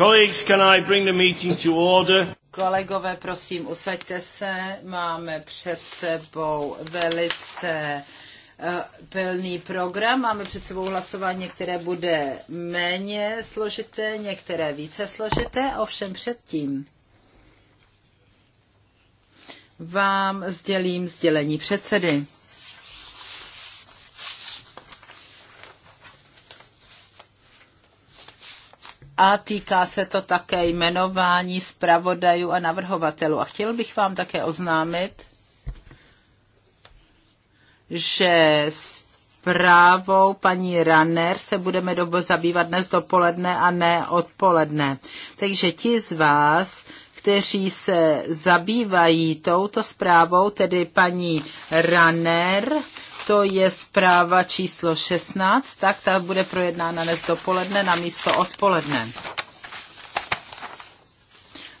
Colleagues, can I bring the meeting to order? Kolegové, prosím, usaďte se. Máme před sebou velice eh, plný program. Máme před sebou hlasování, které bude méně složité, některé více složité, ovšem předtím vám sdělím sdělení předsedy. a týká se to také jmenování zpravodajů a navrhovatelů. A chtěl bych vám také oznámit, že s právou paní Runner se budeme dobo zabývat dnes dopoledne a ne odpoledne. Takže ti z vás, kteří se zabývají touto zprávou, tedy paní Runner, to je zpráva číslo 16, tak ta bude projednána dnes dopoledne na místo odpoledne.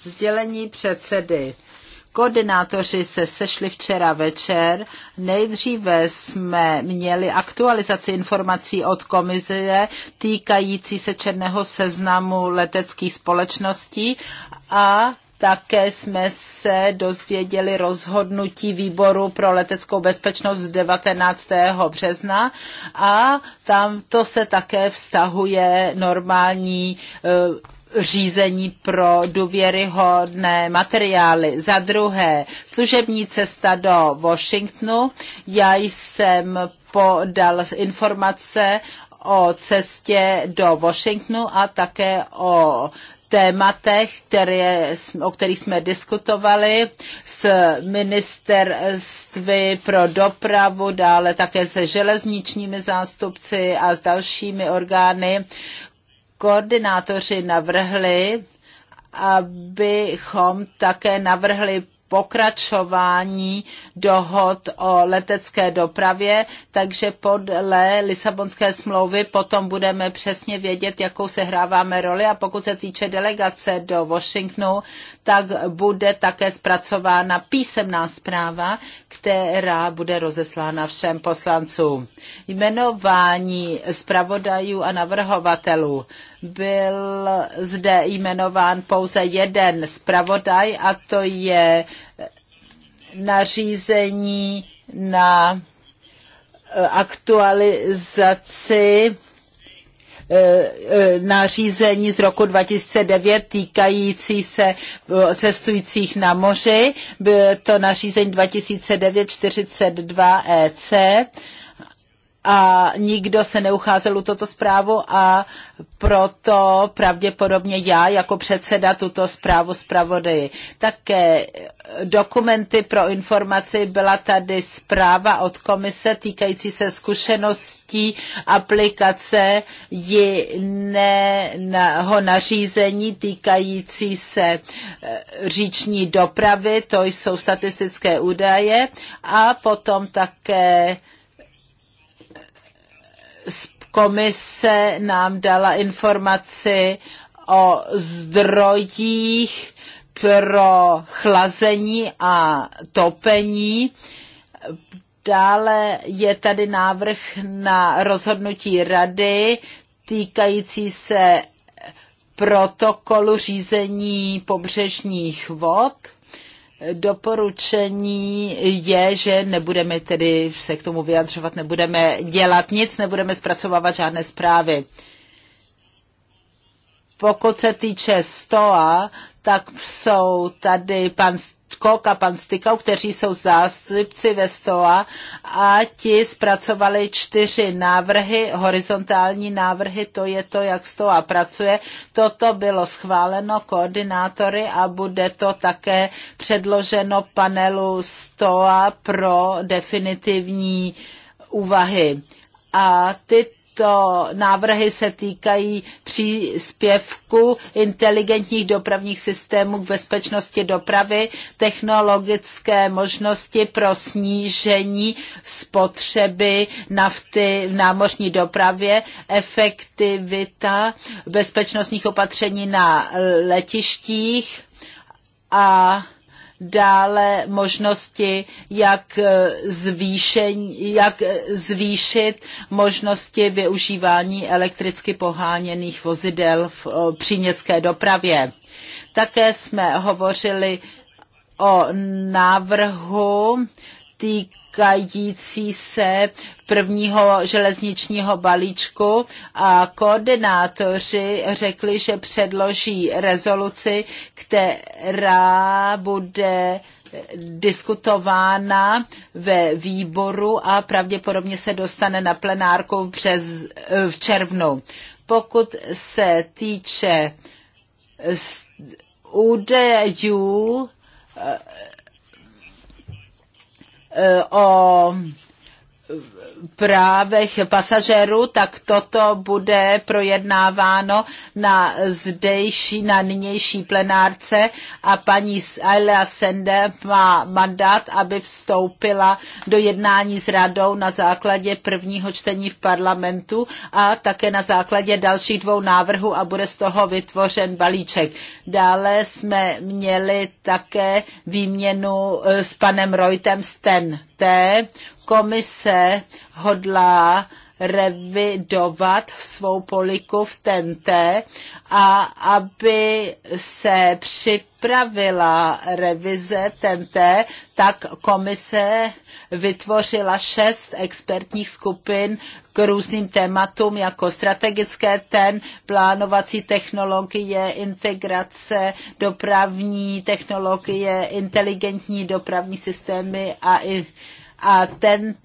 Vzdělení předsedy. Koordinátoři se sešli včera večer. Nejdříve jsme měli aktualizaci informací od komise týkající se černého seznamu leteckých společností a také jsme se dozvěděli rozhodnutí výboru pro leteckou bezpečnost z 19. března a tam to se také vztahuje normální eh, řízení pro důvěryhodné materiály. Za druhé, služební cesta do Washingtonu. Já jsem podal informace o cestě do Washingtonu a také o tématech, které, o kterých jsme diskutovali s ministerství pro dopravu, dále také se železničními zástupci a s dalšími orgány. Koordinátoři navrhli, abychom také navrhli pokračování dohod o letecké dopravě, takže podle Lisabonské smlouvy potom budeme přesně vědět, jakou se hráváme roli a pokud se týče delegace do Washingtonu, tak bude také zpracována písemná zpráva, která bude rozeslána všem poslancům. Jmenování zpravodajů a navrhovatelů. Byl zde jmenován pouze jeden zpravodaj a to je nařízení na eh, aktualizaci eh, eh, nařízení z roku 2009 týkající se cestujících na moři. Bylo to nařízení 2009-42 EC a nikdo se neucházel u toto zprávu a proto pravděpodobně já jako předseda tuto zprávu zpravodaji. Také dokumenty pro informaci byla tady zpráva od komise týkající se zkušeností aplikace jiného nařízení týkající se eh, říční dopravy, to jsou statistické údaje a potom také komise nám dala informaci o zdrojích pro chlazení a topení. Dále je tady návrh na rozhodnutí rady týkající se protokolu řízení pobřežních vod doporučení je, že nebudeme tedy se k tomu vyjadřovat, nebudeme dělat nic, nebudeme zpracovávat žádné zprávy. Pokud se týče STOA, tak jsou tady pan pan Panstikou, kteří jsou zástupci ve Vestoa a ti zpracovali čtyři návrhy, horizontální návrhy, to je to, jak Stoa pracuje. Toto bylo schváleno koordinátory a bude to také předloženo panelu Stoa pro definitivní úvahy. A tyto tyto návrhy se týkají příspěvku inteligentních dopravních systémů k bezpečnosti dopravy, technologické možnosti pro snížení spotřeby nafty v námořní dopravě, efektivita bezpečnostních opatření na letištích a dále možnosti, jak, eh, zvýšen, jak eh, zvýšit možnosti využívání elektricky poháněných vozidel v příměstské dopravě. Také jsme hovořili o návrhu týk týkající se prvního železničního balíčku a koordinátoři řekli, že předloží rezoluci, která bude diskutována ve výboru a pravděpodobně se dostane na plenárku přes, v červnu. Pokud se týče údajů Eh, o právech pasažerů, tak toto bude projednáváno na zdejší, na nynější plenárce a paní Ayla Sende má mandát, aby vstoupila do jednání s radou na základě prvního čtení v parlamentu a také na základě dalších dvou návrhů a bude z toho vytvořen balíček. Dále jsme měli také výměnu eh, s panem Reutem Sten t komise hodlá revidovat svou poliku v tente a aby se připravila revize tente, tak komise vytvořila šest expertních skupin k různým tématům, jako strategické ten, plánovací technologie, integrace, dopravní technologie, inteligentní dopravní systémy a i a ten eh,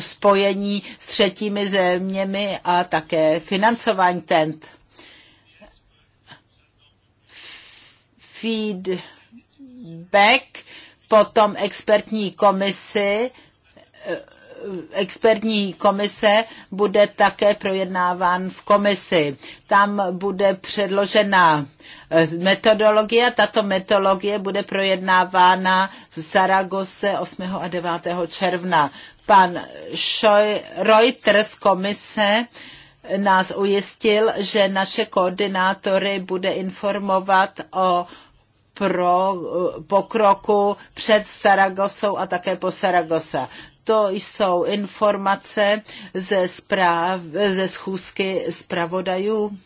spojení s třetími zeměmi a také financování TENT. Feedback potom expertní komisi eh, expertní komise bude také projednáván v komisi. Tam bude předložena eh, metodologie, a tato metodologie bude projednávána v Saragose 8. a 9. června. Pan Reuters komise nás ujistil, že naše koordinátory bude informovat o pro eh, pokroku před Saragosou a také po Saragosa to jsou informace ze, zpráv, ze schůzky zpravodajů.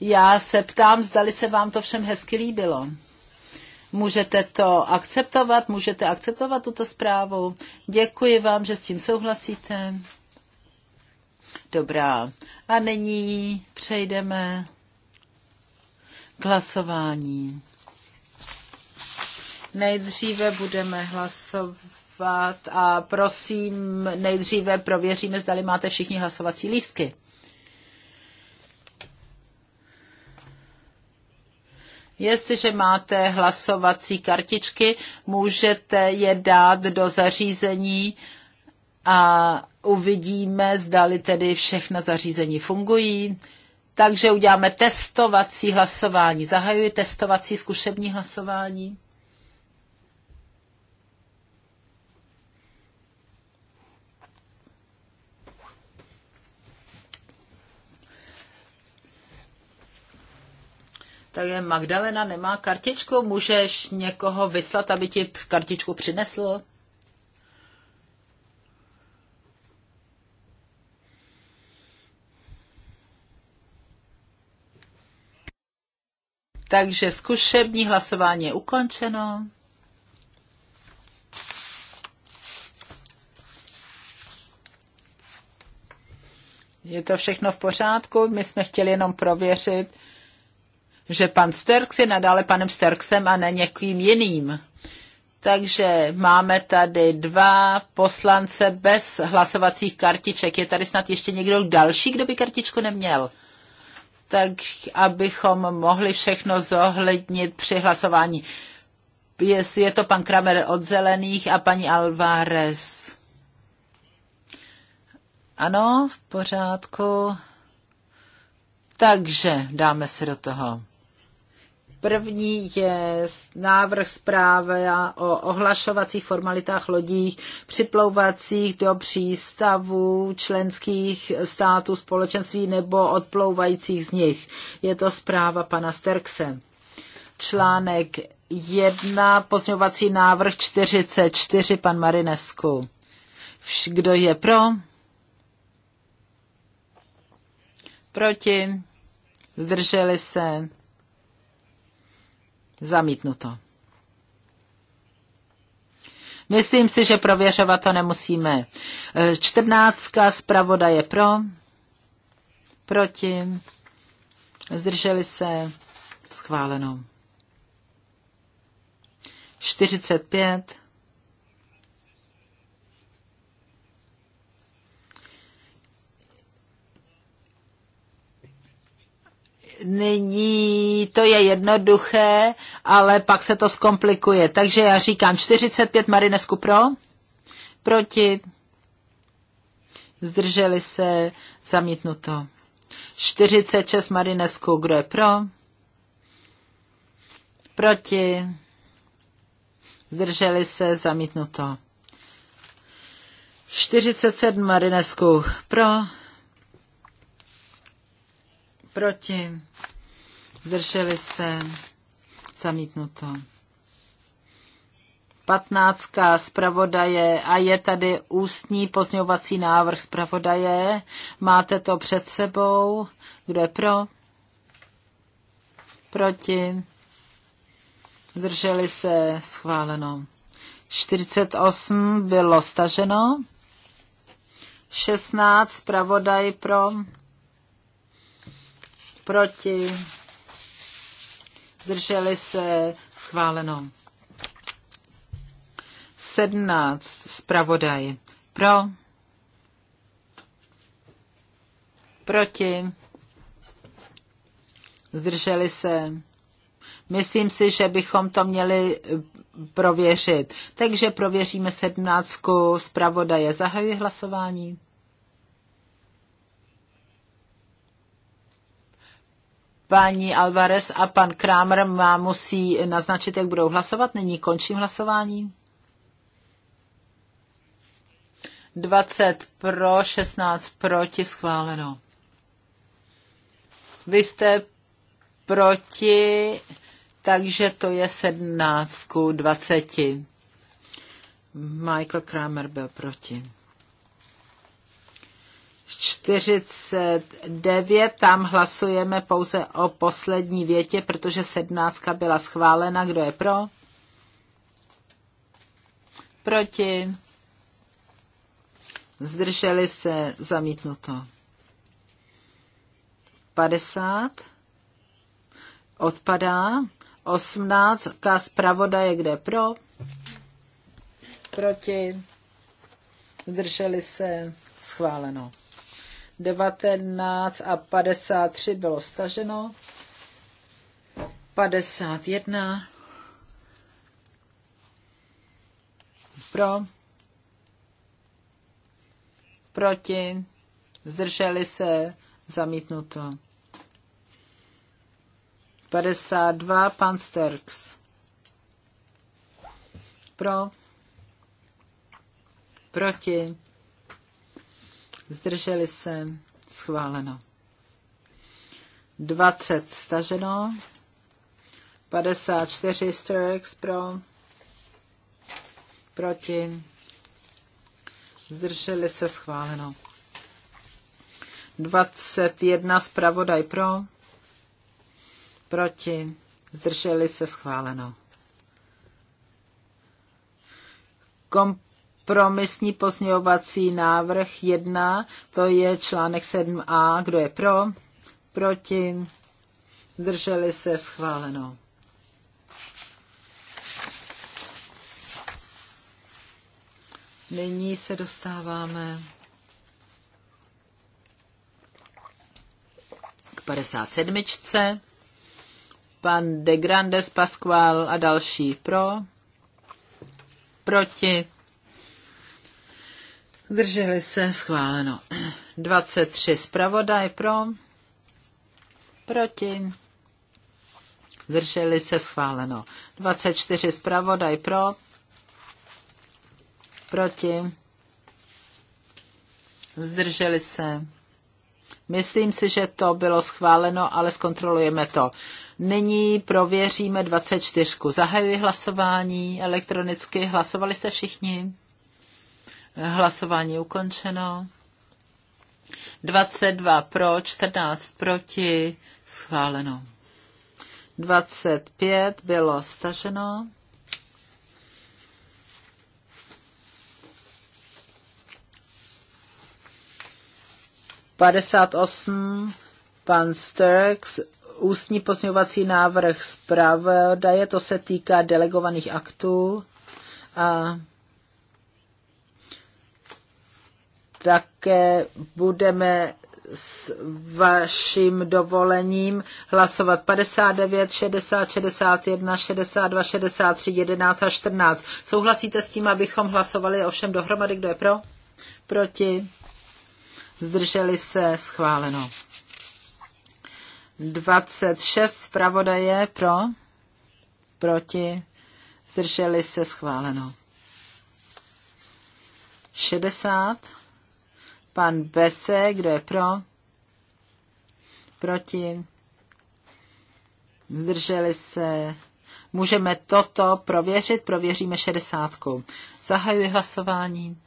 Já se ptám, zdali se vám to všem hezky líbilo. Můžete to akceptovat, můžete akceptovat tuto zprávu. Děkuji vám, že s tím souhlasíte. Dobrá. A nyní přejdeme k hlasování. Nejdříve budeme hlasovat hlasovat a prosím, nejdříve prověříme, zdali máte všichni hlasovací lístky. Jestliže máte hlasovací kartičky, můžete je dát do zařízení a uvidíme, zdali tedy všechna zařízení fungují. Takže uděláme testovací hlasování. Zahajuji testovací zkušební hlasování. Takže Magdalena nemá kartičku, můžeš někoho vyslat, aby ti kartičku přinesl? Takže zkušební hlasování je ukončeno. Je to všechno v pořádku, my jsme chtěli jenom prověřit, že pan Sterks je nadále panem Sterksem a ne někým jiným. Takže máme tady dva poslance bez hlasovacích kartiček. Je tady snad ještě někdo další, kdo by kartičku neměl? Tak abychom mohli všechno zohlednit při hlasování. Je, je to pan Kramer od Zelených a paní Alvarez. Ano, v pořádku. Takže dáme se do toho. První je návrh zprávy o ohlašovacích formalitách lodích připlouvacích do přístavů členských států společenství nebo odplouvajících z nich. Je to zpráva pana Sterkse. Článek 1, pozměňovací návrh 44, pan Marinesku. Kdo je pro? Proti? Zdrželi se? Zamítnuto. Myslím si, že prověřovat to nemusíme. E, čtrnáctka zpravoda je pro, proti, zdrželi se, schváleno. 45 nyní to je jednoduché, ale pak se to zkomplikuje. Takže já říkám 45 Marinesku pro, proti, zdrželi se, zamítnuto. 46 Marinesku, kdo je pro, proti, zdrželi se, zamítnuto. 47 Marinesku pro, Proti. Zdrželi se. Zamítnuto. Patnáctka zpravodaje a je tady ústní pozňovací návrh zpravodaje. Máte to před sebou. Kdo je pro? Proti? Zdrželi se schváleno. 48 bylo staženo. 16 zpravodaj pro proti, zdrželi se, schváleno. 17. Spravodaj. Pro. Proti. Zdrželi se. Myslím si, že bychom to měli prověřit. Takže prověříme 17 zpravodaje. Zahajuji hlasování. paní Alvarez a pan Kramer má musí naznačit, jak budou hlasovat. Nyní končím hlasování. 20 pro, 16 proti, schváleno. Vy jste proti, takže to je 17 ku 20. Michael Kramer byl proti. 49, tam hlasujeme pouze o poslední větě, protože 17 byla schválena. Kdo je pro? Proti? Zdrželi se zamítnuto. 50 odpadá. 18, ta zpravoda je kde pro? Proti? Zdrželi se schváleno. 19 a 53 bylo staženo. 51 pro, proti, zdrželi se, zamítnuto. 52 pan Sterks pro, proti, zdrželi se, schváleno. 20 staženo, 54 Sturx pro, proti, zdrželi se, schváleno. 21 zpravodaj pro, proti, zdrželi se, schváleno. Komp promisní pozměňovací návrh 1, to je článek 7a. Kdo je pro? Proti? Drželi se schváleno. Nyní se dostáváme k 57. Pan de Grandes Pasqual a další pro, proti, Zdrželi se schváleno. 23 zpravodaj pro. Proti. Zdrželi se schváleno. 24 zpravodaj pro. Proti. Zdrželi se. Myslím si, že to bylo schváleno, ale zkontrolujeme to. Nyní prověříme 24. Zahajuji hlasování elektronicky. Hlasovali jste všichni? Hlasování je ukončeno. 22 pro, 14 proti, schváleno. 25 bylo staženo. Padesát osm, pan Sturks, ústní posměvací návrh zpravodaje, to se týká delegovaných aktů. A také budeme s vaším dovolením hlasovat 59, 60, 61, 62, 63, 11 a 14. Souhlasíte s tím, abychom hlasovali ovšem dohromady? Kdo je pro? Proti? Zdrželi se? Schváleno. 26 zpravodaje pro? Proti? Zdrželi se? Schváleno. 60 Pan Bese, kdo je pro? Proti? Zdrželi se? Můžeme toto prověřit, prověříme šedesátku. Zahajuji hlasování.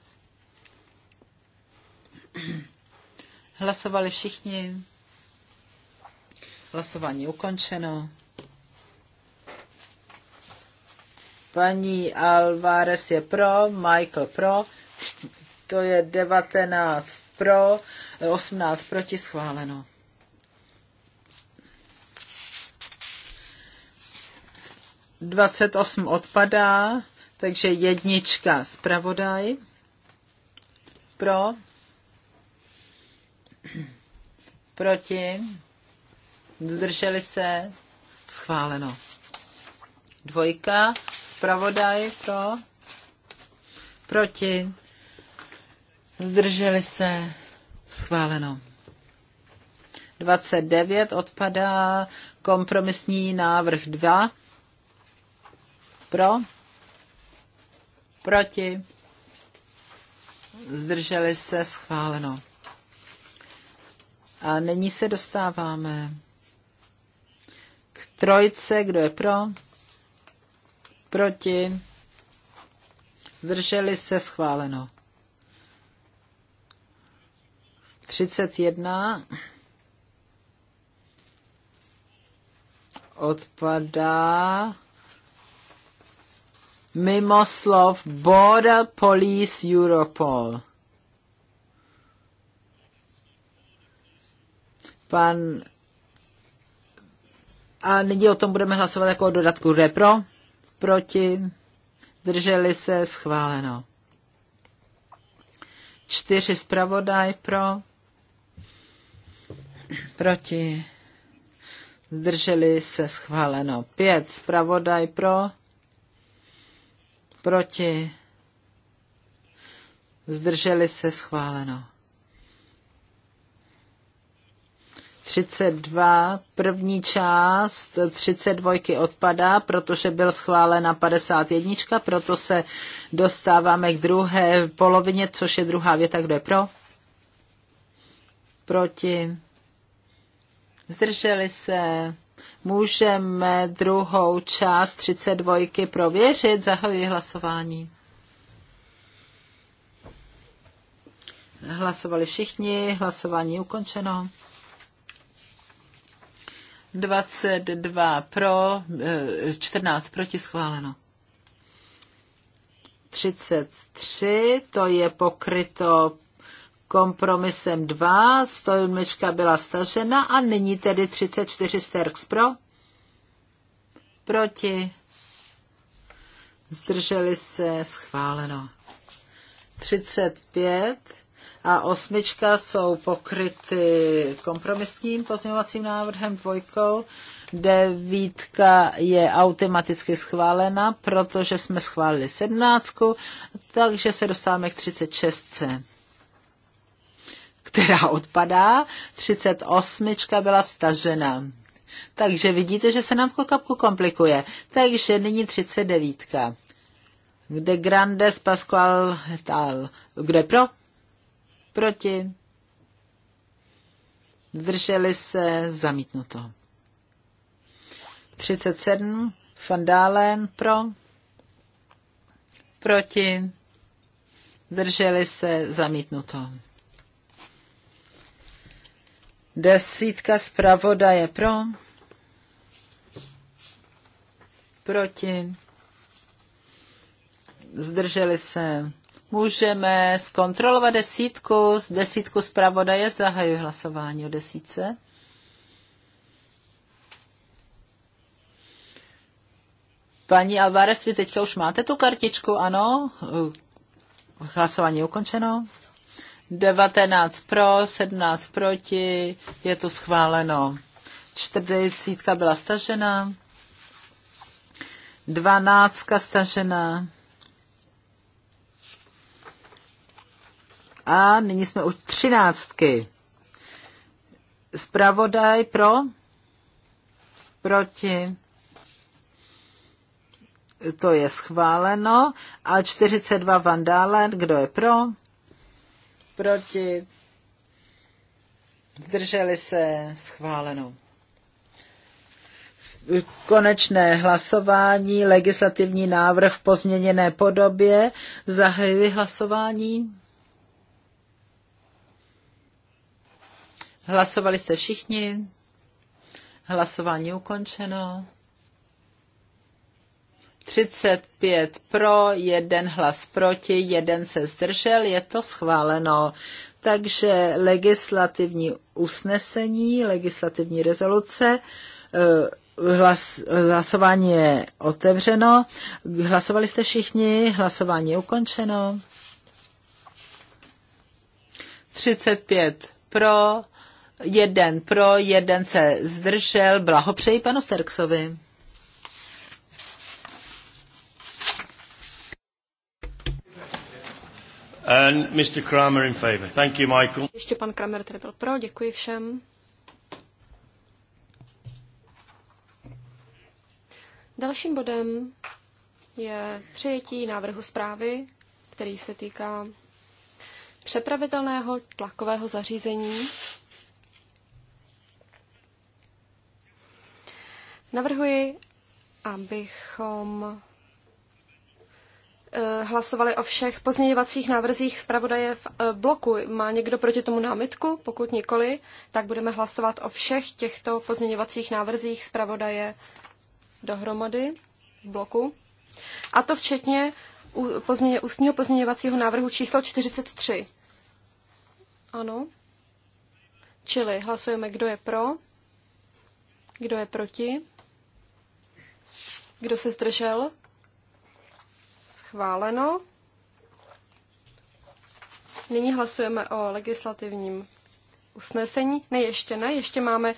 Hlasovali všichni. Hlasování ukončeno. Paní Alvarez je pro, Michael pro, to je 19 pro, 18 proti schváleno. Dvacet osm odpadá, takže jednička zpravodaj pro, proti, zdrželi se, schváleno. Dvojka, zpravodaj pro, proti, Zdrželi se. Schváleno. 29 odpadá kompromisní návrh 2. Pro. Proti. Zdrželi se. Schváleno. A nyní se dostáváme k trojce. Kdo je pro? Proti. Zdrželi se. Schváleno. 31 odpadá mimo slov Border Police Europol. Pan a nyní o tom budeme hlasovat jako o dodatku repro. Proti. Drželi se. Schváleno. Čtyři zpravodaj pro proti, zdrželi se schváleno. Pět, zpravodaj pro, proti, zdrželi se schváleno. 32, první část 32 odpadá, protože byl schválena 51, proto se dostáváme k druhé polovině, což je druhá věta, kdo je pro? Proti zdrželi se. Můžeme druhou část 32 prověřit. Zahajuji hlasování. Hlasovali všichni, hlasování ukončeno. 22 pro, 14 eh, proti schváleno. 33, to je pokryto kompromisem 2, 101 byla stažena a nyní tedy 34 Sterks pro, proti, zdrželi se, schváleno. 35 a osmička jsou pokryty kompromisním pozměňovacím návrhem dvojkou. Devítka je automaticky schválena, protože jsme schválili sednáctku, takže se dostáváme k 36 která odpadá, 38 byla stažena. Takže vidíte, že se nám kapku komplikuje. Takže nyní 39. Kde Grandes Pascual Tal. Kde pro? Proti. Drželi se zamítnuto. 37. Fandálen pro. Proti. Drželi se zamítnuto. Desítka zpravodaje pro. Proti. Zdrželi se. Můžeme zkontrolovat desítku. Desítku zpravodaje zahajuji hlasování o desítce. Paní Alvarez, vy teďka už máte tu kartičku, ano? Hlasování je ukončeno. 19 pro, 17 proti, je to schváleno. 40 byla stažena, 12 stažena. A nyní jsme u třináctky. Spravodaj pro? Proti? To je schváleno. A 42 vandálen, kdo je pro? proti, zdrželi se, schváleno. Konečné hlasování, legislativní návrh v pozměněné podobě, zahajuji hlasování. Hlasovali jste všichni? Hlasování ukončeno. 35 pro, jeden hlas proti, jeden se zdržel, je to schváleno. Takže legislativní usnesení, legislativní rezoluce, eh, hlas, hlasování je otevřeno. Hlasovali jste všichni, hlasování je ukončeno. 35 pro, jeden pro, jeden se zdržel. Blahopřeji panu Sterksovi. And Mr. Kramer in favor. Thank you, Michael. Ještě pan Kramer tady byl pro, děkuji všem. Dalším bodem je přijetí návrhu zprávy, který se týká přepravitelného tlakového zařízení. Navrhuji, abychom Eh, hlasovali o všech pozměňovacích návrzích zpravodaje v eh, bloku. Má někdo proti tomu námitku? Pokud nikoli, tak budeme hlasovat o všech těchto pozměňovacích návrzích zpravodaje dohromady v bloku. A to včetně pozměně, ústního pozměňovacího návrhu číslo 43. Ano. Čili hlasujeme, kdo je pro, kdo je proti, kdo se zdržel. Schváleno. Nyní hlasujeme o legislativním usnesení. Ne, ještě ne, ještě máme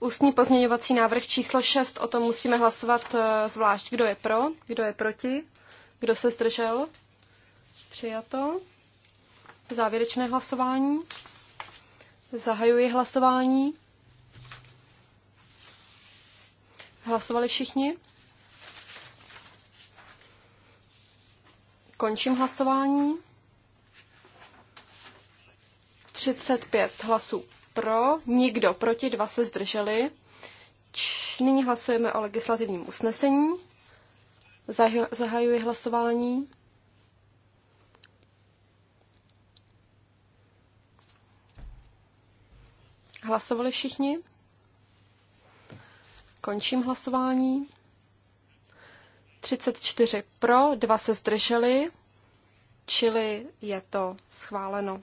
ústní pozměňovací návrh číslo 6. O tom musíme hlasovat eh, zvlášť. Kdo je pro, kdo je proti, kdo se zdržel. Přijato. Závěrečné hlasování. Zahajuji hlasování. Hlasovali všichni? Končím hlasování. 35 hlasů pro, nikdo proti, dva se zdrželi. Č, nyní hlasujeme o legislativním usnesení. Zah, zahajuji hlasování. Hlasovali všichni? Končím hlasování. 34 pro, 2 se zdrželi, čili je to schváleno.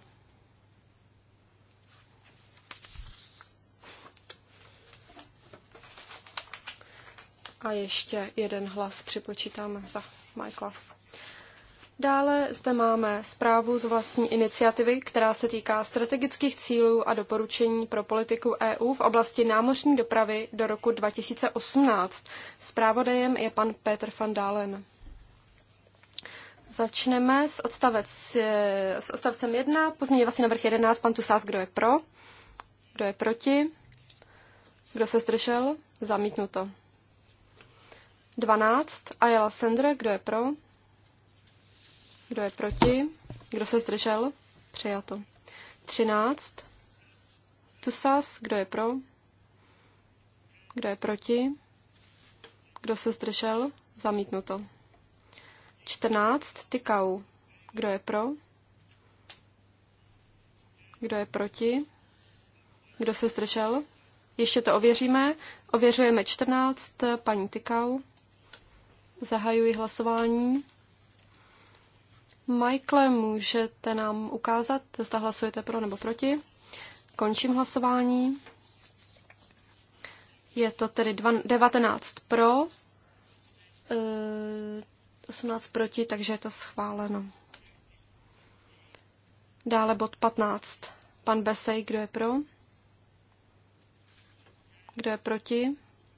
A ještě jeden hlas připočítám za Michael. Dále zde máme zprávu z vlastní iniciativy, která se týká strategických cílů a doporučení pro politiku EU v oblasti námořní dopravy do roku 2018. Zprávodajem je pan Petr van Dalen. Začneme s, odstavec, eh, s odstavcem 1, pozměňovací návrh 11, pan Tusás, kdo je pro, kdo je proti, kdo se zdržel, zamítnuto. 12, Ayala Sender, kdo je pro, kdo je proti? Kdo se zdržel? Přijato. 13. Tusas, kdo je pro? Kdo je proti? Kdo se zdržel? Zamítnuto. 14. Tykau. Kdo je pro? Kdo je proti? Kdo se zdržel? Ještě to ověříme. Ověřujeme 14. Paní Tykau. Zahajuji hlasování. Michael, můžete nám ukázat, zda hlasujete pro nebo proti? Končím hlasování. Je to tedy 19 pro, 18 eh, proti, takže je to schváleno. Dále bod 15. Pan Besej, kdo je pro? Kdo je proti?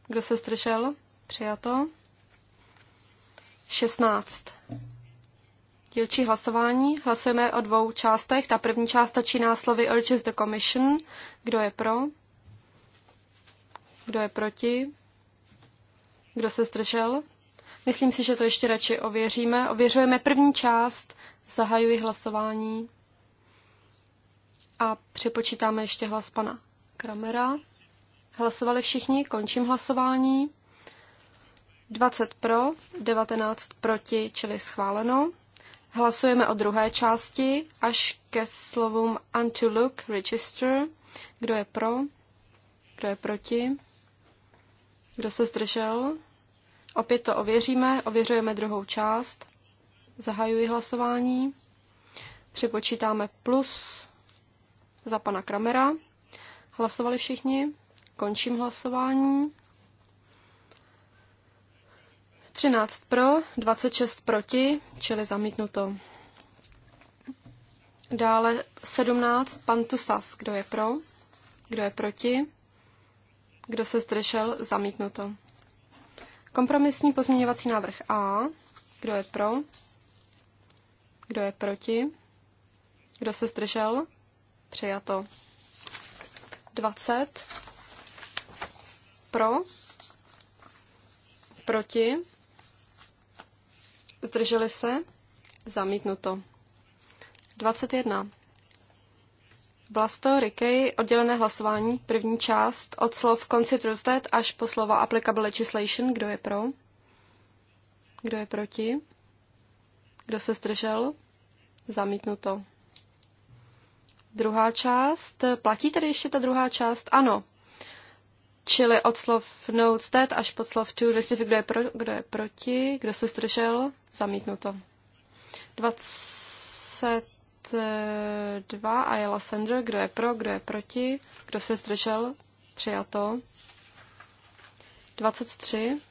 Kdo se zdržel? Přijato. 16. Dílčí hlasování. Hlasujeme o dvou částech. Ta první část začíná slovy urges the commission. Kdo je pro? Kdo je proti? Kdo se zdržel? Myslím si, že to ještě radši ověříme. Ověřujeme první část. Zahajuji hlasování. A přepočítáme ještě hlas pana Kramera. Hlasovali všichni, končím hlasování. 20 pro, 19 proti, čili schváleno. Hlasujeme o druhé části až ke slovům to look, register. Kdo je pro? Kdo je proti? Kdo se zdržel? Opět to ověříme. Ověřujeme druhou část. Zahajuji hlasování. Přepočítáme plus za pana Kramera. Hlasovali všichni. Končím hlasování. 13 pro, 26 proti, čili zamítnuto. Dále 17, pan Tusas, kdo je pro, kdo je proti, kdo se zdržel, zamítnuto. Kompromisní pozměňovací návrh A, kdo je pro, kdo je proti, kdo se zdržel, přijato. 20, pro, proti, Zdrželi se? Zamítnuto. 21. Blasto, Rikej, oddělené hlasování, první část, od slov konci that až po slova applicable legislation, kdo je pro? Kdo je proti? Kdo se zdržel? Zamítnuto. Druhá část, platí tedy ještě ta druhá část? Ano, Čili od slov notes stát až pod slov to, kdo je, pro, kdo je proti, kdo se zdržel, zamítnuto. 22 Ayala Sender, kdo je pro, kdo je proti, kdo se zdržel, přijato. 23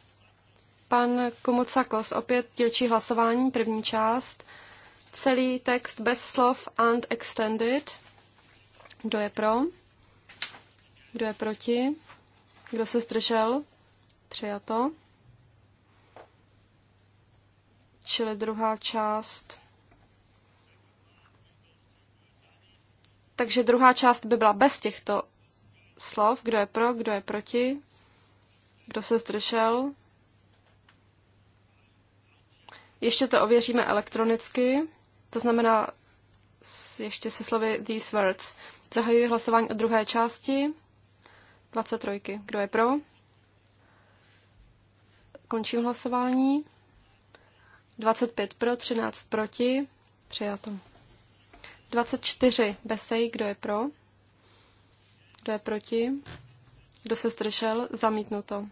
Pan Komocakos, opět dělčí hlasování, první část. Celý text bez slov and extended. Kdo je pro? Kdo je proti? Kdo se zdržel? Přijato. Čili druhá část. Takže druhá část by byla bez těchto slov. Kdo je pro, kdo je proti? Kdo se zdržel? Ještě to ověříme elektronicky, to znamená ještě se slovy these words. Zahajuji hlasování o druhé části. 23. Kdo je pro? Končím hlasování. 25 pro, 13 proti. Přijato. 24. Besej, kdo je pro? Kdo je proti? Kdo se zdržel? Zamítnuto.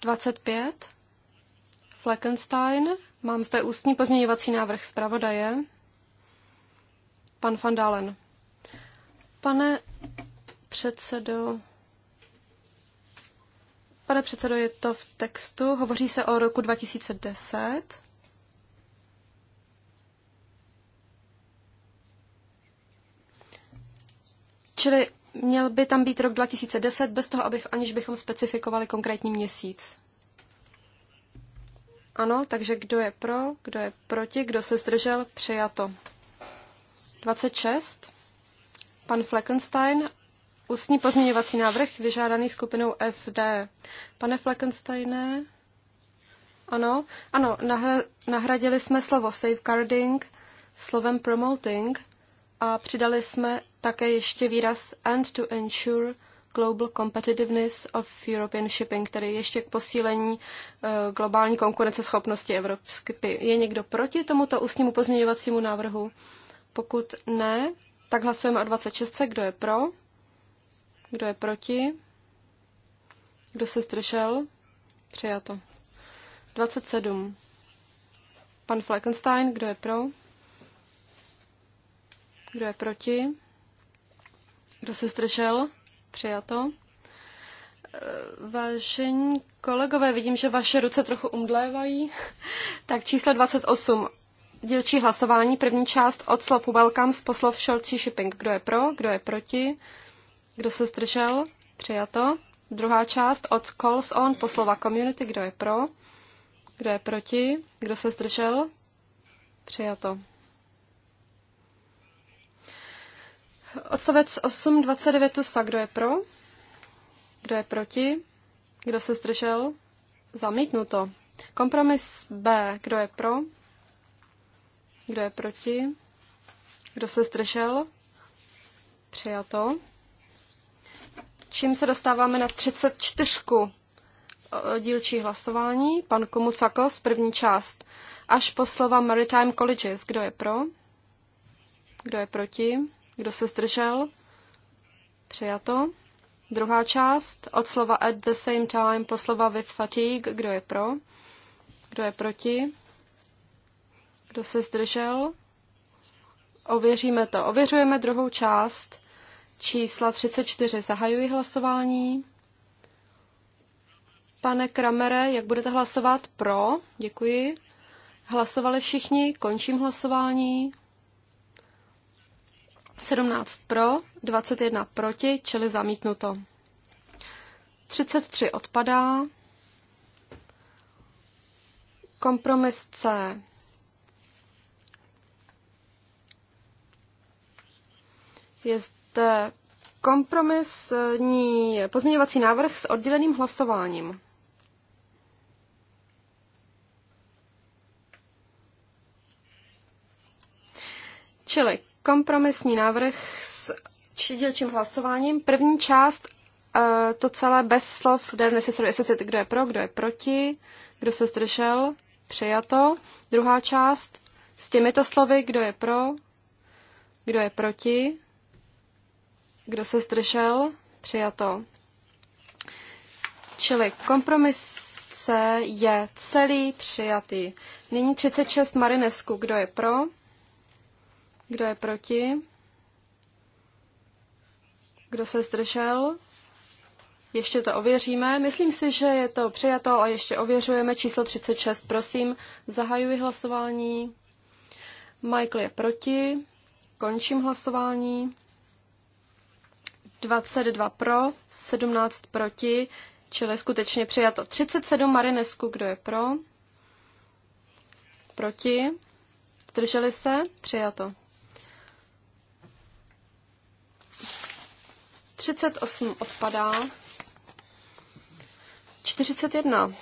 25. Fleckenstein. Mám zde ústní pozměňovací návrh zpravodaje. Pan Fandalen. Pane předsedo. Pane předsedo, je to v textu. Hovoří se o roku 2010. Čili měl by tam být rok 2010 bez toho, abych, aniž bychom specifikovali konkrétní měsíc. Ano, takže kdo je pro, kdo je proti, kdo se zdržel, přijato. 26. Pan Fleckenstein ústní pozměňovací návrh vyžádaný skupinou SD. Pane Fleckensteine? Ano, ano, nahradili jsme slovo safeguarding slovem promoting a přidali jsme také ještě výraz and to ensure global competitiveness of European shipping, tedy ještě k posílení eh, globální konkurenceschopnosti Evropské. Je někdo proti tomuto ústnímu pozměňovacímu návrhu? Pokud ne, tak hlasujeme o 26. Kdo je pro? Kdo je proti? Kdo se zdržel? Přijato. 27. Pan Fleckenstein, kdo je pro? Kdo je proti? Kdo se zdržel? Přijato. Eh, vážení kolegové, vidím, že vaše ruce trochu umdlévají. Tak číslo 28. Dílčí hlasování, první část od slov Welcome z poslov Shorty Shipping. Kdo je pro, kdo je proti, kdo se zdržel? Přijato. Druhá část od calls on po slova community. Kdo je pro? Kdo je proti? Kdo se zdržel? Přijato. Odstavec 8, 29 tusa. Kdo je pro? Kdo je proti? Kdo se zdržel? Zamítnuto. Kompromis B. Kdo je pro? Kdo je proti? Kdo se zdržel? Přijato. Čím se dostáváme na 34. Eh, dílčí hlasování? Pan Komucakos, první část. Až po slova Maritime Colleges. Kdo je pro? Kdo je proti? Kdo se zdržel? Přijato. Druhá část. Od slova at the same time po slova with fatigue. Kdo je pro? Kdo je proti? Kdo se zdržel? Ověříme to. Ověřujeme druhou část čísla 34. Zahajuji hlasování. Pane Kramere, jak budete hlasovat pro? Děkuji. Hlasovali všichni, končím hlasování. 17 pro, 21 proti, čili zamítnuto. 33 odpadá. Kompromis C. Je máte kompromisní pozměňovací návrh s odděleným hlasováním. Čili kompromisní návrh s dělčím hlasováním. První část, eh, to celé bez slov, der necessary kdo je pro, kdo je proti, kdo se zdržel, přijato. Druhá část, s těmito slovy, kdo je pro, kdo je proti, kdo se zdržel? Přijato. Čili kompromis C je celý přijatý. Nyní 36 Marinesku. Kdo je pro? Kdo je proti? Kdo se zdržel? Ještě to ověříme. Myslím si, že je to přijato, ale ještě ověřujeme. Číslo 36, prosím. Zahajuji hlasování. Michael je proti. Končím hlasování. 22 pro, 17 proti, čili skutečně přijato 37 Marinesku, kdo je pro, proti, zdrželi se, přijato. 38 odpadá. 41.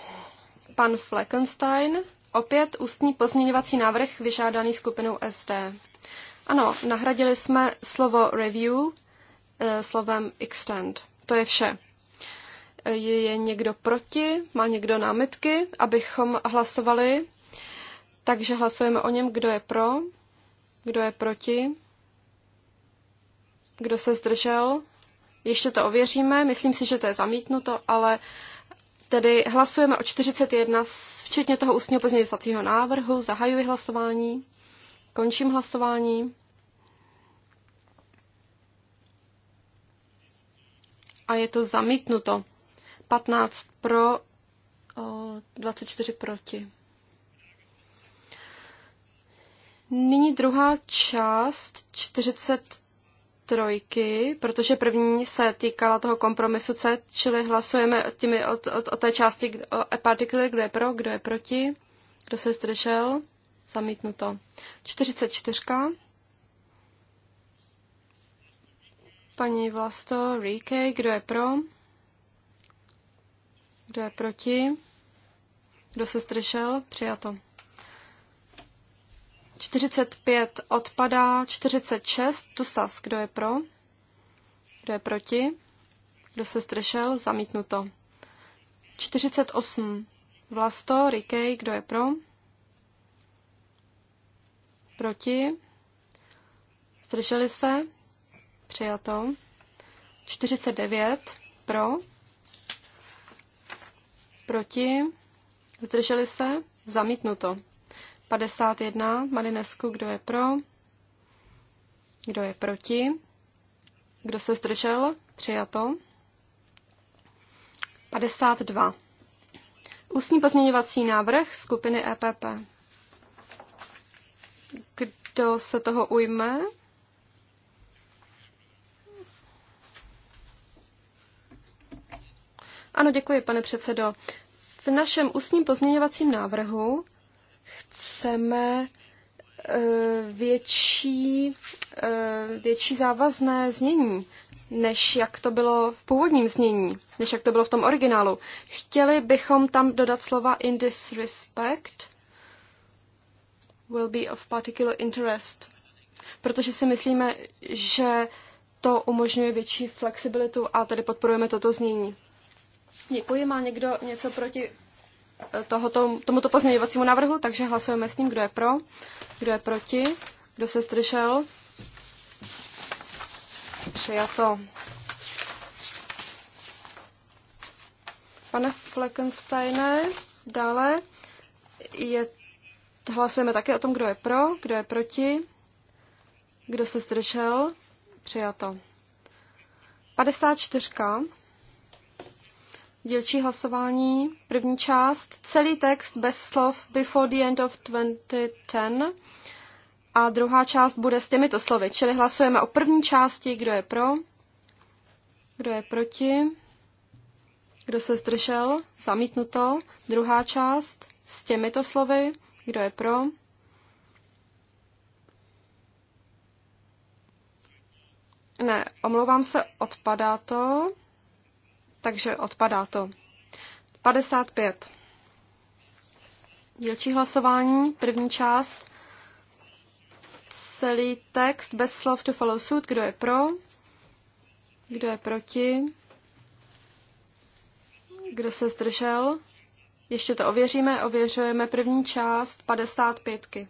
Pan Fleckenstein, opět ústní pozměňovací návrh vyžádaný skupinou SD. Ano, nahradili jsme slovo review Eh, slovem extend. To je vše. Je někdo proti? Má někdo námitky, abychom hlasovali? Takže hlasujeme o něm, kdo je pro, kdo je proti, kdo se zdržel. Ještě to ověříme, myslím si, že to je zamítnuto, ale tedy hlasujeme o 41, včetně toho ústního pozměňovacího návrhu. Zahajuji hlasování, končím hlasování. a je to zamítnuto. 15 pro, 24 proti. Nyní druhá část 43, protože první se týkala toho kompromisu C, čili hlasujeme těmi od, od, od té části o e partikly, kdo je pro, kdo je proti, kdo se zdržel, zamítnuto. 44. Paní Vlasto Ríkej, kdo je pro? Kdo je proti? Kdo se zdržel? Přijato. 45 odpadá, 46 Tusas, kdo je pro? Kdo je proti? Kdo se zdržel? Zamítnuto. 48 Vlasto Rikej, kdo je pro? Proti? Zdrželi se? přijato. 49 pro, proti, zdrželi se, zamítnuto. 51 Marinesku, kdo je pro, kdo je proti, kdo se zdržel, přijato. 52 Ústní pozměňovací návrh skupiny EPP. Kdo se toho ujme? Ano, děkuji, pane předsedo. V našem ústním pozměňovacím návrhu chceme eh, větší, eh, větší závazné znění, než jak to bylo v původním znění, než jak to bylo v tom originálu. Chtěli bychom tam dodat slova in disrespect will be of particular interest, protože si myslíme, že to umožňuje větší flexibilitu a tedy podporujeme toto znění. Děkuji. Má někdo něco proti eh, tohoto, tomuto pozměňovacímu návrhu? Takže hlasujeme s ním, kdo je pro, kdo je proti, kdo se zdržel. Přijato. Pane Fleckensteine, dále je, hlasujeme také o tom, kdo je pro, kdo je proti, kdo se zdržel. Přijato. 54 dělčí hlasování. První část, celý text bez slov before the end of 2010. A druhá část bude s těmito slovy, čili hlasujeme o první části, kdo je pro, kdo je proti, kdo se zdržel, zamítnuto. Druhá část s těmito slovy, kdo je pro, Ne, omlouvám se, odpadá to takže odpadá to. 55. Dílčí hlasování, první část, celý text bez slov to follow suit, kdo je pro, kdo je proti, kdo se zdržel. Ještě to ověříme, ověřujeme první část 55. -ky.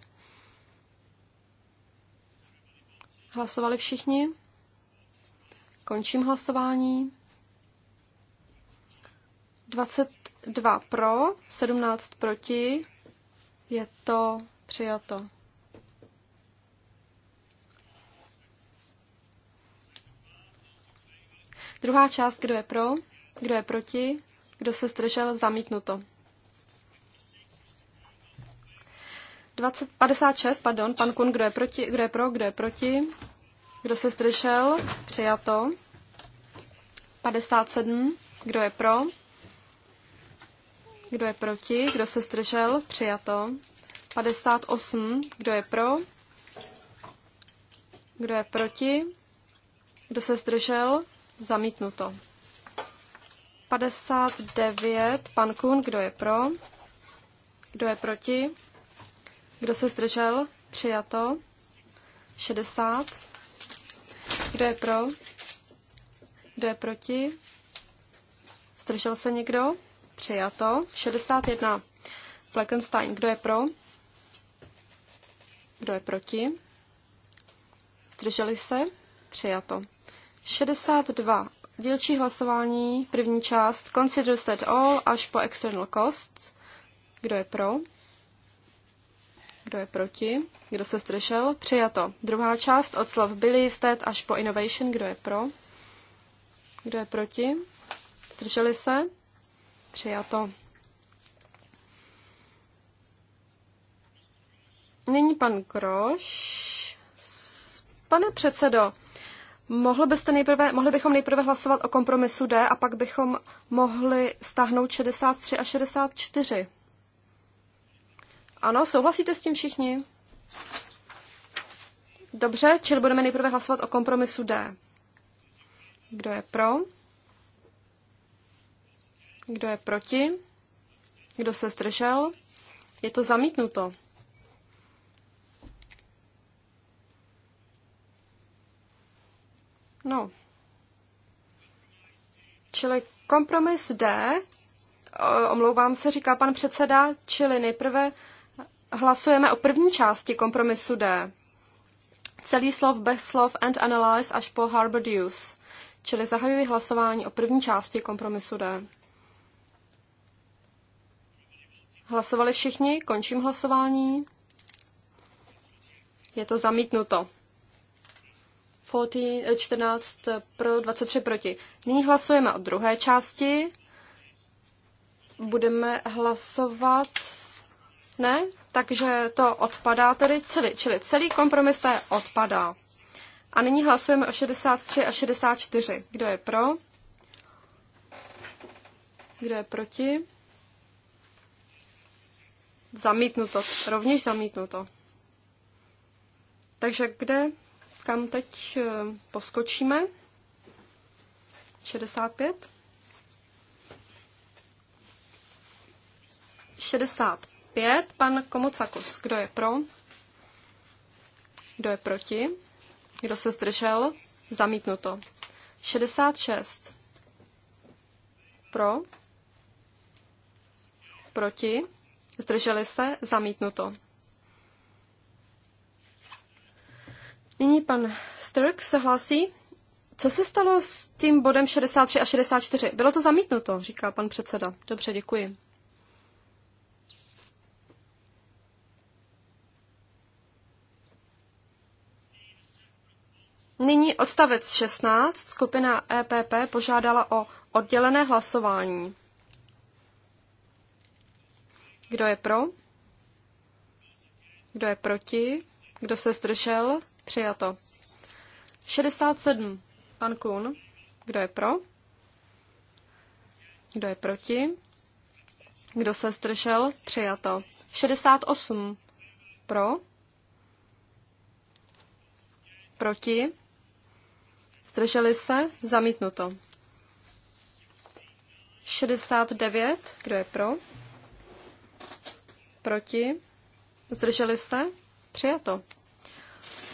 Hlasovali všichni? Končím hlasování. 22 pro, 17 proti, je to přijato. Druhá část, kdo je pro, kdo je proti, kdo se zdržel, zamítnuto. 20, 56, pardon, pan Kun, kdo je, proti, kdo je pro, kdo je proti, kdo se zdržel, přijato. 57, kdo je pro, kdo je proti? Kdo se zdržel? Přijato. 58. Kdo je pro? Kdo je proti? Kdo se zdržel? Zamítnuto. 59. Pan Kun, kdo je pro? Kdo je proti? Kdo se zdržel? Přijato. 60. Kdo je pro? Kdo je proti? Zdržel se někdo? Přijato. 61. Fleckenstein. Kdo je pro? Kdo je proti? Zdrželi se? Přijato. 62. Dílčí hlasování, první část, consider that all až po external costs. Kdo je pro? Kdo je proti? Kdo se zdržel? Přijato. Druhá část od slov believe that až po innovation. Kdo je pro? Kdo je proti? Zdrželi se? Přijato. Nyní pan Groš. Pane předsedo, mohl byste nejprve, mohli bychom nejprve hlasovat o kompromisu D a pak bychom mohli stáhnout 63 a 64. Ano, souhlasíte s tím všichni? Dobře, čili budeme nejprve hlasovat o kompromisu D. Kdo je pro? Kdo je proti? Kdo se zdržel? Je to zamítnuto. No. Čili kompromis D, omlouvám se, říká pan předseda, čili nejprve hlasujeme o první části kompromisu D. Celý slov bez slov and analyze až po Harvard use. Čili zahajuji hlasování o první části kompromisu D. Hlasovali všichni, končím hlasování. Je to zamítnuto. 14, 14 eh, pro, 23 proti. Nyní hlasujeme o druhé části. Budeme hlasovat... Ne? Takže to odpadá tedy, celý, čili celý kompromis je odpadá. A nyní hlasujeme o 63 a 64. Kdo je pro? Kdo je proti? Zamítnuto. Rovněž zamítnuto. Takže kde, kam teď eh, poskočíme? 65? 65. Pan Komocakus, Kdo je pro? Kdo je proti? Kdo se zdržel? Zamítnuto. 66. Pro? Proti? Zdrželi se? Zamítnuto. Nyní pan Sturk se hlásí. Co se stalo s tím bodem 63 a 64? Bylo to zamítnuto, říká pan předseda. Dobře, děkuji. Nyní odstavec 16. Skupina EPP požádala o oddělené hlasování. Kdo je pro? Kdo je proti? Kdo se zdržel? Přijato. 67. Pan Kun. Kdo je pro? Kdo je proti? Kdo se zdržel? Přijato. 68. Pro? Proti? Zdrželi se? Zamítnuto. 69. Kdo je pro? Proti? Zdrželi se? Přijato.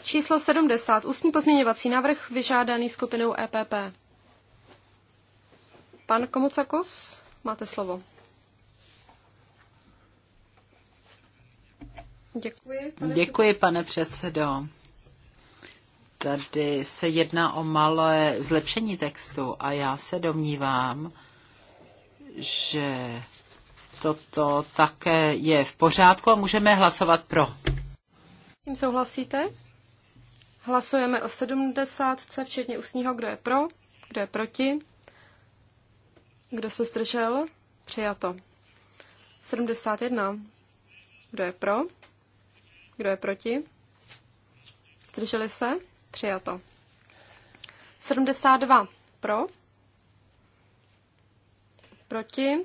Číslo 70. Ústní pozměňovací návrh vyžádaný skupinou EPP. Pan Komucakos, máte slovo. Děkuji, pane Děkuji, předsedo. pane předsedo. Tady se jedná o malé zlepšení textu a já se domnívám, že toto také je v pořádku a můžeme hlasovat pro. tím souhlasíte? Hlasujeme o 70, včetně ústního, kdo je pro, kdo je proti, kdo se zdržel, přijato. 71, kdo je pro, kdo je proti, zdrželi se, přijato. 72, pro, proti,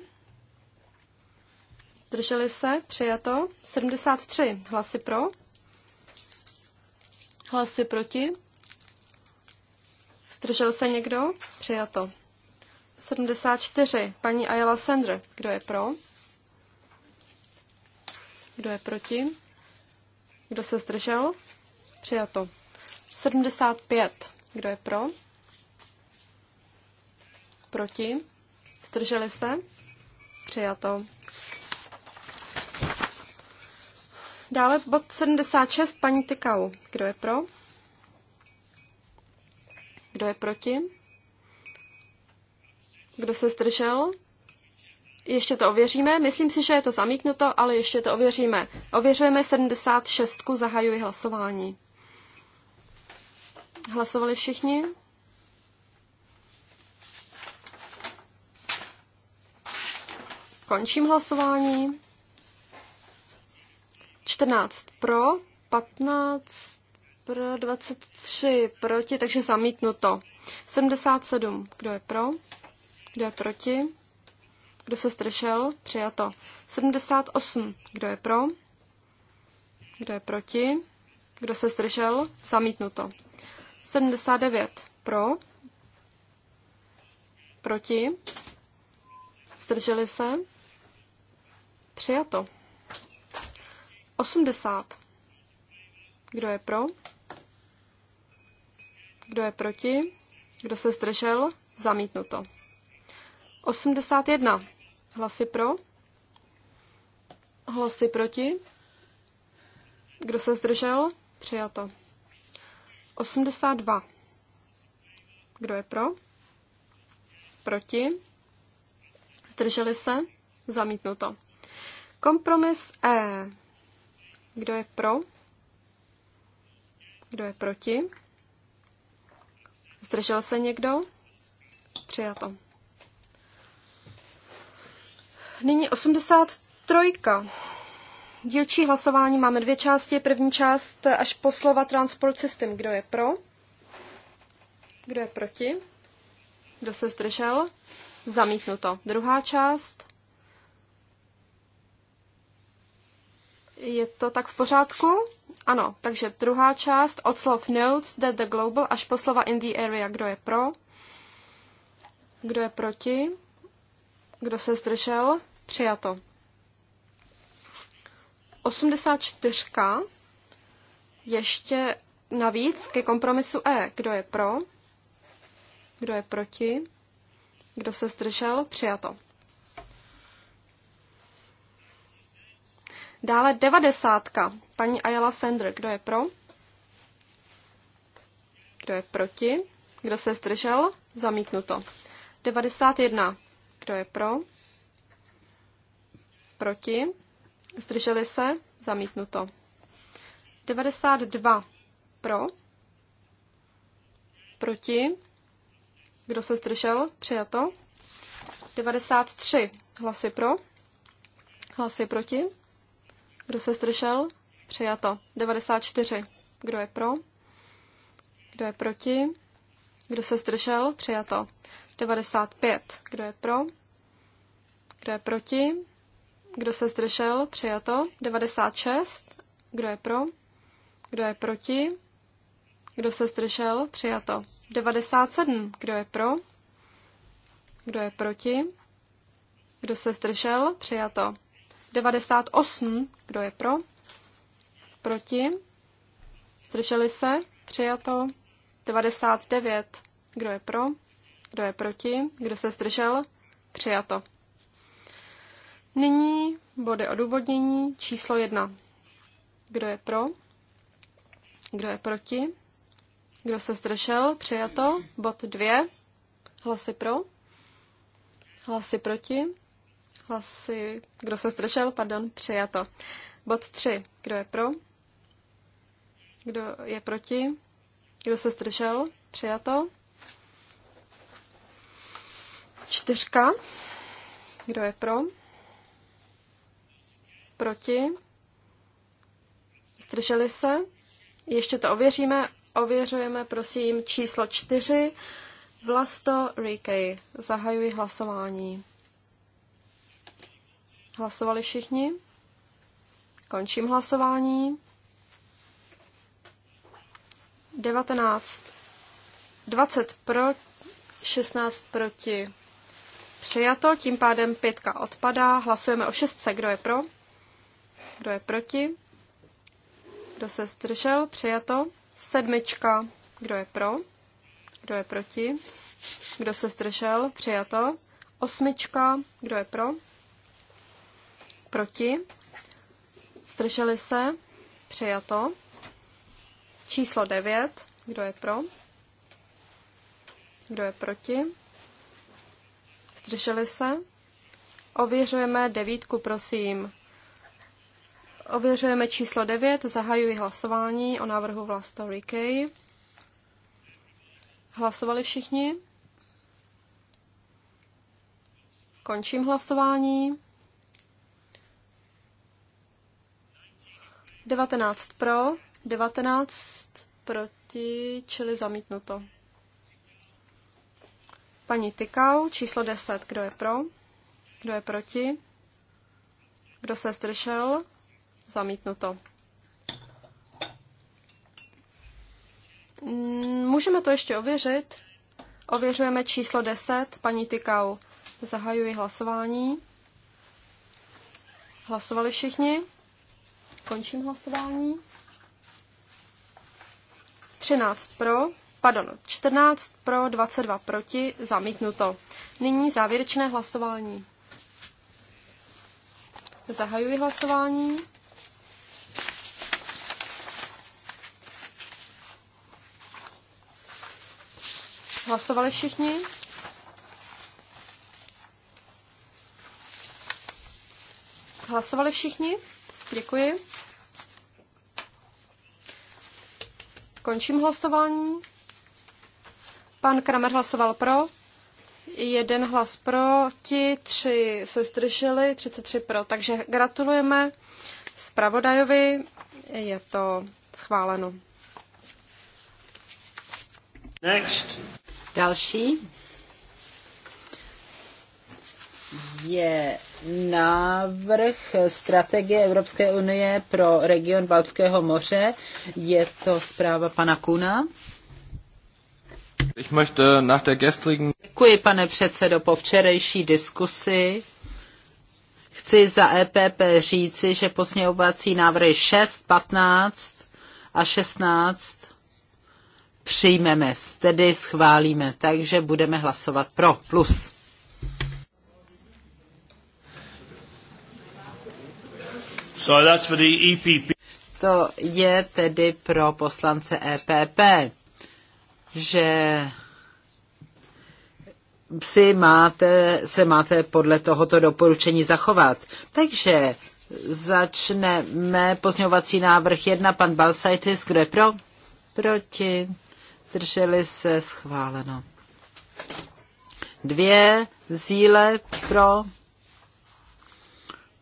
zdrželi se, přijato. 73 hlasy pro, hlasy proti, zdržel se někdo, přijato. 74 paní Ayala Sender, kdo je pro, kdo je proti, kdo se zdržel, přijato. 75 kdo je pro, proti, zdrželi se, přijato. Dále bod 76, paní Tykau. Kdo je pro? Kdo je proti? Kdo se zdržel? Ještě to ověříme. Myslím si, že je to zamítnuto, ale ještě to ověříme. Ověřujeme 76. Zahajuji hlasování. Hlasovali všichni? Končím hlasování. 14 pro, 15 pro, 23 proti, takže zamítnuto. 77, kdo je pro, kdo je proti, kdo se zdržel, přijato. 78, kdo je pro, kdo je proti, kdo se zdržel, zamítnuto. 79 pro, proti, strželi se, přijato. 80. Kdo je pro? Kdo je proti? Kdo se zdržel? Zamítnuto. 81. Hlasy pro? Hlasy proti? Kdo se zdržel? Přijato. 82. Kdo je pro? Proti? Zdrželi se? Zamítnuto. Kompromis E. Kdo je pro? Kdo je proti? Zdržel se někdo? Přijato. Nyní 83. Dílčí hlasování máme dvě části. První část až po slova Transport System. Kdo je pro? Kdo je proti? Kdo se zdržel? Zamítnuto. Druhá část. Je to tak v pořádku? Ano, takže druhá část od slov notes, that the global, až po slova in the area. Kdo je pro? Kdo je proti? Kdo se zdržel? Přijato. 84. Ještě navíc ke kompromisu E. Kdo je pro? Kdo je proti? Kdo se zdržel? Přijato. Dále devadesátka. Paní Ayala Sender, kdo je pro? Kdo je proti? Kdo se zdržel? Zamítnuto. 91. Kdo je pro? Proti? Zdrželi se? Zamítnuto. 92. Pro? Proti? Kdo se zdržel? Přijato. 93. Hlasy pro? Hlasy proti? Kdo se zdržel? Přijato. 94. Kdo je pro? Kdo je proti? Kdo se zdržel? Přijato. 95. Kdo je pro? Kdo je proti? Kdo se zdržel? Přijato. 96. Kdo je pro? Kdo je proti? Kdo se zdržel? Přijato. 97. Kdo je pro? Kdo je proti? Kdo se zdržel? Přijato. 98. Kdo je pro? Proti? Zdrželi se? Přijato. 99. Kdo je pro? Kdo je proti? Kdo se zdržel? Přijato. Nyní body odůvodnění číslo 1. Kdo je pro? Kdo je proti? Kdo se zdržel? Přijato. Bod 2. Hlasy pro? Hlasy proti? hlasy, kdo se zdržel, pardon, přijato. Bod 3, kdo je pro, kdo je proti, kdo se zdržel, přijato. Čtyřka, kdo je pro, proti, zdrželi se, ještě to ověříme, ověřujeme prosím číslo čtyři, Vlasto Rikej. Zahajuji hlasování. Hlasovali všichni? Končím hlasování. 19. 20 pro, 16 proti. Přijato, tím pádem pětka odpadá. Hlasujeme o šestce. Kdo je pro? Kdo je proti? Kdo se zdržel? Přijato. Sedmička. Kdo je pro? Kdo je proti? Kdo se zdržel? Přijato. Osmička. Kdo je pro? Proti? Zdrželi se? Přijato. Číslo 9. Kdo je pro? Kdo je proti? Zdrželi se? Ověřujeme devítku, prosím. Ověřujeme číslo 9. Zahajuji hlasování o návrhu Vlastory K. Hlasovali všichni? Končím hlasování. 19 pro, 19 proti, čili zamítnuto. Paní Tykau, číslo 10, kdo je pro, kdo je proti, kdo se zdržel, zamítnuto. Mm, můžeme to ještě ověřit. Ověřujeme číslo 10, paní Tykau. Zahajuji hlasování. Hlasovali všichni? Končím hlasování. 13 pro, pardon, 14 pro, 22 proti, zamítnuto. Nyní závěrečné hlasování. Zahajuji hlasování. Hlasovali všichni? Hlasovali všichni? Děkuji. Končím hlasování. Pan Kramer hlasoval pro, jeden hlas ti tři se zdrželi, 33 pro. Takže gratulujeme zpravodajovi, je to schváleno. Next. Další je návrh strategie Evropské unie pro region Baltského moře. Je to zpráva pana Kuna. Ich möchte nach der gestrigen... Děkuji, pane předsedo, po včerejší diskusi. Chci za EPP říci, že posněhovací návrhy 6, 15 a 16 přijmeme, tedy schválíme, takže budeme hlasovat pro plus. So that's for the EPP. To je tedy pro poslance EPP, že si máte, se máte podle tohoto doporučení zachovat. Takže začneme pozňovací návrh 1, pan Balsaitis, kdo je pro? Proti. Drželi se schváleno. Dvě, zíle pro,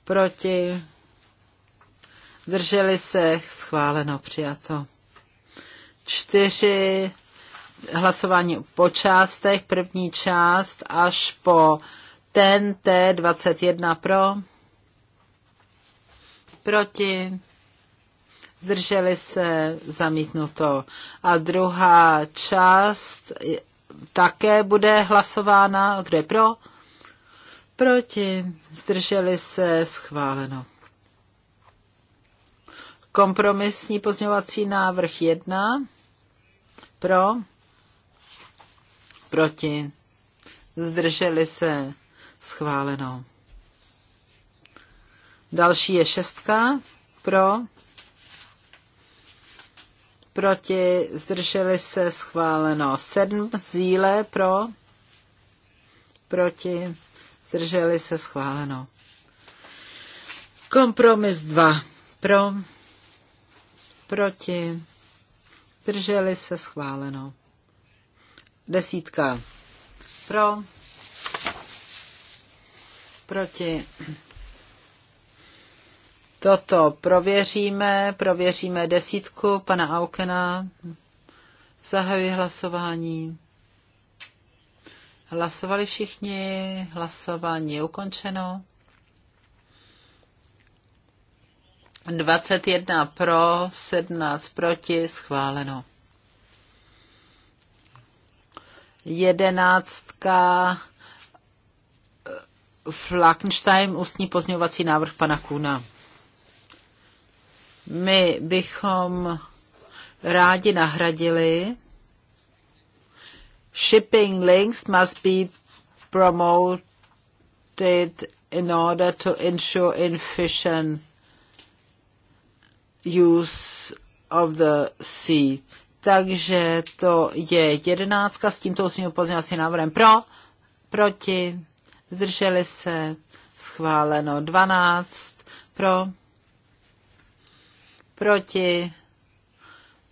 proti zdrželi se, schváleno, přijato. Čtyři, hlasování po částech, první část až po ten T21 pro, proti, zdrželi se, zamítnuto. A druhá část také bude hlasována, kde pro, proti, zdrželi se, schváleno. Kompromisní pozměňovací návrh 1. Pro. Proti. Zdrželi se. Schváleno. Další je šestka. Pro. Proti. Zdrželi se. Schváleno. Sedm zíle. Pro. Proti. Zdrželi se. Schváleno. Kompromis 2. Pro proti, drželi se schváleno. Desítka pro, proti. Toto prověříme, prověříme desítku pana Aukena. Zahajuji hlasování. Hlasovali všichni, hlasování je ukončeno. 21 pro, 17 proti, schváleno. Jedenáctka eh, Flakenstein, ústní pozměňovací návrh pana Kuna. My bychom rádi nahradili Shipping links must be promoted in order to ensure efficient use of the sea. Takže to je jedenáctka s tímto osmým pozměňovacím návrhem pro, proti, zdrželi se, schváleno Dvanáct pro, proti,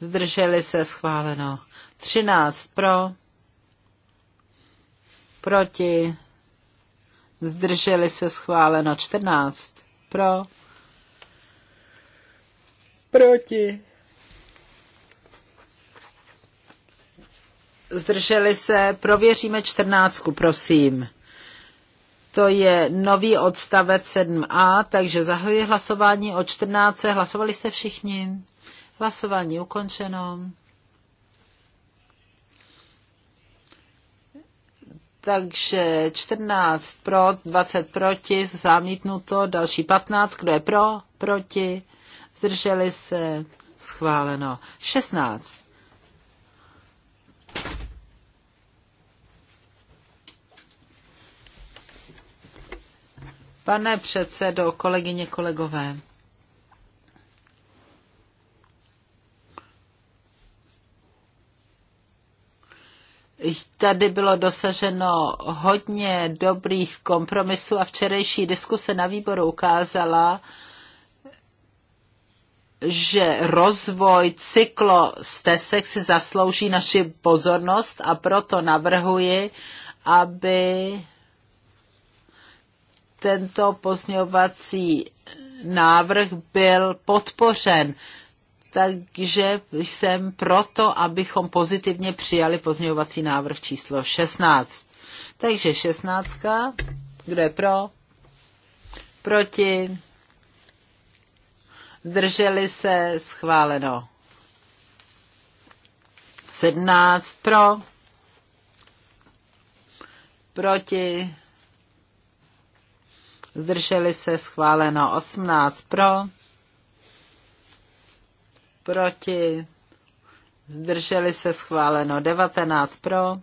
zdrželi se, schváleno Třináct pro, proti, zdrželi se, schváleno čtrnáct pro, Proti. Zdrželi se. Prověříme čtrnáctku, prosím. To je nový odstavec 7a, takže zahajuji hlasování o 14. Hlasovali jste všichni? Hlasování ukončeno. Takže 14 pro, 20 proti, zamítnuto, další 15, kdo je pro, proti, zdrželi se, schváleno. 16. Pane předsedo, kolegyně, kolegové. Tady bylo dosaženo hodně dobrých kompromisů a včerejší diskuse na výboru ukázala, že rozvoj cyklostesek si zaslouží naši pozornost a proto navrhuji, aby tento pozňovací návrh byl podpořen. Takže jsem proto, abychom pozitivně přijali pozměňovací návrh číslo 16. Takže 16. Kdo je pro? Proti? zdrželi se schváleno. 17 pro. Proti. Zdrželi se schváleno 18 pro. Proti. Zdrželi se schváleno 19 pro.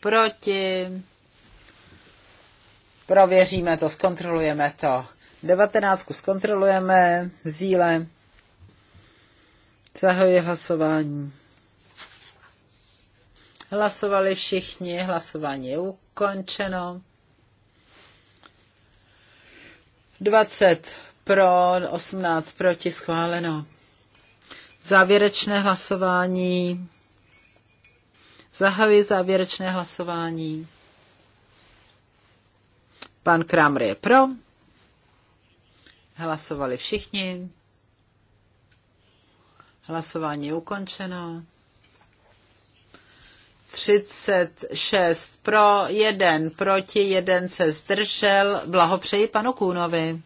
Proti. Prověříme to, zkontrolujeme to. Devatenáctku zkontrolujeme, zíle. Zahajuji hlasování. Hlasovali všichni, hlasování je ukončeno. 20 pro, 18 proti, schváleno. Závěrečné hlasování. Zahajuji závěrečné hlasování. Pan Kramer je pro. Hlasovali všichni. Hlasování je ukončeno. 36 pro, 1 proti, 1 se zdržel. Blahopřeji panu Kůnovi.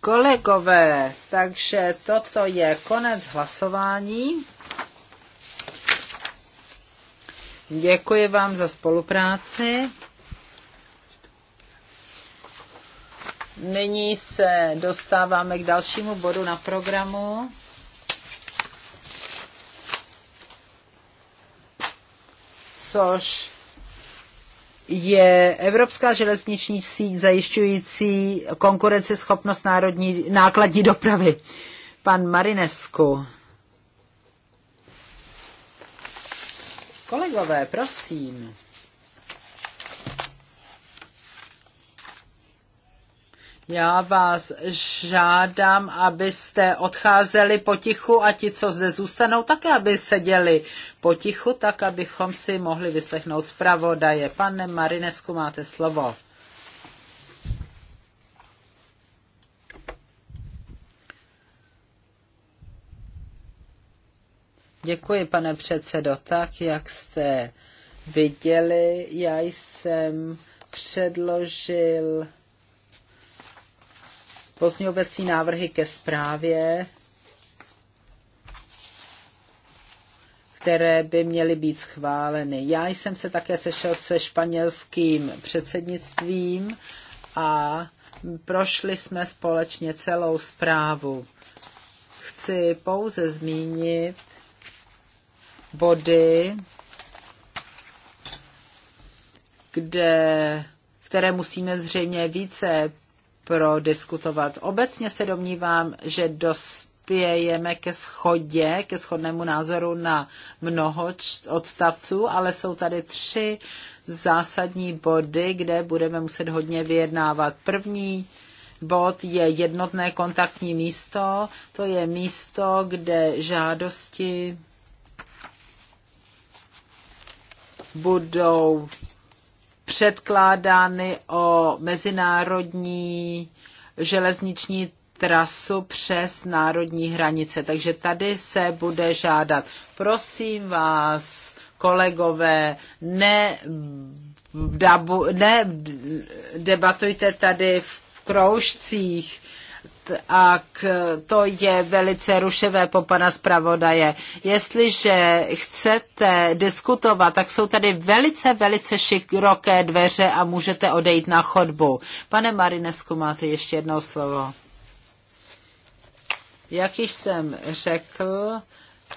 Kolegové, takže toto je konec hlasování. Děkuji vám za spolupráci. Nyní se dostáváme k dalšímu bodu na programu. Což je Evropská železniční síť zajišťující konkurenceschopnost národní, nákladní dopravy. Pan Marinesku. Kolegové, prosím. Já vás žádám, abyste odcházeli potichu a ti, co zde zůstanou, také aby seděli potichu, tak abychom si mohli vyslechnout zpravodaje. Pane Marinesku, máte slovo. Děkuji, pane předsedo. Tak, jak jste viděli, já jsem předložil pozměňovací návrhy ke zprávě, které by měly být schváleny. Já jsem se také sešel se španělským předsednictvím a prošli jsme společně celou zprávu. Chci pouze zmínit body, kde, které musíme zřejmě více prodiskutovat. Obecně se domnívám, že dospějeme ke schodě, ke schodnému názoru na mnoho odstavců, ale jsou tady tři zásadní body, kde budeme muset hodně vyjednávat. První bod je jednotné kontaktní místo. To je místo, kde žádosti budou předkládány o mezinárodní železniční trasu přes národní hranice. Takže tady se bude žádat. Prosím vás, kolegové, ne, dabu, ne debatujte tady v kroužcích a k, to je velice rušivé po pana zpravodaje. Jestliže chcete diskutovat, tak jsou tady velice, velice široké dveře a můžete odejít na chodbu. Pane Marinesku, máte ještě jedno slovo. Jak již jsem řekl,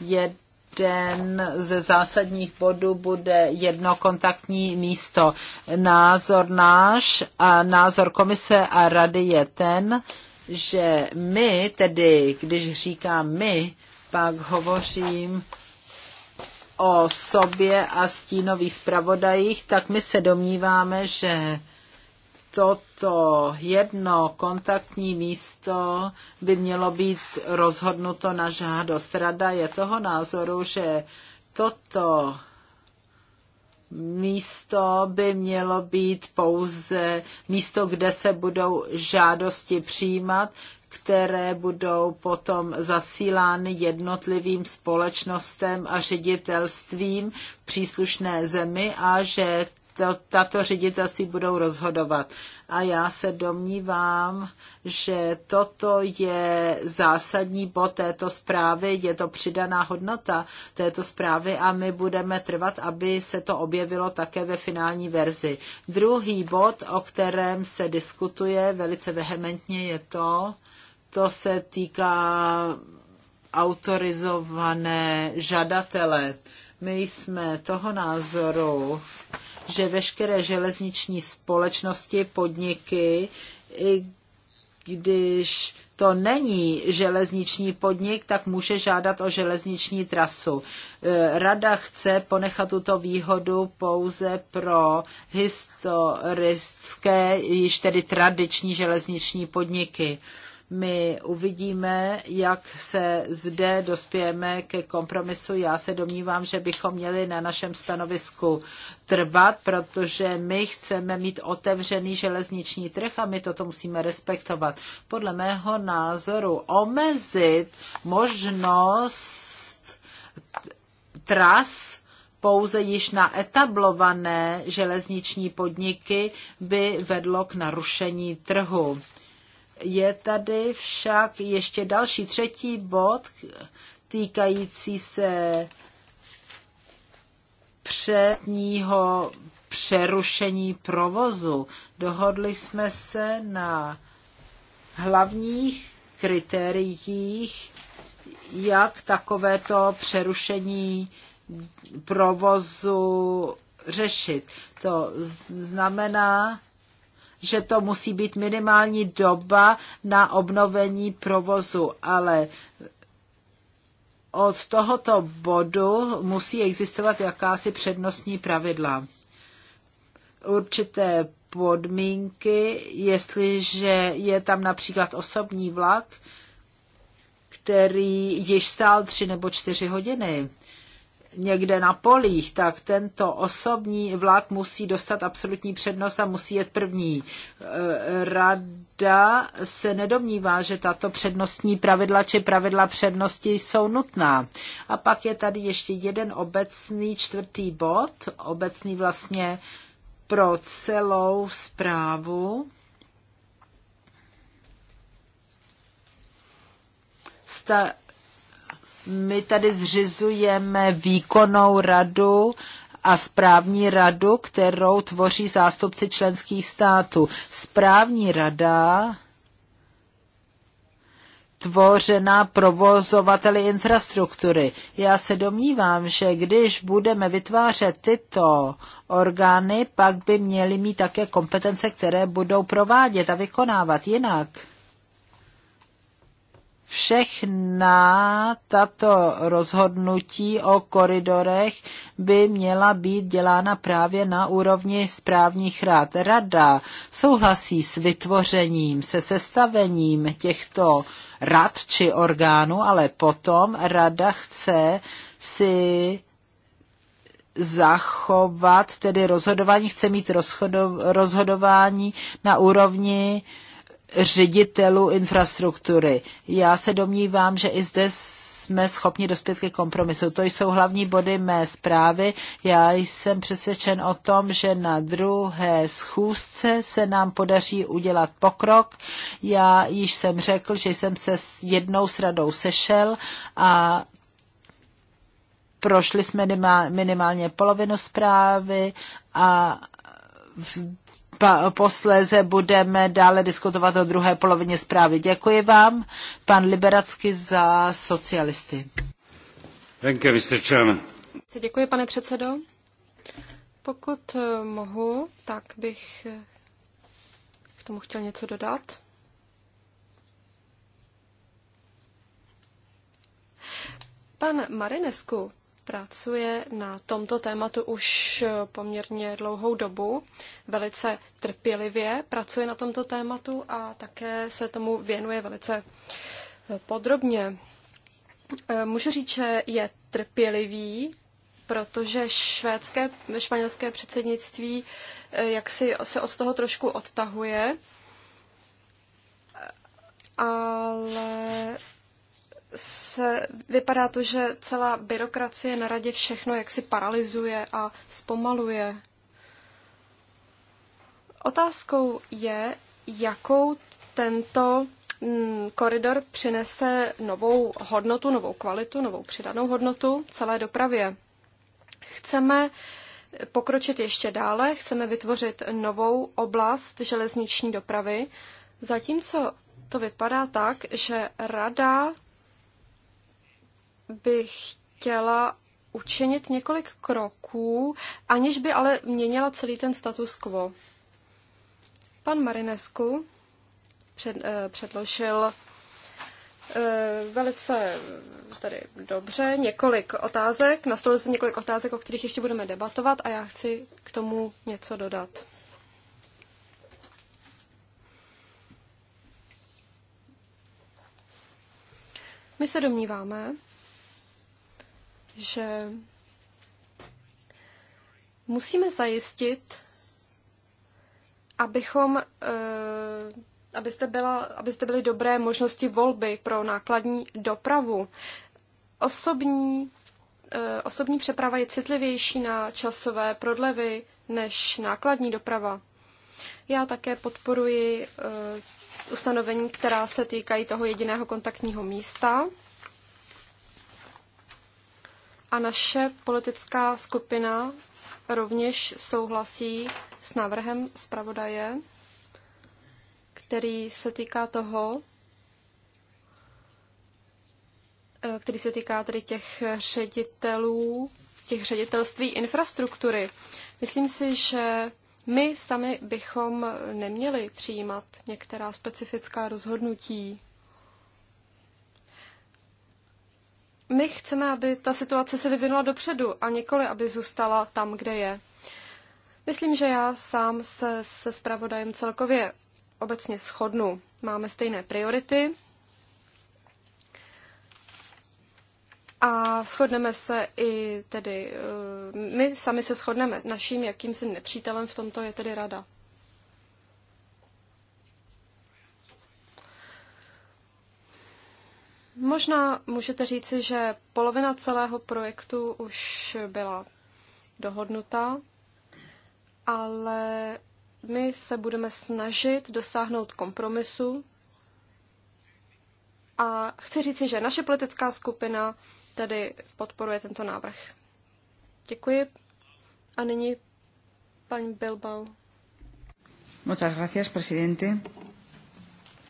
jeden ze zásadních bodů bude jedno kontaktní místo. Názor náš a názor komise a rady je ten, že my, tedy když říkám my, pak hovořím o sobě a stínových zpravodajích, tak my se domníváme, že toto jedno kontaktní místo by mělo být rozhodnuto na žádost. Rada je toho názoru, že toto místo by mělo být pouze místo, kde se budou žádosti přijímat, které budou potom zasílány jednotlivým společnostem a ředitelstvím v příslušné zemi a že tato ředitelství budou rozhodovat. A já se domnívám, že toto je zásadní bod této zprávy, je to přidaná hodnota této zprávy a my budeme trvat, aby se to objevilo také ve finální verzi. Druhý bod, o kterém se diskutuje velice vehementně, je to, to se týká autorizované žadatele. My jsme toho názoru, že veškeré železniční společnosti, podniky, i když to není železniční podnik, tak může žádat o železniční trasu. E, Rada chce ponechat tuto výhodu pouze pro historické, již tedy tradiční železniční podniky my uvidíme, jak se zde dospějeme ke kompromisu. Já se domnívám, že bychom měli na našem stanovisku trvat, protože my chceme mít otevřený železniční trh a my toto musíme respektovat. Podle mého názoru omezit možnost tras pouze již na etablované železniční podniky by vedlo k narušení trhu. Je tady však ještě další třetí bod týkající se předního přerušení provozu. Dohodli jsme se na hlavních kritériích, jak takovéto přerušení provozu řešit. To znamená, že to musí být minimální doba na obnovení provozu, ale od tohoto bodu musí existovat jakási přednostní pravidla. Určité podmínky, jestliže je tam například osobní vlak, který již stál tři nebo čtyři hodiny, někde na polích, tak tento osobní vlak musí dostat absolutní přednost a musí jet první. E, rada se nedomnívá, že tato přednostní pravidla či pravidla přednosti jsou nutná. A pak je tady ještě jeden obecný čtvrtý bod, obecný vlastně pro celou zprávu. Sta- my tady zřizujeme výkonnou radu a správní radu, kterou tvoří zástupci členských států. Správní rada tvořena provozovateli infrastruktury. Já se domnívám, že když budeme vytvářet tyto orgány, pak by měly mít také kompetence, které budou provádět a vykonávat jinak všechna tato rozhodnutí o koridorech by měla být dělána právě na úrovni správních rád. Rada souhlasí s vytvořením, se sestavením těchto rad či orgánů, ale potom rada chce si zachovat, tedy rozhodování, chce mít rozhodování na úrovni ředitelů infrastruktury. Já se domnívám, že i zde jsme schopni dospět ke kompromisu. To jsou hlavní body mé zprávy. Já jsem přesvědčen o tom, že na druhé schůzce se nám podaří udělat pokrok. Já již jsem řekl, že jsem se s jednou s radou sešel a prošli jsme minimálně polovinu zprávy a v posléze budeme dále diskutovat o druhé polovině zprávy. Děkuji vám, pan Liberacky za socialisty. Děkuji, pane předsedo. Pokud eh, mohu, tak bych eh, k tomu chtěl něco dodat. Pan Marinesku pracuje na tomto tématu už eh, poměrně dlouhou dobu, velice trpělivě pracuje na tomto tématu a také se tomu věnuje velice eh, podrobně. Eh, můžu říct, že je trpělivý, protože švédské, španělské předsednictví jak si se od toho trošku odtahuje, ale se, vypadá to, že celá byrokracie na radě všechno jaksi paralizuje a zpomaluje. Otázkou je, jakou tento mm, koridor přinese novou hodnotu, novou kvalitu, novou přidanou hodnotu celé dopravě. Chceme pokročit ještě dále, chceme vytvořit novou oblast železniční dopravy, zatímco to vypadá tak, že rada bych chtěla učinit několik kroků, aniž by ale měnila celý ten status quo. Pan Marinesku před, eh, předložil eh, velice eh, tady dobře několik otázek. Nastolil se několik otázek, o kterých ještě budeme debatovat a já chci k tomu něco dodat. My se domníváme, že musíme zajistit, abychom, eh, abyste, byla, abyste byli dobré možnosti volby pro nákladní dopravu. Osobní, eh, osobní přeprava je citlivější na časové prodlevy než nákladní doprava. Já také podporuji eh, ustanovení, která se týkají toho jediného kontaktního místa. A naše politická skupina rovněž souhlasí s návrhem zpravodaje, který se týká toho, eh, který se týká tedy těch ředitelů, těch ředitelství infrastruktury. Myslím si, že my sami bychom neměli přijímat některá specifická rozhodnutí My chceme, aby ta situace se vyvinula dopředu a nikoli, aby zůstala tam, kde je. Myslím, že já sám se se zpravodajem celkově obecně shodnu. Máme stejné priority a shodneme se i tedy, eh, my sami se shodneme. Naším jakýmsi nepřítelem v tomto je tedy rada. Možná můžete říci, že polovina celého projektu už byla dohodnutá, ale my se budeme snažit dosáhnout kompromisu. A chci říci, že naše politická skupina tedy podporuje tento návrh. Děkuji. A nyní paní Bilbao. Muchas gracias, presidente.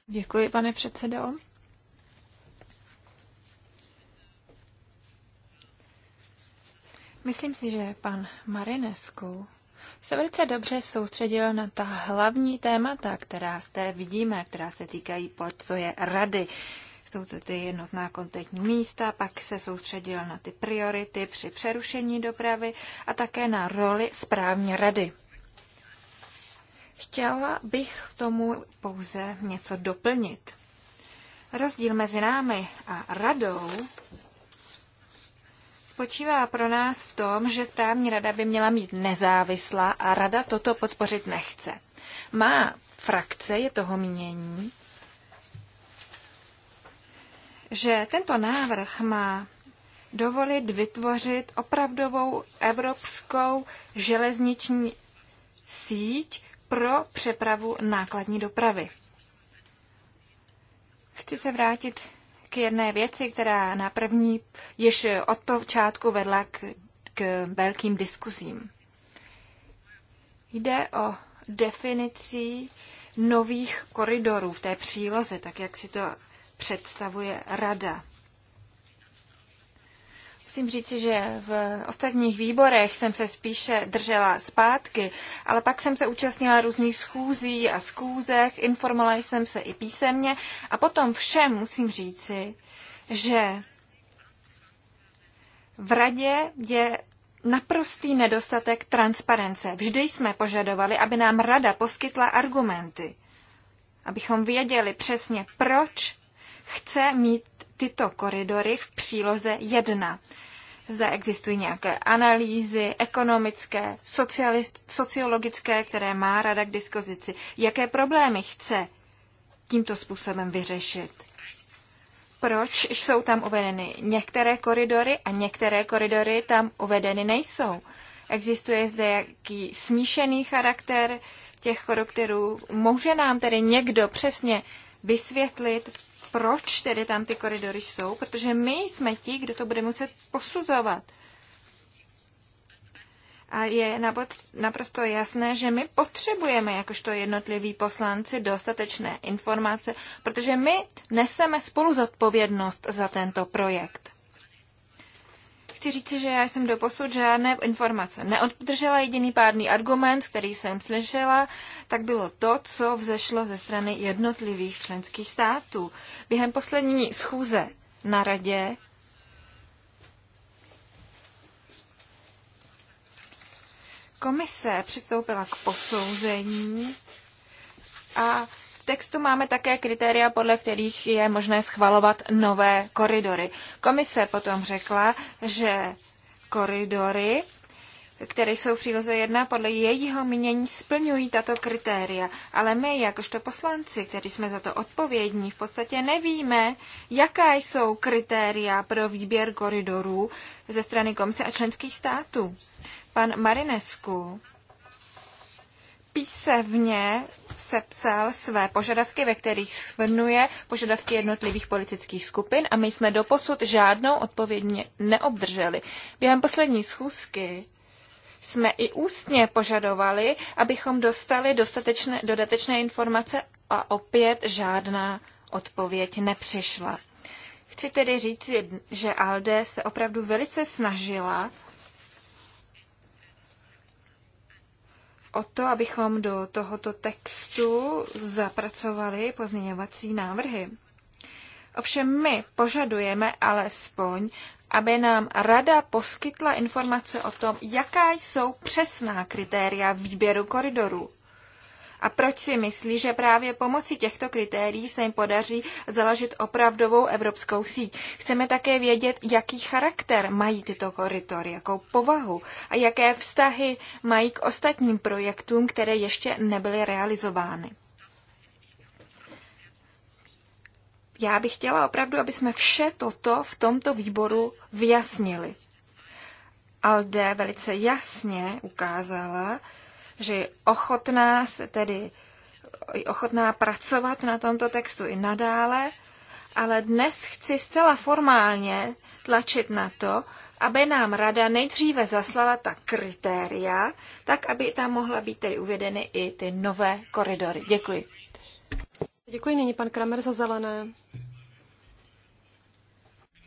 Děkuji, pane předsedo. Myslím si, že pan Marinescu se velice dobře soustředil na ta hlavní témata, která zde vidíme, která se týkají je rady. Jsou to ty jednotná kontaktní místa, pak se soustředil na ty priority při přerušení dopravy a také na roli správní rady. Chtěla bych k tomu pouze něco doplnit. Rozdíl mezi námi a radou spočívá pro nás v tom, že správní rada by měla mít nezávislá a rada toto podpořit nechce. Má frakce je toho mínění, že tento návrh má dovolit vytvořit opravdovou evropskou železniční síť pro přepravu nákladní dopravy. Chci se vrátit k jedné věci, která na první již od počátku vedla k, k velkým diskuzím. Jde o definici nových koridorů v té příloze, tak jak si to představuje rada musím říci, že v ostatních výborech jsem se spíše držela zpátky, ale pak jsem se účastnila různých schůzí a zkůzek, informovala jsem se i písemně a potom všem musím říci, že v radě je naprostý nedostatek transparence. Vždy jsme požadovali, aby nám rada poskytla argumenty, abychom věděli přesně, proč chce mít tyto koridory v příloze 1. Zde existují nějaké analýzy ekonomické, sociologické, které má rada k dispozici. Jaké problémy chce tímto způsobem vyřešit? Proč jsou tam uvedeny některé koridory a některé koridory tam uvedeny nejsou? Existuje zde jaký smíšený charakter těch koridorů? Může nám tedy někdo přesně vysvětlit, proč tedy tam ty koridory jsou, protože my jsme ti, kdo to bude muset posuzovat. A je naprosto jasné, že my potřebujeme, jakožto jednotliví poslanci, dostatečné informace, protože my neseme spolu zodpovědnost za tento projekt chci říct, že já jsem do posud žádné informace neobdržela. Jediný pádný argument, který jsem slyšela, tak bylo to, co vzešlo ze strany jednotlivých členských států. Během poslední schůze na radě komise přistoupila k posouzení a textu máme také kritéria, podle kterých je možné schvalovat nové koridory. Komise potom řekla, že koridory které jsou v příloze 1, podle jejího mínění splňují tato kritéria. Ale my, jakožto poslanci, kteří jsme za to odpovědní, v podstatě nevíme, jaká jsou kritéria pro výběr koridorů ze strany komise a členských států. Pan Marinescu písevně sepsal své požadavky, ve kterých svrnuje požadavky jednotlivých politických skupin a my jsme doposud žádnou odpovědně neobdrželi. Během poslední schůzky jsme i ústně požadovali, abychom dostali dostatečné, dodatečné informace a opět žádná odpověď nepřišla. Chci tedy říct, že Alde se opravdu velice snažila o to, abychom do tohoto textu zapracovali pozměňovací návrhy. Ovšem my požadujeme alespoň, aby nám rada poskytla informace o tom, jaká jsou přesná kritéria výběru koridorů. A proč si myslí, že právě pomocí těchto kritérií se jim podaří založit opravdovou evropskou síť? Chceme také vědět, jaký charakter mají tyto koridory, jakou povahu a jaké vztahy mají k ostatním projektům, které ještě nebyly realizovány. Já bych chtěla opravdu, aby jsme vše toto v tomto výboru vyjasnili. Alde velice jasně ukázala, že je ochotná se tedy ochotná pracovat na tomto textu i nadále, ale dnes chci zcela formálně tlačit na to, aby nám rada nejdříve zaslala ta kritéria, tak aby tam mohla být tedy uvedeny i ty nové koridory. Děkuji. Děkuji nyní pan Kramer za zelené.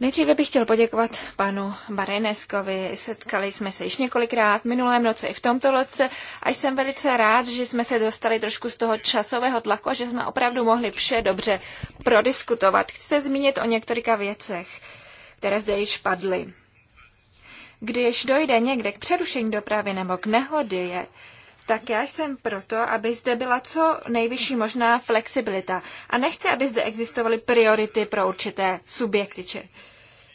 Nejdříve bych chtěl poděkovat panu Bareneskovi. Setkali jsme se již několikrát, minulé noci i v tomto roce a jsem velice rád, že jsme se dostali trošku z toho časového tlaku a že jsme opravdu mohli vše dobře prodiskutovat. Chci se zmínit o několika věcech, které zde již padly. Když dojde někde k přerušení dopravy nebo k nehodě, je tak já jsem proto, aby zde byla co nejvyšší možná flexibilita. A nechci, aby zde existovaly priority pro určité subjekty či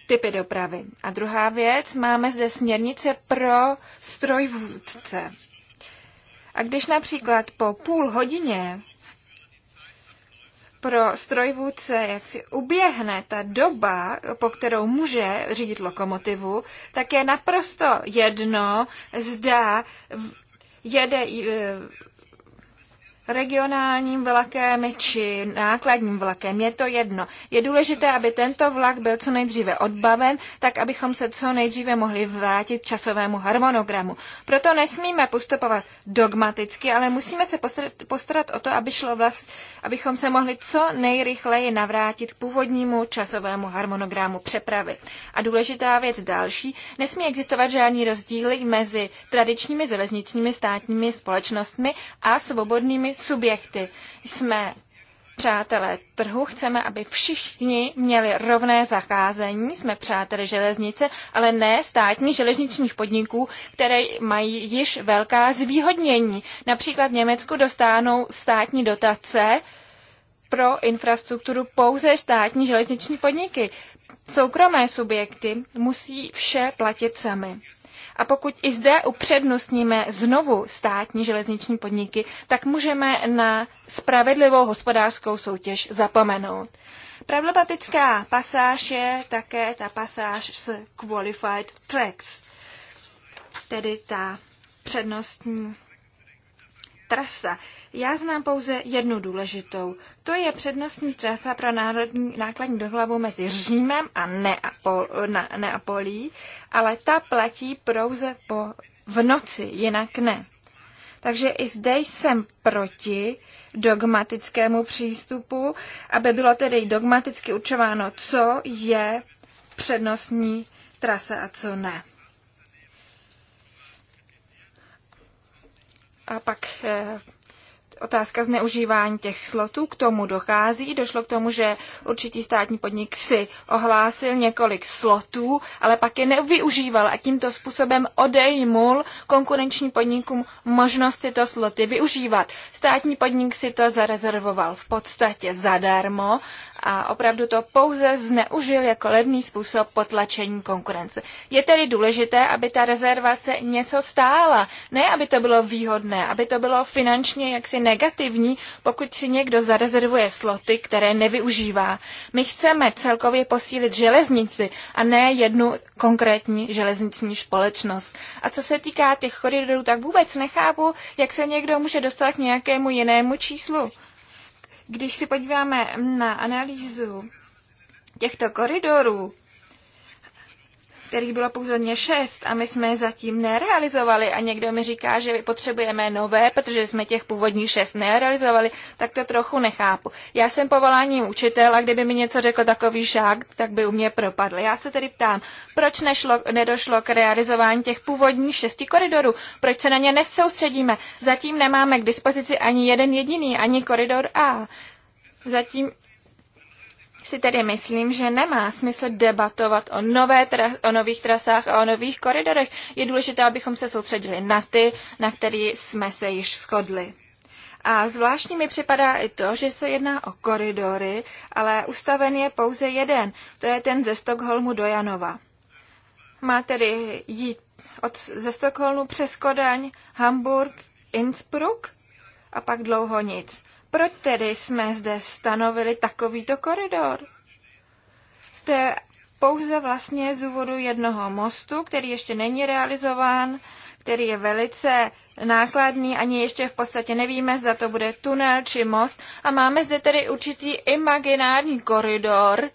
typy dopravy. A druhá věc, máme zde směrnice pro strojvůdce. A když například po půl hodině pro strojvůdce, jak si uběhne ta doba, po kterou může řídit lokomotivu, tak je naprosto jedno, zda jede eh, regionálním vlakem či nákladním vlakem, je to jedno. Je důležité, aby tento vlak byl co nejdříve odbaven, tak abychom se co nejdříve mohli vrátit časovému harmonogramu. Proto nesmíme postupovat dogmaticky, ale musíme se postarat o to, aby šlo vlast, abychom se mohli co nejrychleji navrátit k původnímu časovému harmonogramu přepravy. A důležitá věc další, nesmí existovat žádný rozdíly mezi tradičními železničními státními společnostmi a svobodnými subjekty. Jsme přátelé trhu, chceme, aby všichni měli rovné zacházení, jsme přátelé železnice, ale ne státní železničních podniků, které mají již velká zvýhodnění. Například v Německu dostánou státní dotace pro infrastrukturu pouze státní železniční podniky. Soukromé subjekty musí vše platit sami. A pokud i zde upřednostníme znovu státní železniční podniky, tak můžeme na spravedlivou hospodářskou soutěž zapomenout. Problematická pasáž je také ta pasáž s Qualified Tracks, tedy ta přednostní trasa. Já znám pouze jednu důležitou. To je přednostní trasa pro národní nákladní dohlavu mezi Římem a Neapol, na, Neapolí, ale ta platí pouze po, v noci, jinak ne. Takže i zde jsem proti dogmatickému přístupu, aby bylo tedy dogmaticky určováno, co je přednostní trasa a co ne. A pak eh, otázka zneužívání těch slotů, k tomu dochází. Došlo k tomu, že určitý státní podnik si ohlásil několik slotů, ale pak je nevyužíval a tímto způsobem odejmul konkurenční podnikům možnost tyto sloty využívat. Státní podnik si to zarezervoval v podstatě zadarmo a opravdu to pouze zneužil jako levný způsob potlačení konkurence. Je tedy důležité, aby ta rezervace něco stála, ne aby to bylo výhodné, aby to bylo finančně jaksi ne negativní, pokud si někdo zarezervuje sloty, které nevyužívá. My chceme celkově posílit železnici a ne jednu konkrétní železniční společnost. A co se týká těch koridorů, tak vůbec nechápu, jak se někdo může dostat k nějakému jinému číslu. Když si podíváme na analýzu těchto koridorů, kterých bylo pouze šest a my jsme je zatím nerealizovali a někdo mi říká, že potřebujeme nové, protože jsme těch původních šest nerealizovali, tak to trochu nechápu. Já jsem povoláním učitel a kdyby mi něco řekl takový žák, tak by u mě propadl. Já se tedy ptám, proč nešlo, nedošlo k realizování těch původních šesti koridorů? Proč se na ně nesoustředíme? Zatím nemáme k dispozici ani jeden jediný, ani koridor A. Zatím si tedy myslím, že nemá smysl debatovat o, nové tra- o nových trasách a o nových koridorech. Je důležité, abychom se soustředili na ty, na který jsme se již shodli. A zvláštní mi připadá i to, že se jedná o koridory, ale ustaven je pouze jeden. To je ten ze Stockholmu do Janova. Má tedy jít od, ze Stockholmu přes Kodaň, Hamburg, Innsbruck a pak dlouho nic. Proč tedy jsme zde stanovili takovýto koridor? To je pouze vlastně z důvodu jednoho mostu, který ještě není realizován, který je velice nákladný, ani ještě v podstatě nevíme, zda to bude tunel či most. A máme zde tedy určitý imaginární koridor,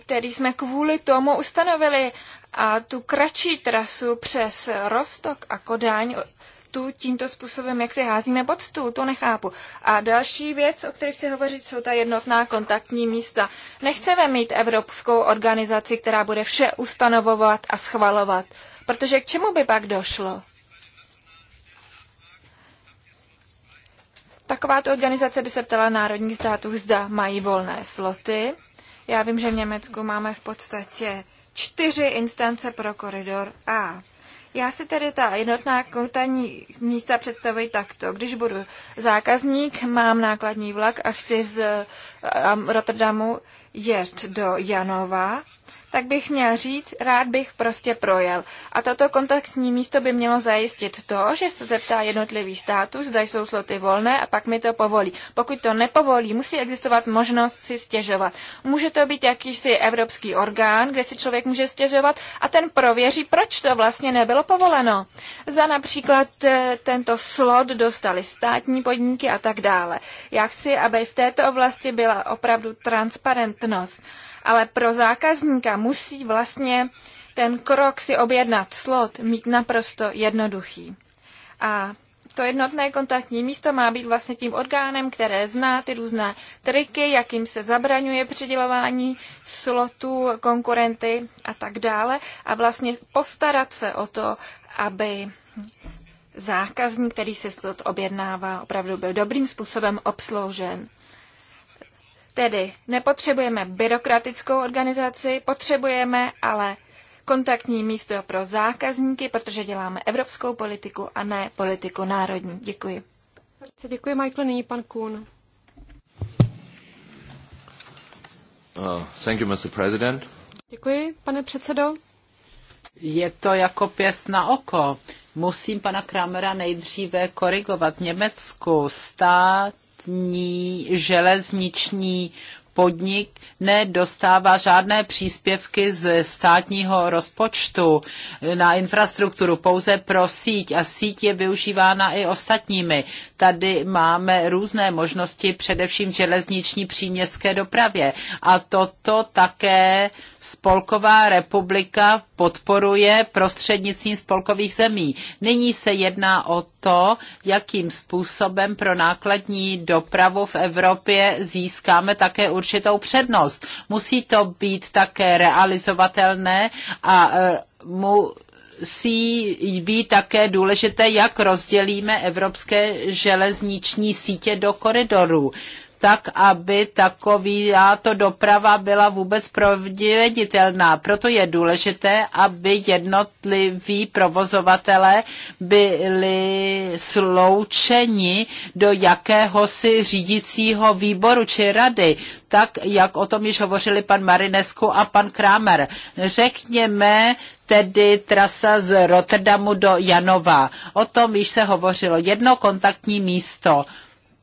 který jsme kvůli tomu ustanovili. A tu kratší trasu přes Rostok a Kodáň tu tímto způsobem, jak si házíme pod stůl, to nechápu. A další věc, o které chci hovořit, jsou ta jednotná kontaktní místa. Nechceme mít evropskou organizaci, která bude vše ustanovovat a schvalovat, protože k čemu by pak došlo? Takováto organizace by se ptala národních států, zda mají volné sloty. Já vím, že v Německu máme v podstatě čtyři instance pro koridor A. Já si tedy ta jednotná kontaní místa představuji takto. Když budu zákazník, mám nákladní vlak a chci z Rotterdamu eh, jet do Janova tak bych měl říct, rád bych prostě projel. A toto kontaktní místo by mělo zajistit to, že se zeptá jednotlivý států, zda jsou sloty volné a pak mi to povolí. Pokud to nepovolí, musí existovat možnost si stěžovat. Může to být jakýsi evropský orgán, kde si člověk může stěžovat a ten prověří, proč to vlastně nebylo povoleno. Za například eh, tento slot dostali státní podniky a tak dále. Já chci, aby v této oblasti byla opravdu transparentnost ale pro zákazníka musí vlastně ten krok si objednat slot mít naprosto jednoduchý. A to jednotné kontaktní místo má být vlastně tím orgánem, které zná ty různé triky, jakým se zabraňuje přidělování slotů, konkurenty a tak dále. A vlastně postarat se o to, aby zákazník, který si slot objednává, opravdu byl dobrým způsobem obsloužen. Tedy nepotřebujeme byrokratickou organizaci, potřebujeme ale kontaktní místo pro zákazníky, protože děláme evropskou politiku a ne politiku národní. Děkuji. Děkuji, Michael. Nyní pan Kuhn. Uh, thank you, Mr. President. Děkuji, pane předsedo. Je to jako pěst na oko. Musím pana Kramera nejdříve korigovat. V Německu stát státní železniční podnik nedostává žádné příspěvky z státního rozpočtu na infrastrukturu, pouze pro síť a síť je využívána i ostatními. Tady máme různé možnosti, především železniční příměstské dopravě a toto také Spolková republika podporuje prostřednictvím spolkových zemí. Nyní se jedná o to, jakým způsobem pro nákladní dopravu v Evropě získáme také určitou přednost. Musí to být také realizovatelné a mu e, musí být také důležité, jak rozdělíme evropské železniční sítě do koridorů tak, aby to doprava byla vůbec proveditelná. Proto je důležité, aby jednotliví provozovatele byli sloučeni do jakéhosi řídícího výboru či rady, tak, jak o tom již hovořili pan Marinesku a pan Kramer. Řekněme, tedy trasa z Rotterdamu do Janova. O tom již se hovořilo. Jedno kontaktní místo.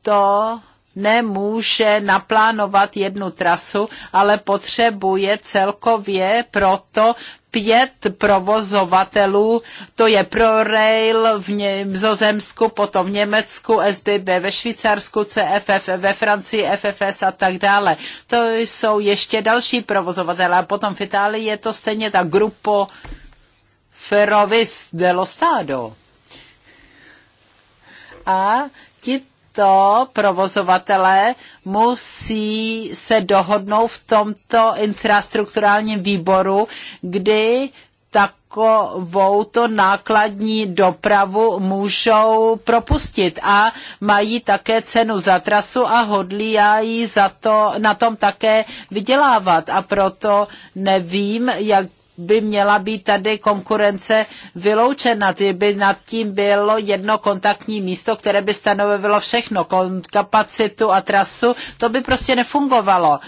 To nemůže naplánovat jednu trasu, ale potřebuje celkově proto pět provozovatelů, to je ProRail v Nizozemsku, potom v Německu, SBB ve Švýcarsku, CFF ve Francii, FFS a tak dále. To jsou ještě další provozovatelé. A potom v Itálii je to stejně ta Grupo Ferrovis dello Stado. A ti to provozovatelé musí se dohodnout v tomto infrastrukturálním výboru, kdy takovou to nákladní dopravu můžou propustit a mají také cenu za trasu a hodlí a jí za to, na tom také vydělávat. A proto nevím, jak by měla být tady konkurence vyloučena. Ty by nad tím bylo jedno kontaktní místo, které by stanovilo všechno, kapacitu a trasu. To by prostě nefungovalo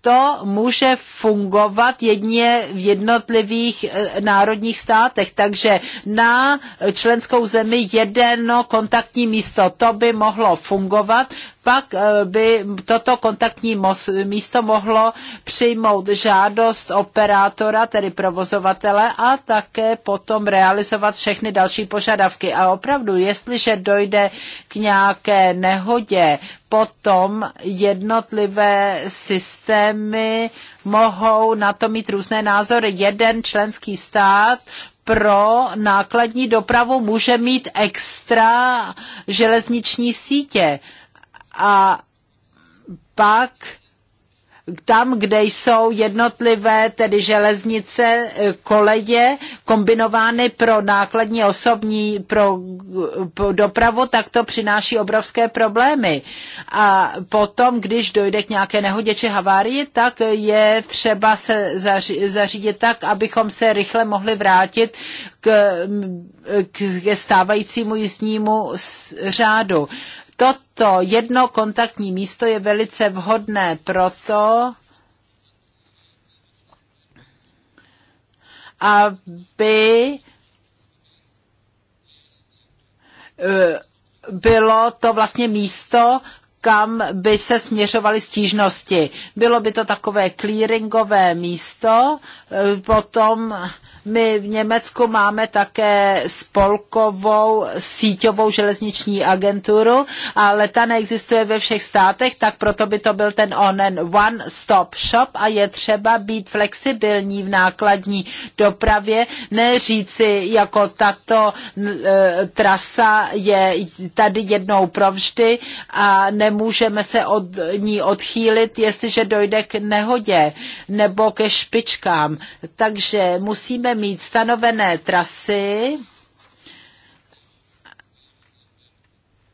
to může fungovat jedně v jednotlivých eh, národních státech. Takže na členskou zemi jedno kontaktní místo, to by mohlo fungovat, pak eh, by toto kontaktní místo mohlo přijmout žádost operátora, tedy provozovatele, a také potom realizovat všechny další požadavky. A opravdu, jestliže dojde k nějaké nehodě, potom jednotlivé systémy mohou na to mít různé názory. Jeden členský stát pro nákladní dopravu může mít extra železniční sítě. A pak tam, kde jsou jednotlivé, tedy železnice, e, koleje kombinovány pro nákladní osobní pro, pro dopravu, tak to přináší obrovské problémy. A potom, když dojde k nějaké nehodě či havárii, tak je třeba se zařídit tak, abychom se rychle mohli vrátit k, k, k stávajícímu jízdnímu řádu. Toto jedno kontaktní místo je velice vhodné proto, aby eh, bylo to vlastně místo, kam by se směřovaly stížnosti. Bylo by to takové clearingové místo, eh, potom my v Německu máme také spolkovou síťovou železniční agenturu, ale ta neexistuje ve všech státech, tak proto by to byl ten onen one-stop shop a je třeba být flexibilní v nákladní dopravě, ne říci jako tato e, trasa je tady jednou provždy a nemůžeme se od ní odchýlit, jestliže dojde k nehodě nebo ke špičkám. Takže musíme budeme mít stanovené trasy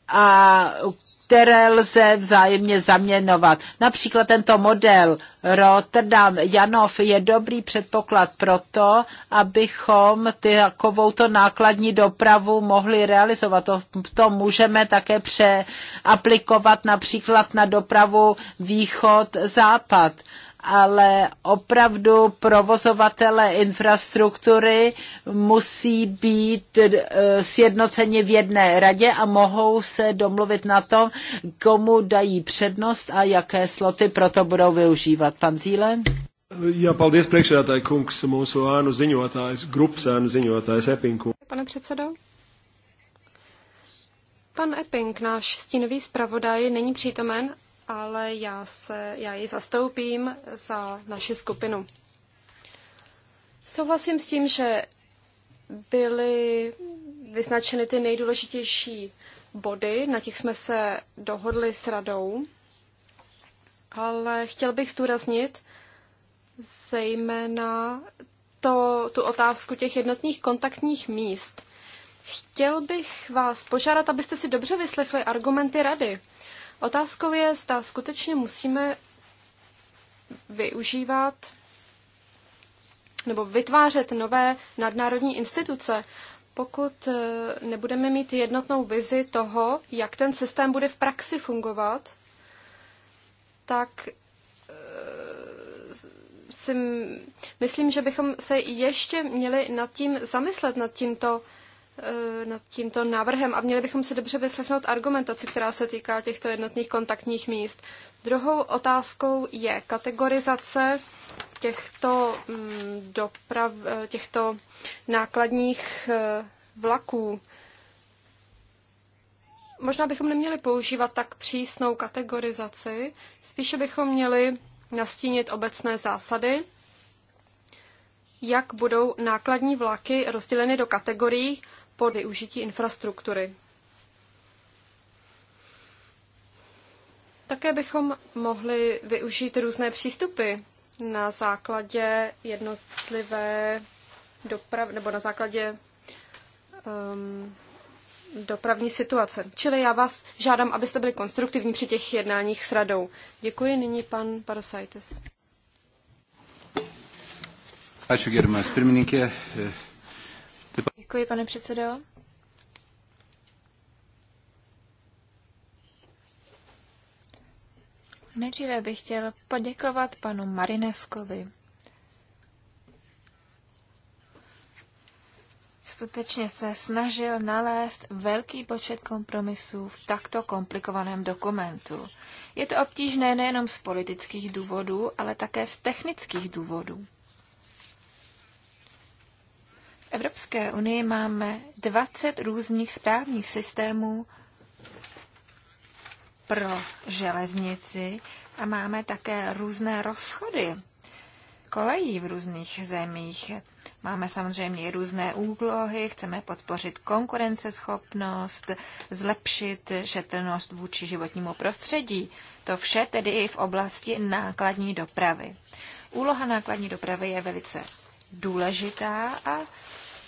a které lze vzájemně zaměnovat. Například tento model Rotterdam Janov je dobrý předpoklad pro to, abychom takovouto nákladní dopravu mohli realizovat. To, to můžeme také přeaplikovat například na dopravu východ-západ ale opravdu provozovatele infrastruktury musí být eh, sjednoceni v jedné radě a mohou se domluvit na tom, komu dají přednost a jaké sloty proto budou využívat. Pan Zílen? Já, paldies priekšsēdētāji kungs, mūsu ēnu ziņotājs, grupas ēnu ziņotājs Epinku. Pane předsedo? Pan Epping, náš stínový zpravodaj, není přítomen, ale já, se, já ji zastoupím za naši skupinu. Souhlasím s tím, že byly vyznačeny ty nejdůležitější body, na těch jsme se dohodli s radou, ale chtěl bych zdůraznit zejména to, tu otázku těch jednotných kontaktních míst. Chtěl bych vás požádat, abyste si dobře vyslechli argumenty rady Otázkou je, zda skutečně musíme využívat nebo vytvářet nové nadnárodní instituce, pokud eh, nebudeme mít jednotnou vizi toho, jak ten systém bude v praxi fungovat, tak eh, si myslím, že bychom se ještě měli nad tím zamyslet, nad tímto Eh, nad tímto návrhem a měli bychom se dobře vyslechnout argumentaci, která se týká těchto jednotných kontaktních míst. Druhou otázkou je kategorizace těchto, mm, doprav, eh, těchto nákladních eh, vlaků. Možná bychom neměli používat tak přísnou kategorizaci, spíše bychom měli nastínit obecné zásady, jak budou nákladní vlaky rozděleny do kategorií po využití infrastruktury. Také bychom mohli využít různé přístupy na základě jednotlivé doprav, nebo na základě um, dopravní situace. Čili já vás žádám, abyste byli konstruktivní při těch jednáních s radou. Děkuji nyní pan Parasaitis. Ačiū, gerbiamas pirmininkė. Děkuji, pane předsedo. Nejdříve bych chtěl poděkovat panu Marineskovi. Skutečně se snažil nalézt velký počet kompromisů v takto komplikovaném dokumentu. Je to obtížné nejenom z politických důvodů, ale také z technických důvodů. Evropské unii máme 20 různých správních systémů pro železnici a máme také různé rozchody kolejí v různých zemích. Máme samozřejmě i různé úlohy, chceme podpořit konkurenceschopnost, zlepšit šetrnost vůči životnímu prostředí. To vše tedy i v oblasti nákladní dopravy. Úloha nákladní dopravy je velice důležitá a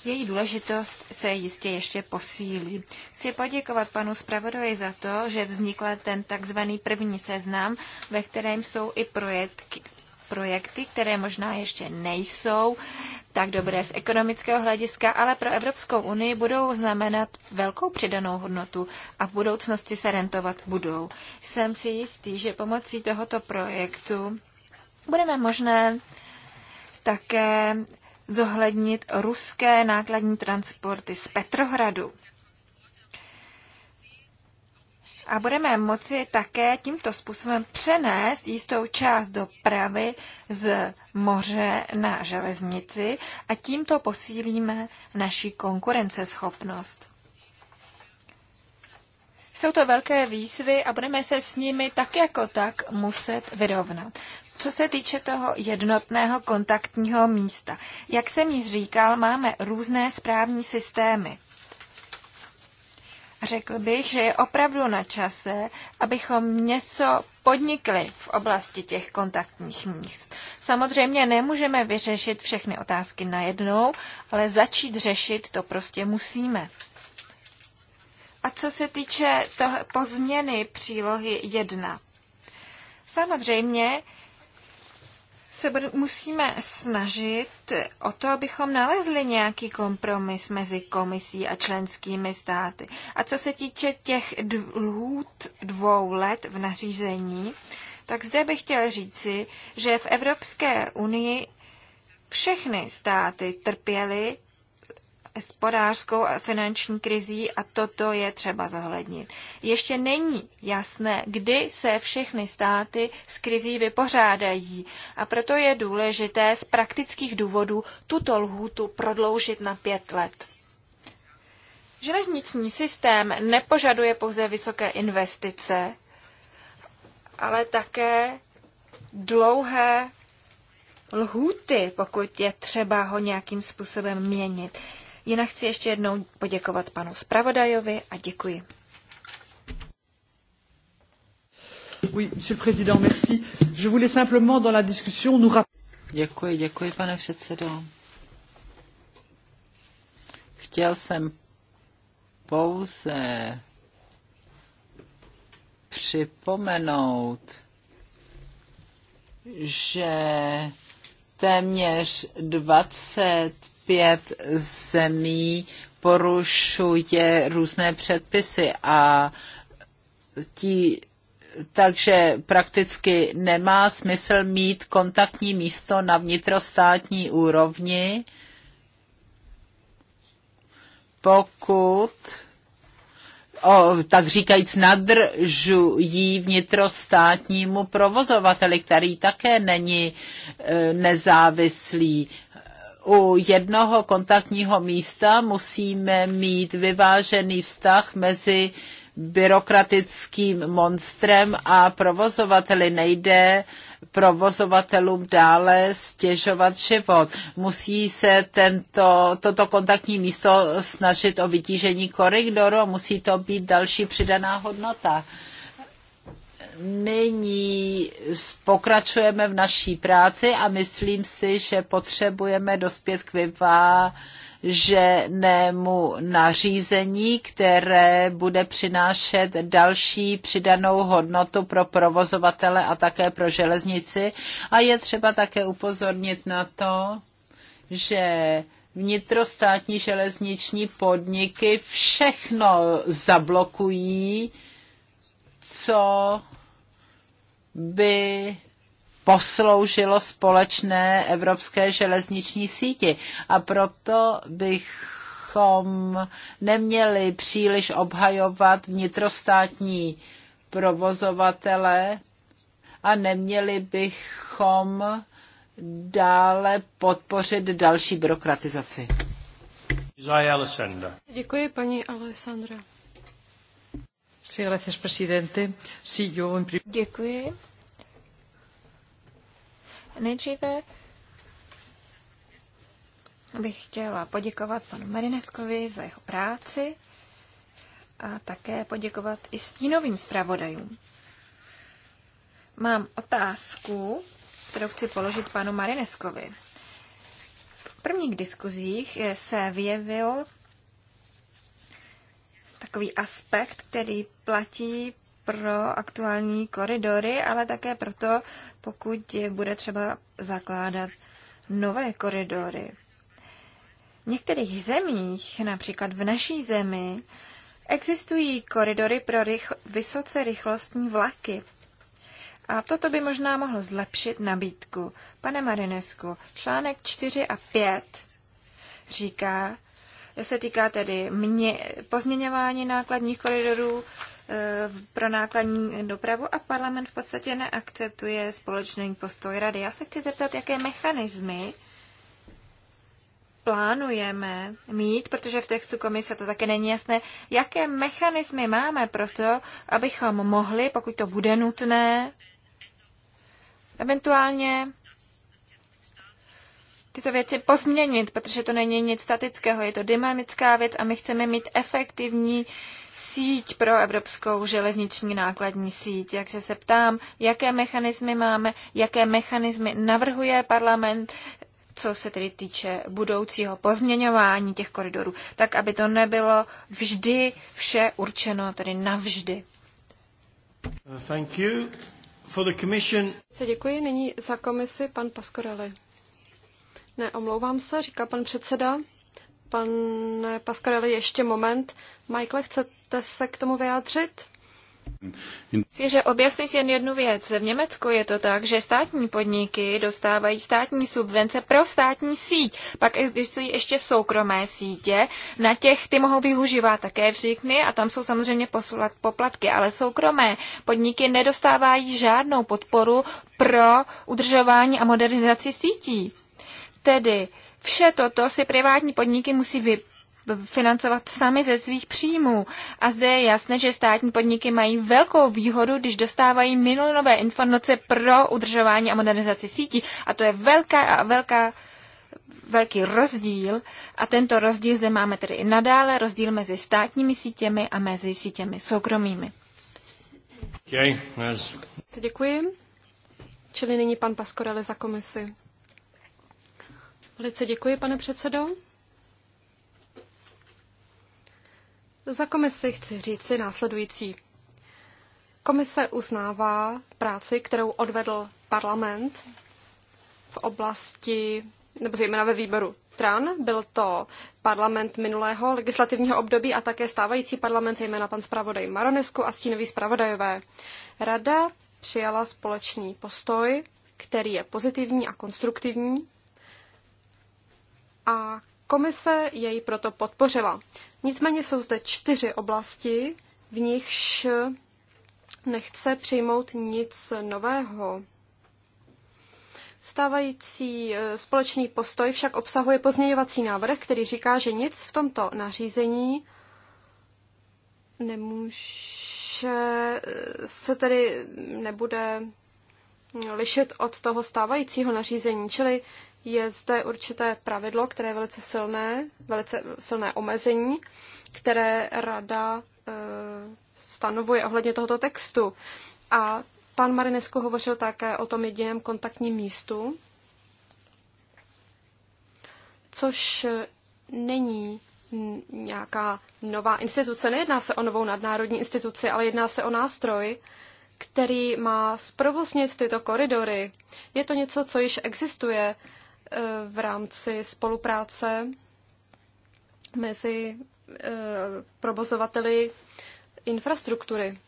její důležitost se jistě ještě posílí. Chci poděkovat panu zpravodaji za to, že vznikl ten takzvaný první seznam, ve kterém jsou i projekty, projekty, které možná ještě nejsou tak dobré z ekonomického hlediska, ale pro Evropskou unii budou znamenat velkou přidanou hodnotu a v budoucnosti se rentovat budou. Jsem si jistý, že pomocí tohoto projektu budeme možné také zohlednit ruské nákladní transporty z Petrohradu. A budeme moci také tímto způsobem přenést jistou část dopravy z moře na železnici a tímto posílíme naši konkurenceschopnost. Jsou to velké výzvy a budeme se s nimi tak jako tak muset vyrovnat. Co se týče toho jednotného kontaktního místa, jak jsem již říkal, máme různé správní systémy. Řekl bych, že je opravdu na čase, abychom něco podnikli v oblasti těch kontaktních míst. Samozřejmě nemůžeme vyřešit všechny otázky najednou, ale začít řešit to prostě musíme. A co se týče toho pozměny přílohy 1. Samozřejmě se musíme snažit o to, abychom nalezli nějaký kompromis mezi komisí a členskými státy. A co se týče těch lhůt dvou let v nařízení, tak zde bych chtěl říci, že v Evropské unii všechny státy trpěly hospodářskou a finanční krizí a toto je třeba zohlednit. Ještě není jasné, kdy se všechny státy s krizí vypořádají a proto je důležité z praktických důvodů tuto lhůtu prodloužit na pět let. Železniční systém nepožaduje pouze vysoké investice, ale také dlouhé lhůty, pokud je třeba ho nějakým způsobem měnit. Jinak chci ještě jednou poděkovat panu zpravodajovi a děkuji. Oui, monsieur le président, merci. Je voulais simplement dans la discussion nous Děkuji, děkuji, pane předsedo. Chtěl jsem pouze připomenout, že téměř 25 zemí porušuje různé předpisy a tí, takže prakticky nemá smysl mít kontaktní místo na vnitrostátní úrovni, pokud o, tak říkajíc nadržují vnitrostátnímu provozovateli, který také není e, nezávislý. U jednoho kontaktního místa musíme mít vyvážený vztah mezi byrokratickým monstrem a provozovateli. Nejde provozovatelům dále stěžovat život. Musí se tento, toto kontaktní místo snažit o vytížení koridoru a musí to být další přidaná hodnota. Nyní pokračujeme v naší práci a myslím si, že potřebujeme dospět k vyvážení ženému nařízení, které bude přinášet další přidanou hodnotu pro provozovatele a také pro železnici. A je třeba také upozornit na to, že vnitrostátní železniční podniky všechno zablokují, co by posloužilo společné evropské železniční síti. A proto bychom neměli příliš obhajovat vnitrostátní provozovatele a neměli bychom dále podpořit další byrokratizaci. Děkuji, paní Alessandra. Sí, gracias, presidente. Sí, yo... Děkuji. Nejdříve bych chtěla poděkovat panu Marineskovi za jeho práci a také poděkovat i stínovým zpravodajům. Mám otázku, kterou chci položit panu Marineskovi. V prvních diskuzích se vyjevil takový aspekt, který platí pro aktuální koridory, ale také proto, pokud bude třeba zakládat nové koridory. V některých zemích, například v naší zemi, existují koridory pro rych- vysoce rychlostní vlaky. A toto by možná mohlo zlepšit nabídku. Pane Marinesku, článek 4 a 5 říká, se týká tedy mě, pozměňování nákladních koridorů, Eh, pro nákladní dopravu a parlament v podstatě neakceptuje společný postoj rady. Já se chci zeptat, jaké mechanismy plánujeme mít, protože v textu komise to také není jasné, jaké mechanismy máme pro to, abychom mohli, pokud to bude nutné, eventuálně tyto věci pozměnit, protože to není nic statického, je to dynamická věc a my chceme mít efektivní uh, síť pro evropskou železniční nákladní síť. Takže se ptám, jaké mechanismy máme, jaké mechanismy navrhuje parlament, co se tedy týče budoucího pozměňování těch koridorů, tak aby to nebylo vždy vše určeno, tedy navždy. Uh, thank you. For the commission. Se děkuji, nyní za komisi pan Paskorelli. Ne, omlouvám se, říká pan předseda. Pan Paskorelli, ještě moment. Michael, chce, Chcete se k tomu vyjádřit? Chci, že objasnit jen jednu věc. V Německu je to tak, že státní podniky dostávají státní subvence pro státní síť. Pak existují ještě soukromé sítě. Na těch ty mohou využívat také všichni. a tam jsou samozřejmě poslat poplatky, ale soukromé podniky nedostávají žádnou podporu pro udržování a modernizaci sítí. Tedy vše toto si privátní podniky musí vypůjčit financovat sami ze svých příjmů. A zde je jasné, že státní podniky mají velkou výhodu, když dostávají milionové informace pro udržování a modernizaci sítí. A to je velká a velká velký rozdíl a tento rozdíl zde máme tedy i nadále, rozdíl mezi státními sítěmi a mezi sítěmi soukromými. Okay, yes. Děkuji. Čili nyní pan Paskorele za komisi. Velice děkuji, pane předsedo. Za komisi chci říct si následující. Komise uznává práci, kterou odvedl parlament v oblasti, nebo zejména ve výboru TRAN. Byl to parlament minulého legislativního období a také stávající parlament, zejména pan zpravodaj Maronesku a stínový zpravodajové. Rada přijala společný postoj, který je pozitivní a konstruktivní a Komise jej proto podpořila. Nicméně jsou zde čtyři oblasti, v nichž nechce přijmout nic nového. Stávající e, společný postoj však obsahuje pozměňovací návrh, který říká, že nic v tomto nařízení nemůže e, se tedy nebude lišit od toho stávajícího nařízení, čili je zde určité pravidlo, které je velice silné, velice silné omezení, které rada eh, stanovuje ohledně tohoto textu. A pan Marinesku hovořil také o tom jediném kontaktním místu, což není nějaká nová instituce. Nejedná se o novou nadnárodní instituci, ale jedná se o nástroj, který má zprovoznit tyto koridory. Je to něco, co již existuje. Eh, v rámci spolupráce mezi eh, provozovateli infrastruktury.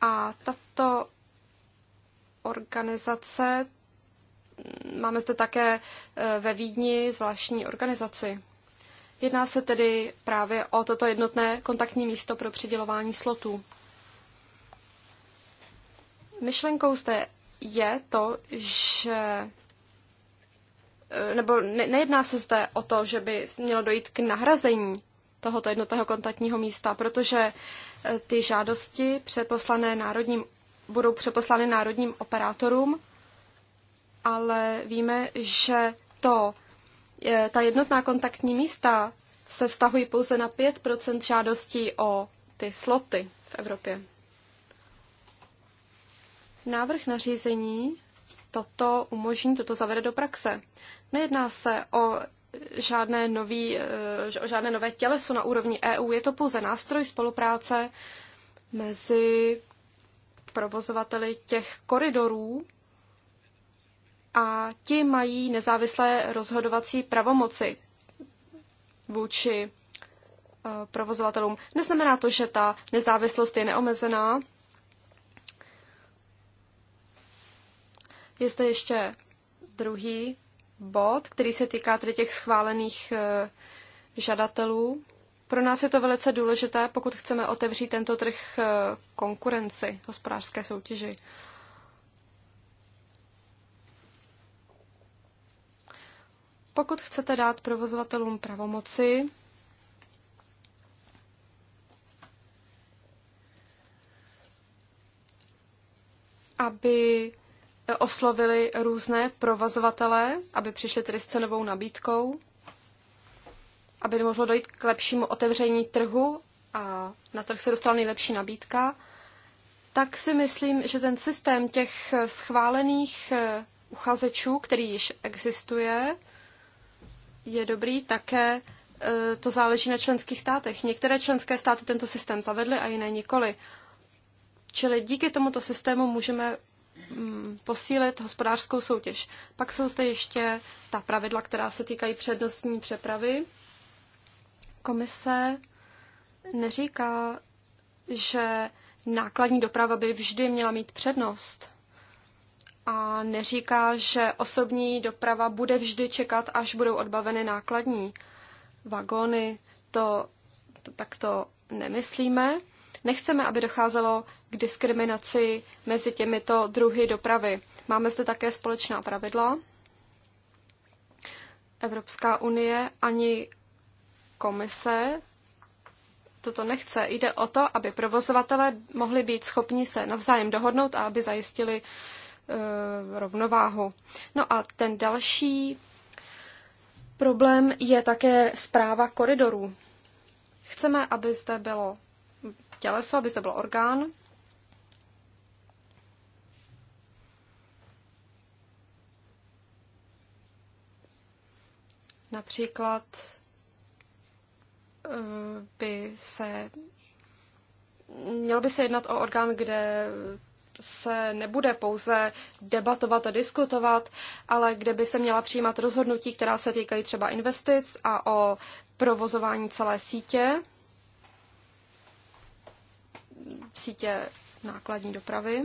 A tato organizace, mm, máme zde také eh, ve Vídni zvláštní organizaci. Jedná se tedy právě o toto jednotné kontaktní místo pro přidělování slotů. Myšlenkou zde je to, že eh, nebo ne, nejedná se zde o to, že by mělo dojít k nahrazení tohoto jednotného kontaktního místa, protože eh, ty žádosti přeposlané národním, budou přeposlány národním operátorům, ale víme, že to, eh, ta jednotná kontaktní místa se vztahují pouze na 5 žádostí o ty sloty v Evropě. Návrh nařízení toto umožní, toto zavede do praxe. Nejedná se o žádné, nový, eh, o žádné nové těleso na úrovni EU, je to pouze nástroj spolupráce mezi provozovateli těch koridorů a ti mají nezávislé rozhodovací pravomoci vůči eh, provozovatelům. Neznamená to, že ta nezávislost je neomezená, Je zde ještě druhý bod, který se týká tedy těch schválených eh, žadatelů. Pro nás je to velice důležité, pokud chceme otevřít tento trh eh, konkurenci, hospodářské soutěži. Pokud chcete dát provozovatelům pravomoci, aby oslovili různé provazovatele, aby přišli tedy s cenovou nabídkou, aby mohlo dojít k lepšímu otevření trhu a na trh se dostala nejlepší nabídka, tak si myslím, že ten systém těch schválených eh, uchazečů, který již existuje, je dobrý. Také eh, to záleží na členských státech. Některé členské státy tento systém zavedly a jiné nikoli. Čili díky tomuto systému můžeme Mm, posílit hospodářskou soutěž. Pak jsou zde ještě ta pravidla, která se týkají přednostní přepravy. Komise neříká, že nákladní doprava by vždy měla mít přednost a neříká, že osobní doprava bude vždy čekat, až budou odbaveny nákladní vagony. To, to tak to nemyslíme. Nechceme, aby docházelo k diskriminaci mezi těmito druhy dopravy. Máme zde také společná pravidla. Evropská unie ani komise toto nechce. Jde o to, aby provozovatelé mohli být schopni se navzájem dohodnout a aby zajistili e, rovnováhu. No a ten další problém je také zpráva koridorů. Chceme, aby zde bylo těleso, aby to byl orgán. Například eh, by se mělo by se jednat o orgán, kde se nebude pouze debatovat a diskutovat, ale kde by se měla přijímat rozhodnutí, která se týkají třeba investic a o provozování celé sítě sítě nákladní dopravy.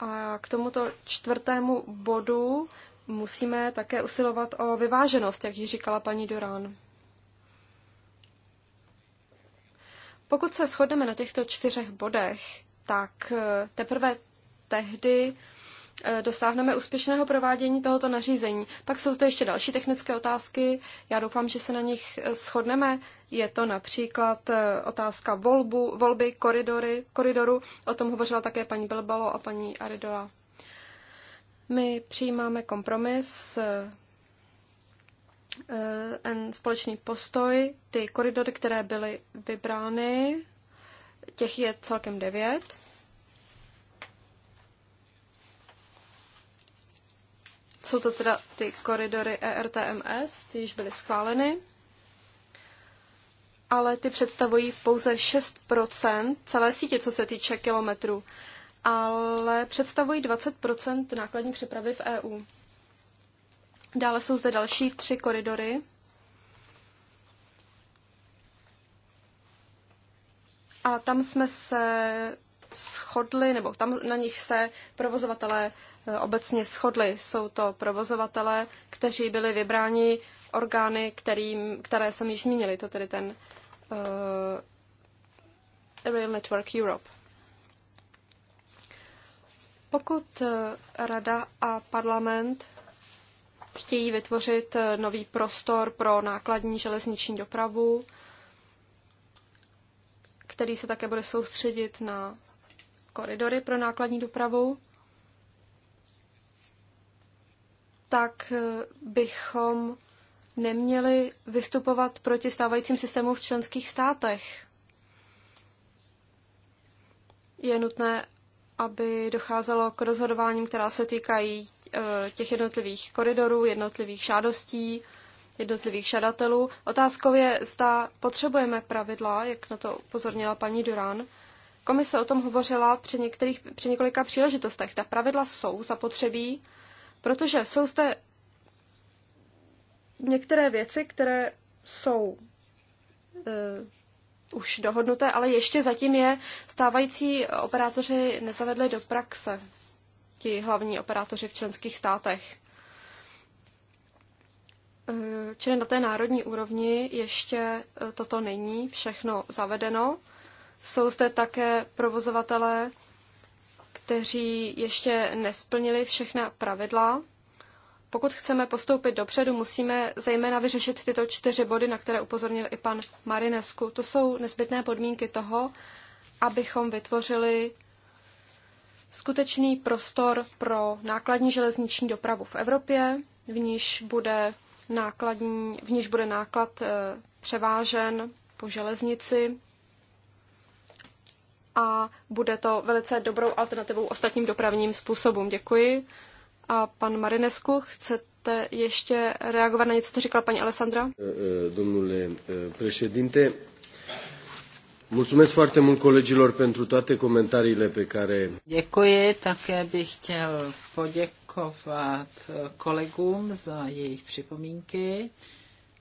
A k tomuto čtvrtému bodu musíme také usilovat o vyváženost, jak ji říkala paní Dorán. Pokud se shodneme na těchto čtyřech bodech, tak eh, teprve tehdy eh, dosáhneme úspěšného provádění tohoto nařízení. Pak jsou zde ještě další technické otázky. Já doufám, že se na nich eh, shodneme. Je to například eh, otázka volbu, volby koridory, koridoru, o tom hovořila také paní Bilbalo a paní Aridola. My přijímáme kompromis, eh, eh, společný postoj, ty koridory, které byly vybrány, těch je celkem devět. Jsou to teda ty koridory ERTMS, ty již byly schváleny ale ty představují pouze 6 celé sítě, co se týče kilometrů, ale představují 20 nákladní přepravy v EU. Dále jsou zde další tři koridory. A tam jsme se shodli, nebo tam na nich se provozovatelé e, obecně shodli. Jsou to provozovatelé, kteří byli vybráni orgány, kterým, které jsem již zmínili, to tedy ten Eh, Rail Network Europe. Pokud eh, Rada a parlament chtějí vytvořit eh, nový prostor pro nákladní železniční dopravu, který se také bude soustředit na koridory pro nákladní dopravu, tak bychom neměli vystupovat proti stávajícím systémům v členských státech. Je nutné, aby docházelo k rozhodováním, která se týkají e, těch jednotlivých koridorů, jednotlivých žádostí, jednotlivých žadatelů. Otázkou je, zda potřebujeme pravidla, jak na to upozornila paní Durán. Komise o tom hovořila při, některých, při několika příležitostech. Ta pravidla jsou zapotřebí, protože jsou zde některé věci, které jsou e, už dohodnuté, ale ještě zatím je stávající operátoři nezavedli do praxe, ti hlavní operátoři v členských státech. E, čili na té národní úrovni ještě e, toto není všechno zavedeno. Jsou zde také provozovatelé, kteří ještě nesplnili všechna pravidla pokud chceme postoupit dopředu, musíme zejména vyřešit tyto čtyři body, na které upozornil i pan Marinesku. To jsou nezbytné podmínky toho, abychom vytvořili skutečný prostor pro nákladní železniční dopravu v Evropě, v níž bude, nákladní, v níž bude náklad e, převážen po železnici a bude to velice dobrou alternativou ostatním dopravním způsobům. Děkuji. A pan Marinesku, chcete ještě reagovat na něco, co říkala paní Alessandra? Eh, eh, domnule eh, președinte, mulțumesc foarte mult colegilor pentru toate comentariile pe care... Děkuji, také bych chtěl poděkovat kolegům za jejich připomínky.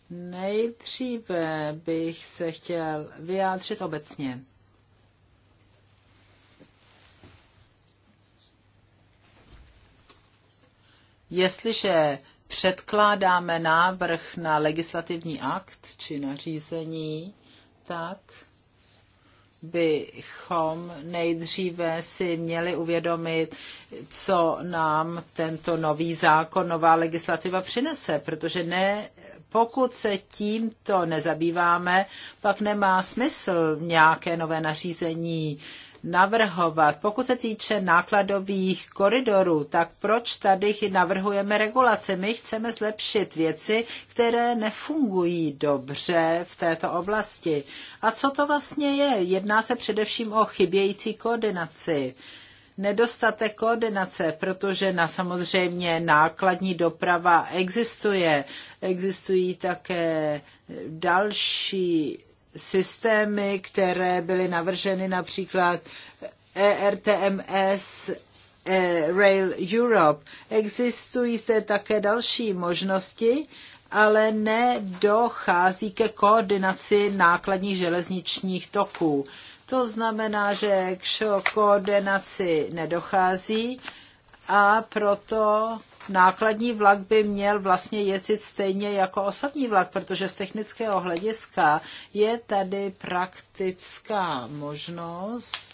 Nejdříve bych se chtěl vyjádřit obecně. Jestliže předkládáme návrh na legislativní akt či na řízení, tak bychom nejdříve si měli uvědomit, co nám tento nový zákon, nová legislativa přinese, protože ne, pokud se tímto nezabýváme, pak nemá smysl nějaké nové nařízení navrhovat. Pokud se týče nákladových koridorů, tak proč tady navrhujeme regulace? My chceme zlepšit věci, které nefungují dobře v této oblasti. A co to vlastně je? Jedná se především o chybějící koordinaci nedostatek koordinace, protože na samozřejmě nákladní doprava existuje. Existují také další systémy, které byly navrženy například ERTMS, eh, Rail Europe. Existují zde také další možnosti, ale nedochází ke koordinaci nákladních železničních toků. To znamená, že k koordinaci nedochází a proto nákladní vlak by měl vlastně jezdit stejně jako osobní vlak, protože z technického hlediska je tady praktická možnost,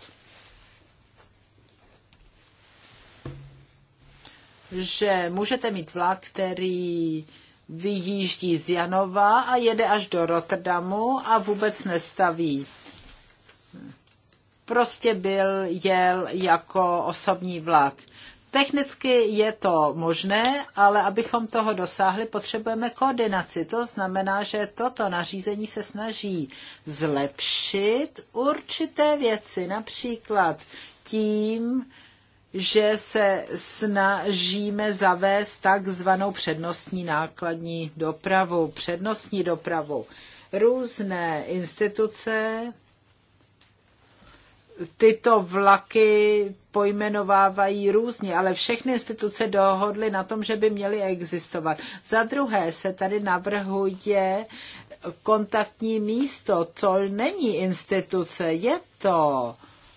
že můžete mít vlak, který vyjíždí z Janova a jede až do Rotterdamu a vůbec nestaví. Prostě byl, jel jako osobní vlak. Technicky je to možné, ale abychom toho dosáhli, potřebujeme koordinaci. To znamená, že toto nařízení se snaží zlepšit určité věci, například tím, že se snažíme zavést takzvanou přednostní nákladní dopravu, přednostní dopravu. Různé instituce tyto vlaky pojmenovávají různě, ale všechny instituce dohodly na tom, že by měly existovat. Za druhé se tady navrhuje kontaktní místo, co není instituce, je to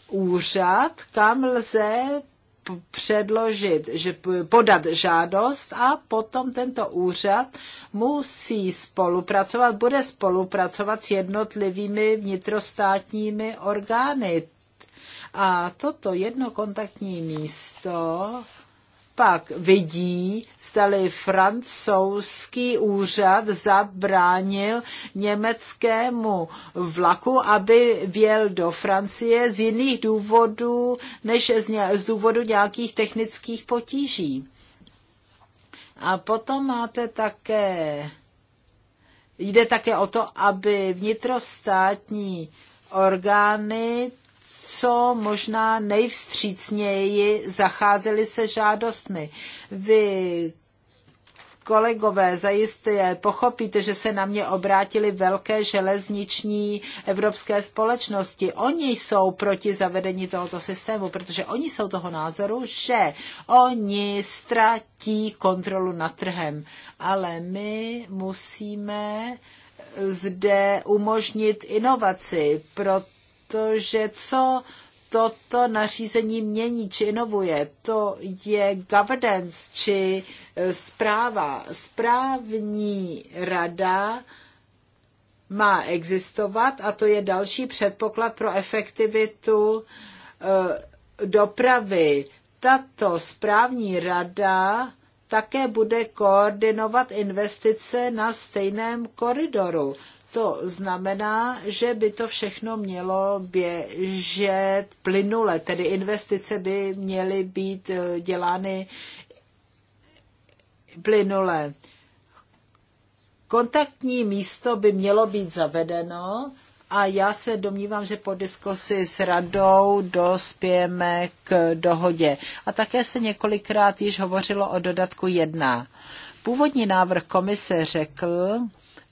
úřad, kam lze předložit, že podat žádost a potom tento úřad musí spolupracovat, bude spolupracovat s jednotlivými vnitrostátními orgány. A toto jedno kontaktní místo pak vidí, zdali francouzský úřad zabránil německému vlaku, aby věl do Francie z jiných důvodů, než z, ně, z důvodu nějakých technických potíží. A potom máte také, jde také o to, aby vnitrostátní orgány co možná nejvstřícněji zacházeli se žádostmi. Vy kolegové zajistě pochopíte, že se na mě obrátili velké železniční evropské společnosti. Oni jsou proti zavedení tohoto systému, protože oni jsou toho názoru, že oni ztratí kontrolu nad trhem. Ale my musíme zde umožnit inovaci, proto protože co toto nařízení mění či inovuje, to je governance či e, zpráva. Správní rada má existovat a to je další předpoklad pro efektivitu e, dopravy. Tato správní rada také bude koordinovat investice na stejném koridoru. To znamená, že by to všechno mělo běžet plynule, tedy investice by měly být eh, dělány plynule. Kontaktní místo by mělo být zavedeno a já se domnívám, že po diskusi s radou dospějeme k dohodě. A také se několikrát již hovořilo o dodatku 1. Původní návrh komise řekl,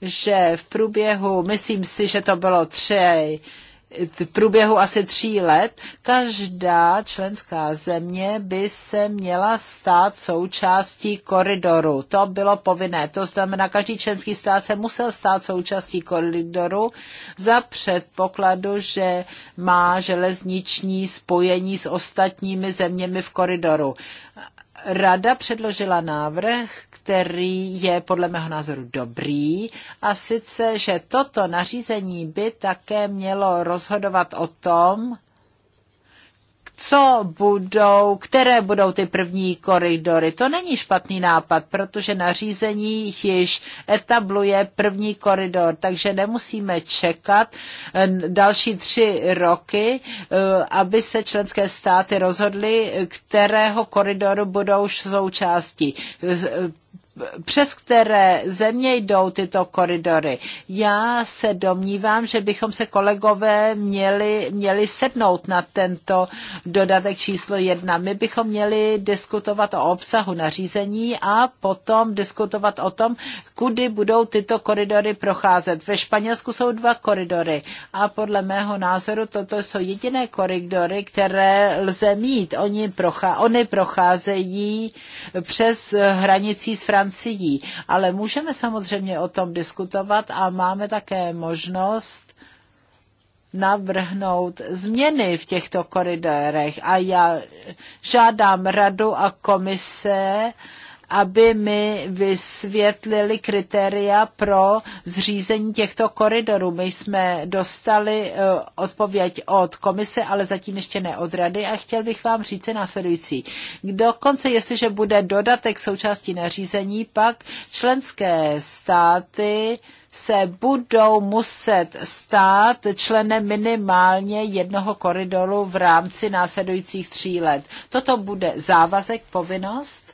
že v průběhu, myslím si, že to bylo tři, v průběhu asi tří let, každá členská země by se měla stát součástí koridoru. To bylo povinné. To znamená, každý členský stát se musel stát součástí koridoru za předpokladu, že má železniční spojení s ostatními zeměmi v koridoru. Rada předložila návrh, který je podle mého názoru dobrý, a sice, že toto nařízení by také mělo rozhodovat o tom, co budou, které budou ty první koridory. To není špatný nápad, protože nařízení již etabluje první koridor, takže nemusíme čekat eh, další tři roky, eh, aby se členské státy rozhodly, kterého koridoru budou součástí přes které země jdou tyto koridory. Já se domnívám, že bychom se kolegové měli, měli sednout na tento dodatek číslo jedna. My bychom měli diskutovat o obsahu nařízení a potom diskutovat o tom, kudy budou tyto koridory procházet. Ve Španělsku jsou dva koridory a podle mého názoru toto jsou jediné koridory, které lze mít. Oni prochá, oni procházejí přes hranicí s Francií Francií. Ale můžeme samozřejmě o tom diskutovat a máme také možnost navrhnout změny v těchto koridorech. A já žádám radu a komise, aby mi vysvětlili kritéria pro zřízení těchto koridorů. My jsme dostali eh, odpověď od komise, ale zatím ještě ne od rady a chtěl bych vám říct následující. Dokonce, jestliže bude dodatek součástí nařízení, pak členské státy se budou muset stát členem minimálně jednoho koridoru v rámci následujících tří let. Toto bude závazek, povinnost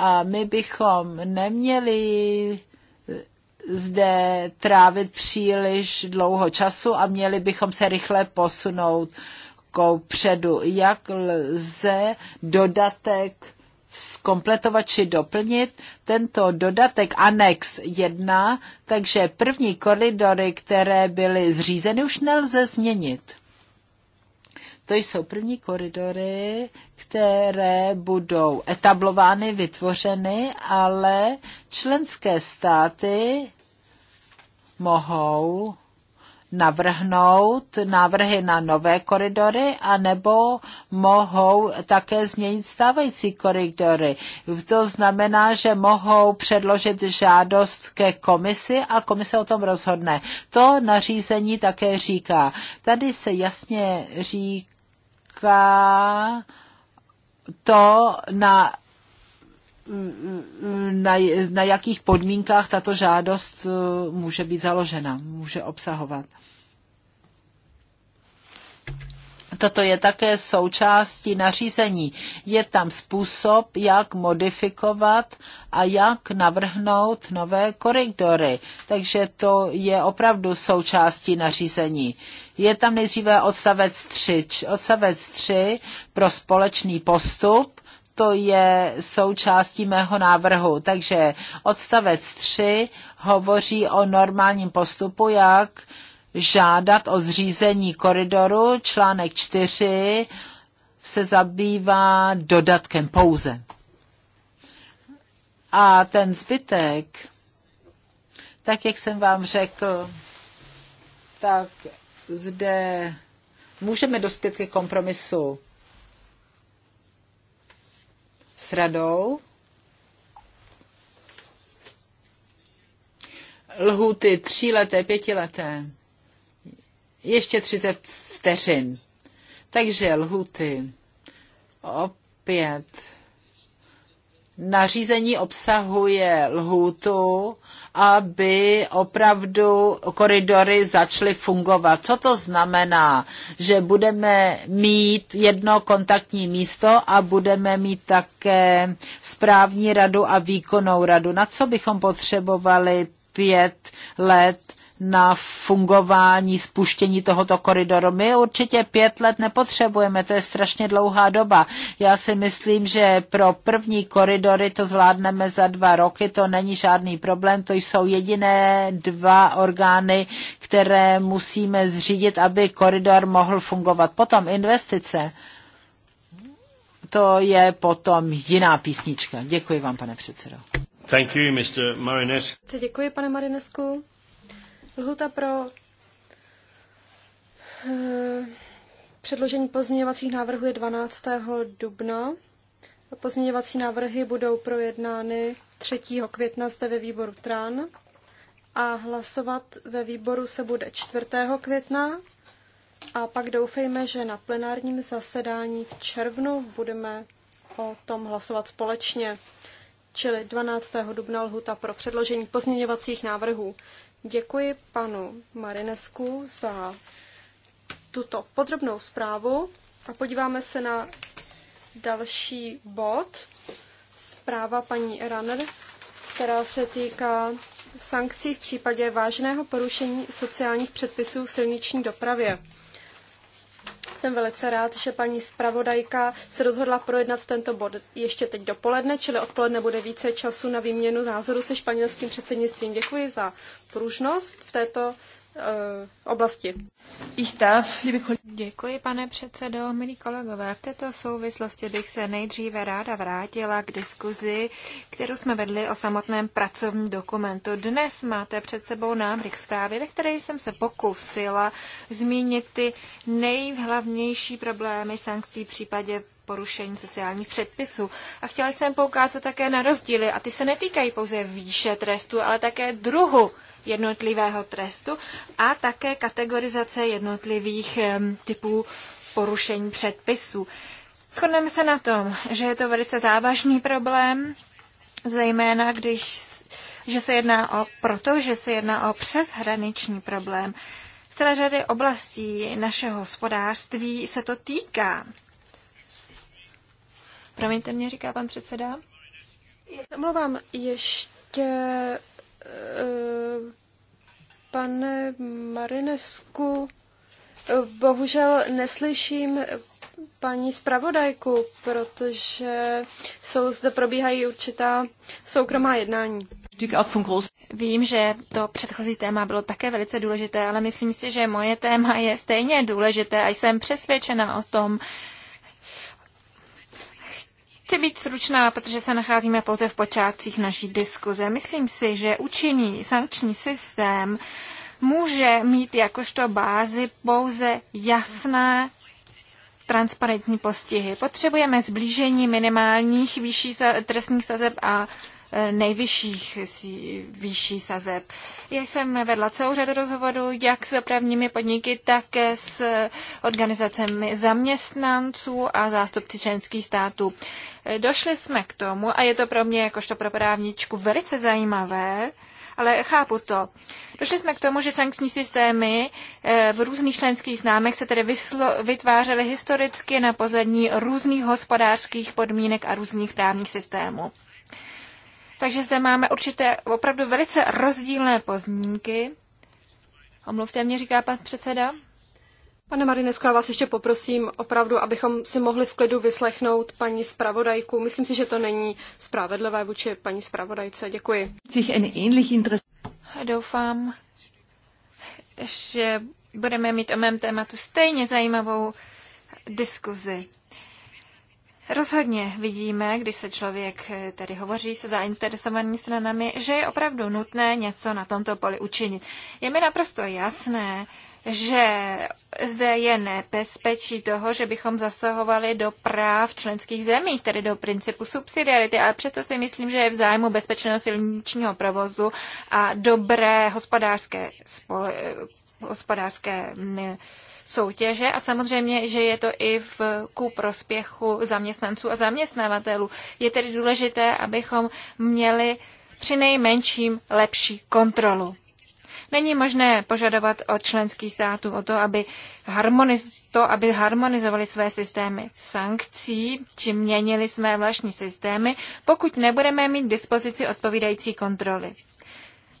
a my bychom neměli zde trávit příliš dlouho času a měli bychom se rychle posunout ku předu. Jak lze dodatek zkompletovat či doplnit tento dodatek Annex 1, takže první koridory, které byly zřízeny, už nelze změnit. To jsou první koridory, které budou etablovány, vytvořeny, ale členské státy mohou navrhnout návrhy na nové koridory a nebo mohou také změnit stávající koridory. To znamená, že mohou předložit žádost ke komisi a komise o tom rozhodne. To nařízení také říká. Tady se jasně říká, týká to na na, na jakých podmínkách tato žádost může být založena, může obsahovat. Toto je také součástí nařízení. Je tam způsob, jak modifikovat a jak navrhnout nové koridory. Takže to je opravdu součástí nařízení. Je tam nejdříve odstavec 3, odstavec 3 pro společný postup, to je součástí mého návrhu. Takže odstavec 3 hovoří o normálním postupu, jak žádat o zřízení koridoru. Článek 4 se zabývá dodatkem pouze. A ten zbytek, tak jak jsem vám řekl, tak zde můžeme dospět ke kompromisu s radou. Lhuty tříleté, pětileté. Ještě 30 vteřin. Takže lhuty. Opět. Nařízení obsahuje lhůtu, aby opravdu koridory začaly fungovat. Co to znamená? Že budeme mít jedno kontaktní místo a budeme mít také správní radu a výkonnou radu. Na co bychom potřebovali pět let na fungování, spuštění tohoto koridoru. My určitě pět let nepotřebujeme, to je strašně dlouhá doba. Já si myslím, že pro první koridory to zvládneme za dva roky, to není žádný problém, to jsou jediné dva orgány, které musíme zřídit, aby koridor mohl fungovat. Potom investice. To je potom jiná písnička. Děkuji vám, pane předsedo. Thank you, Mr. Marinescu. Děkuji, pane Marinescu. Lhuta pro eh, předložení pozměňovacích návrhů je 12. dubna. Pozměňovací návrhy budou projednány 3. května zde ve výboru TRAN a hlasovat ve výboru se bude 4. května a pak doufejme, že na plenárním zasedání v červnu budeme o tom hlasovat společně, čili 12. dubna lhuta pro předložení pozměňovacích návrhů. Děkuji panu Marinesku za tuto podrobnou zprávu a podíváme se na další bod. Zpráva paní Runner, která se týká sankcí v případě vážného porušení sociálních předpisů v silniční dopravě. Jsem velice rád, že paní zpravodajka se rozhodla projednat tento bod ještě teď dopoledne, čili odpoledne bude více času na výměnu názorů se španělským předsednictvím. Děkuji za pružnost v této Eh, oblasti. Ich darf, liebe Děkuji, pane předsedo, milí kolegové. V této souvislosti bych se nejdříve ráda vrátila k diskuzi, kterou jsme vedli o samotném pracovním dokumentu. Dnes máte před sebou návrh zprávy, ve které jsem se pokusila zmínit ty nejhlavnější problémy sankcí v případě porušení sociálních předpisů. A chtěla jsem poukázat také na rozdíly, a ty se netýkají pouze výše trestu, ale také druhu jednotlivého trestu a také kategorizace jednotlivých typů porušení předpisů. Shodneme se na tom, že je to velice závažný problém, zejména když že se jedná o, proto, že se jedná o přeshraniční problém. V celé řady oblastí našeho hospodářství se to týká. Promiňte mě, říká pan předseda. Já se omlouvám, ještě eh, Pane Marinesku, bohužel neslyším paní zpravodajku, protože jsou zde probíhají určitá soukromá jednání. Vím, že to předchozí téma bylo také velice důležité, ale myslím si, že moje téma je stejně důležité a jsem přesvědčena o tom, Chci být stručná, protože se nacházíme pouze v počátcích naší diskuze. Myslím si, že účinný sankční systém může mít jakožto bázi pouze jasné transparentní postihy. Potřebujeme zblížení minimálních výší trestních sazeb a nejvyšších výšší sazeb. Já jsem vedla celou řadu rozhovorů, jak s dopravními podniky, tak s organizacemi zaměstnanců a zástupci členských států. Došli jsme k tomu, a je to pro mě jakožto pro právničku velice zajímavé, ale chápu to. Došli jsme k tomu, že sankční systémy eh, v různých členských známech se tedy vyslo- vytvářely historicky na pozadí různých hospodářských podmínek a různých právních systémů. Takže zde máme určité opravdu velice rozdílné poznímky. Omluvte mě, říká pan předseda. Pane Marinesko, já vás ještě poprosím opravdu, abychom si mohli v klidu vyslechnout paní zpravodajku. Myslím si, že to není spravedlivé vůči paní zpravodajce. Děkuji. Doufám, že budeme mít o mém tématu stejně zajímavou diskuzi. Rozhodně vidíme, když se člověk eh, tedy hovoří se zainteresovanými stranami, že je opravdu nutné něco na tomto poli učinit. Je mi naprosto jasné, že zde je nebezpečí toho, že bychom zasahovali do práv členských zemí, tedy do principu subsidiarity, ale přesto si myslím, že je v zájmu bezpečného silničního provozu a dobré hospodářské, spole, eh, hospodářské mm, soutěže a samozřejmě, že je to i v ku prospěchu zaměstnanců a zaměstnavatelů. Je tedy důležité, abychom měli při nejmenším lepší kontrolu. Není možné požadovat od členských států o to, aby, harmoniz- to, aby harmonizovali své systémy sankcí, či měnili své vlastní systémy, pokud nebudeme mít k dispozici odpovídající kontroly.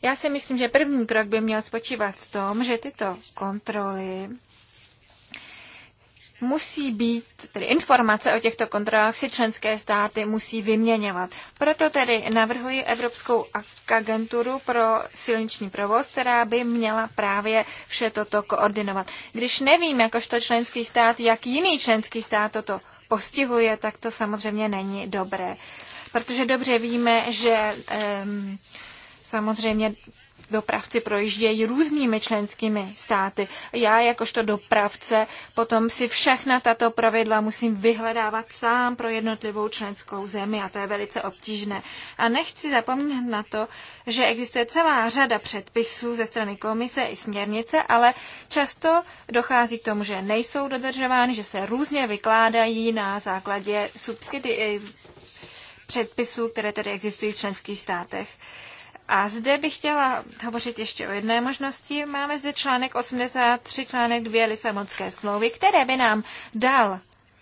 Já si myslím, že první krok by měl spočívat v tom, že tyto kontroly musí být, tedy informace o těchto kontrolách si členské státy musí vyměňovat. Proto tedy navrhuji Evropskou agenturu pro silniční provoz, která by měla právě vše toto koordinovat. Když nevím, jakožto členský stát, jak jiný členský stát toto postihuje, tak to samozřejmě není dobré. Protože dobře víme, že um, samozřejmě dopravci projíždějí různými členskými státy. Já jakožto dopravce potom si všechna tato pravidla musím vyhledávat sám pro jednotlivou členskou zemi a to je velice obtížné. A nechci zapomínat na to, že existuje celá řada předpisů ze strany komise i směrnice, ale často dochází k tomu, že nejsou dodržovány, že se různě vykládají na základě subsidi- eh, předpisů, které tedy existují v členských státech. A zde bych chtěla hovořit ještě o jedné možnosti. Máme zde článek 83, článek 2 Lisabonské smlouvy, které by nám dal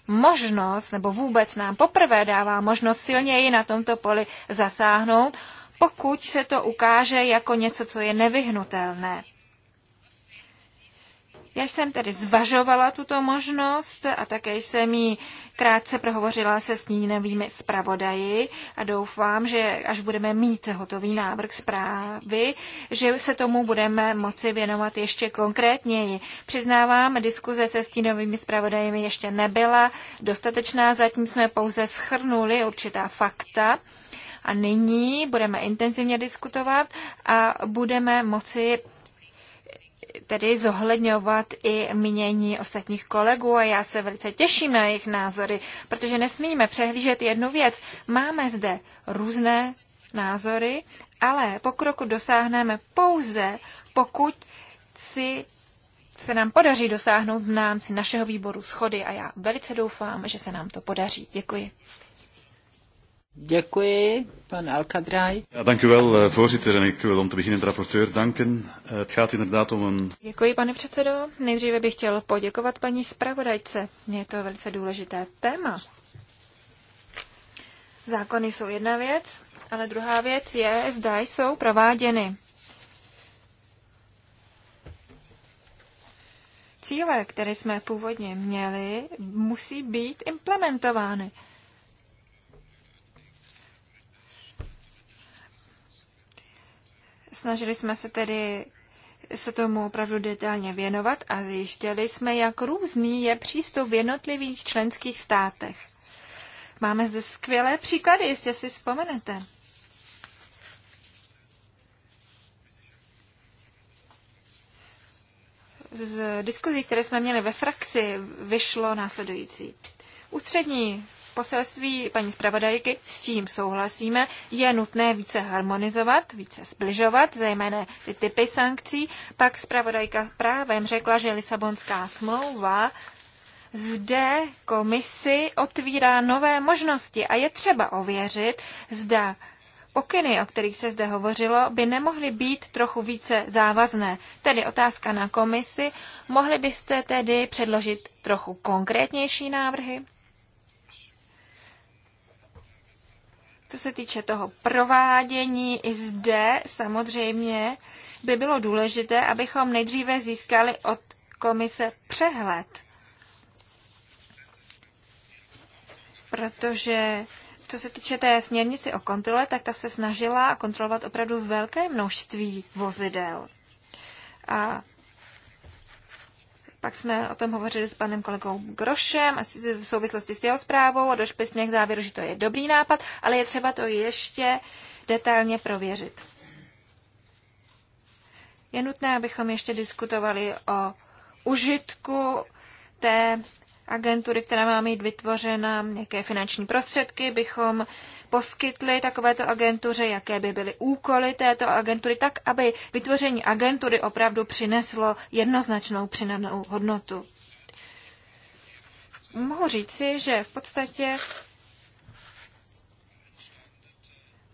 možnost, nebo vůbec nám poprvé dává možnost silněji na tomto poli zasáhnout, pokud se to ukáže jako něco, co je nevyhnutelné. Já jsem tedy zvažovala tuto možnost a také jsem ji krátce prohovořila se s novými zpravodaji a doufám, že až budeme mít hotový návrh zprávy, že se tomu budeme moci věnovat ještě konkrétněji. Přiznávám, diskuze se stínovými zpravodajemi ještě nebyla dostatečná, zatím jsme pouze schrnuli určitá fakta. A nyní budeme intenzivně diskutovat a budeme moci tedy zohledňovat i mínění ostatních kolegů a já se velice těším na jejich názory, protože nesmíme přehlížet jednu věc. Máme zde různé názory, ale pokroku dosáhneme pouze, pokud si se nám podaří dosáhnout v námci našeho výboru schody a já velice doufám, že se nám to podaří. Děkuji. Děkuji, pan Alkadraj. Ja, dank u wel, eh, voorzitter, en ik wil om te beginnen de rapporteur danken. Eh, het gaat inderdaad om een... Děkuji, pane předsedo. Nejdříve bych chtěl poděkovat paní zpravodajce. Je to velice důležité téma. Zákony jsou jedna věc, ale druhá věc je, zda jsou prováděny. Cíle, které jsme původně měli, musí být implementovány. Snažili jsme se tedy se tomu opravdu detailně věnovat a zjištěli jsme, jak různý je přístup v jednotlivých členských státech. Máme zde skvělé příklady, jestli si vzpomenete. Z diskuzí, které jsme měli ve frakci, vyšlo následující. Ústřední poselství paní zpravodajky, s tím souhlasíme, je nutné více harmonizovat, více zbližovat, zejména ty typy sankcí. Pak zpravodajka právem řekla, že Lisabonská smlouva zde komisi otvírá nové možnosti a je třeba ověřit, zda Pokyny, o kterých se zde hovořilo, by nemohly být trochu více závazné. Tedy otázka na komisi, mohli byste tedy předložit trochu konkrétnější návrhy? Co se týče toho provádění, i zde samozřejmě by bylo důležité, abychom nejdříve získali od komise přehled. Protože co se týče té směrnice o kontrole, tak ta se snažila kontrolovat opravdu velké množství vozidel. A pak jsme o tom hovořili s panem kolegou Grošem, asi v souvislosti s jeho zprávou a došli jsme k závěru, že to je dobrý nápad, ale je třeba to ještě detailně prověřit. Je nutné, abychom ještě diskutovali o užitku té agentury, která má mít vytvořena, jaké finanční prostředky bychom poskytli takovéto agentuře, jaké by byly úkoly této agentury, tak aby vytvoření agentury opravdu přineslo jednoznačnou přinanou hodnotu. Mohu říci, že v podstatě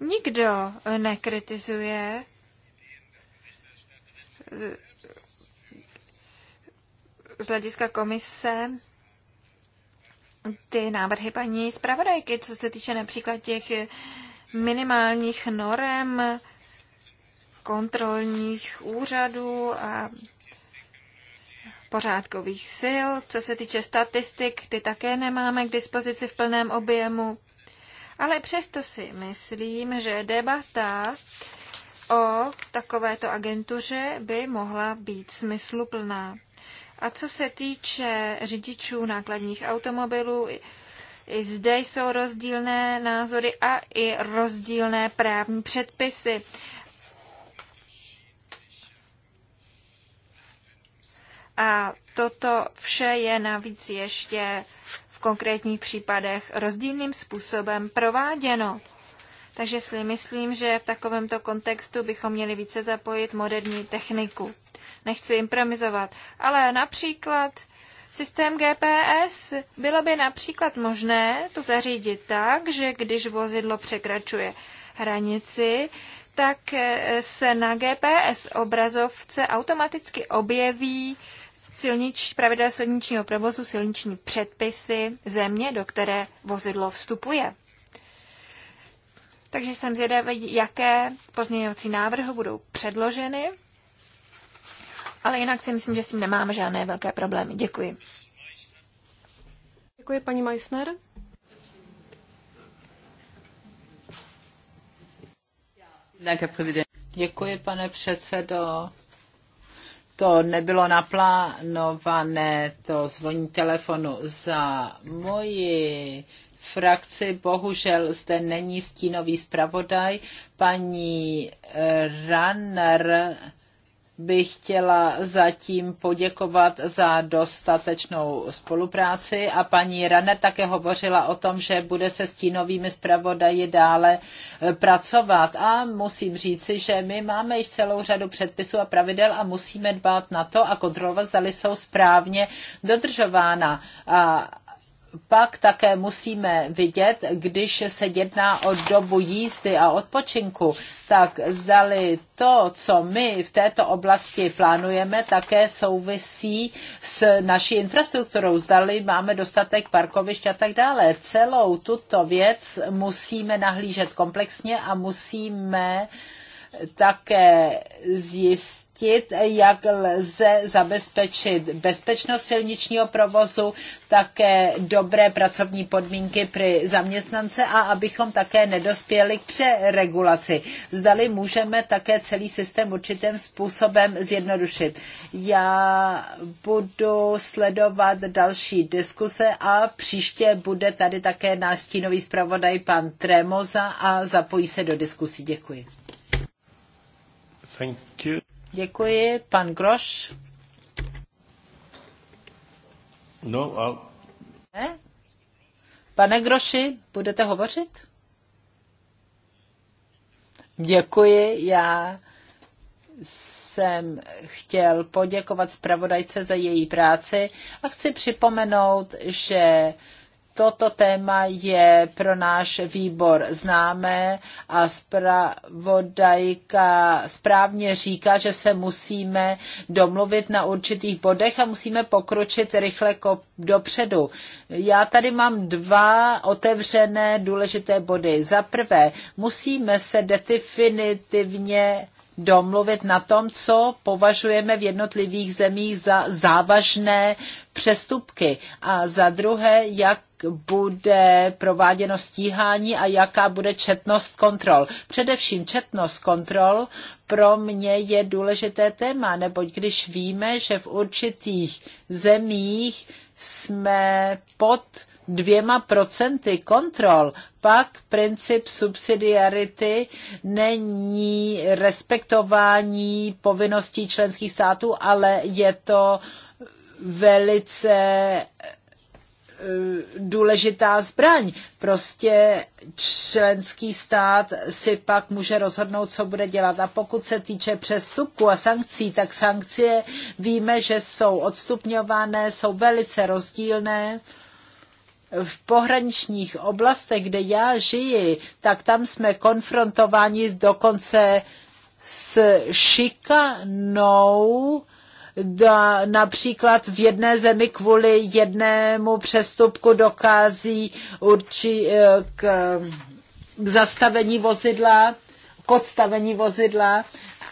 nikdo nekritizuje z hlediska komise ty návrhy paní zpravodajky, co se týče například těch minimálních norem kontrolních úřadů a pořádkových sil. Co se týče statistik, ty také nemáme k dispozici v plném objemu. Ale přesto si myslím, že debata o takovéto agentuře by mohla být smysluplná. A co se týče řidičů nákladních automobilů, i zde jsou rozdílné názory a i rozdílné právní předpisy. A toto vše je navíc ještě v konkrétních případech rozdílným způsobem prováděno. Takže si myslím, že v takovémto kontextu bychom měli více zapojit moderní techniku nechci improvizovat, ale například systém GPS bylo by například možné to zařídit tak, že když vozidlo překračuje hranici, tak eh, se na GPS obrazovce automaticky objeví silnič, pravidla silničního provozu, silniční předpisy země, do které vozidlo vstupuje. Takže jsem zvědavý, jaké pozměňovací návrhy budou předloženy. Ale jinak si myslím, že s tím nemám žádné velké problémy. Děkuji. Děkuji, paní Meissner. Děkuji, pane předsedo. To nebylo naplánované, to zvoní telefonu za moji frakci. Bohužel zde není stínový zpravodaj. Paní Runner bych chtěla zatím poděkovat za dostatečnou spolupráci a paní Rane také hovořila o tom, že bude se stínovými zpravodaji dále eh, pracovat a musím říci, že my máme již celou řadu předpisů a pravidel a musíme dbát na to a kontrolovat, zda jsou správně dodržována. A pak také musíme vidět, když se jedná o dobu jízdy a odpočinku, tak zdali to, co my v této oblasti plánujeme, také souvisí s naší infrastrukturou. Zdali máme dostatek parkovišť a tak dále. Celou tuto věc musíme nahlížet komplexně a musíme uh, také zjistit, jak lze zabezpečit bezpečnost silničního provozu, také dobré pracovní podmínky pro zaměstnance a abychom také nedospěli k přeregulaci. Zdali můžeme také celý systém určitým způsobem zjednodušit. Já budu sledovat další diskuse a příště bude tady také náš stínový zpravodaj pan Tremoza a zapojí se do diskusí. Děkuji. Thank you. Děkuji. Pan Groš? No, a... Ne? Pane Groši, budete hovořit? Děkuji, já jsem chtěl poděkovat zpravodajce za její práci a chci připomenout, že Toto téma je pro náš výbor známé a zpravodajka správně říká, že se musíme domluvit na určitých bodech a musíme pokročit rychle dopředu. Já tady mám dva otevřené důležité body. Za prvé, musíme se definitivně domluvit na tom, co považujeme v jednotlivých zemích za závažné přestupky a za druhé, jak bude prováděno stíhání a jaká bude četnost kontrol. Především četnost kontrol pro mě je důležité téma, neboť když víme, že v určitých zemích jsme pod dvěma procenty kontrol, pak princip subsidiarity není respektování povinností členských států, ale je to velice Eh, důležitá zbraň. Prostě členský stát si pak může rozhodnout, co bude dělat. A pokud se týče přestupku a sankcí, tak sankcie víme, že jsou odstupňované, jsou velice rozdílné v pohraničních oblastech, kde já žiji, tak tam jsme konfrontováni dokonce s šikanou například v jedné zemi kvůli jednému přestupku dokází určí eh, k, k eh, zastavení vozidla, k odstavení vozidla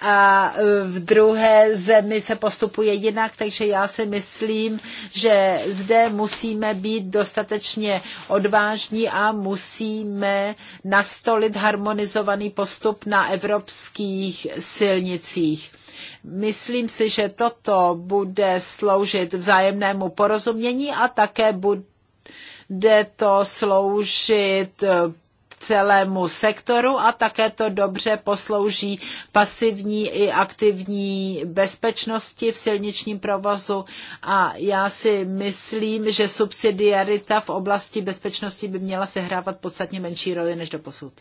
a eh, v druhé zemi se postupuje jinak, takže já si myslím, že zde musíme být dostatečně odvážní a musíme nastolit harmonizovaný postup na evropských silnicích. Myslím si, že toto bude sloužit vzájemnému porozumění a také bude to sloužit eh, celému sektoru a také to dobře poslouží pasivní i aktivní bezpečnosti v silničním provozu. A já si myslím, že subsidiarita v oblasti bezpečnosti by měla sehrávat podstatně menší roli než posud.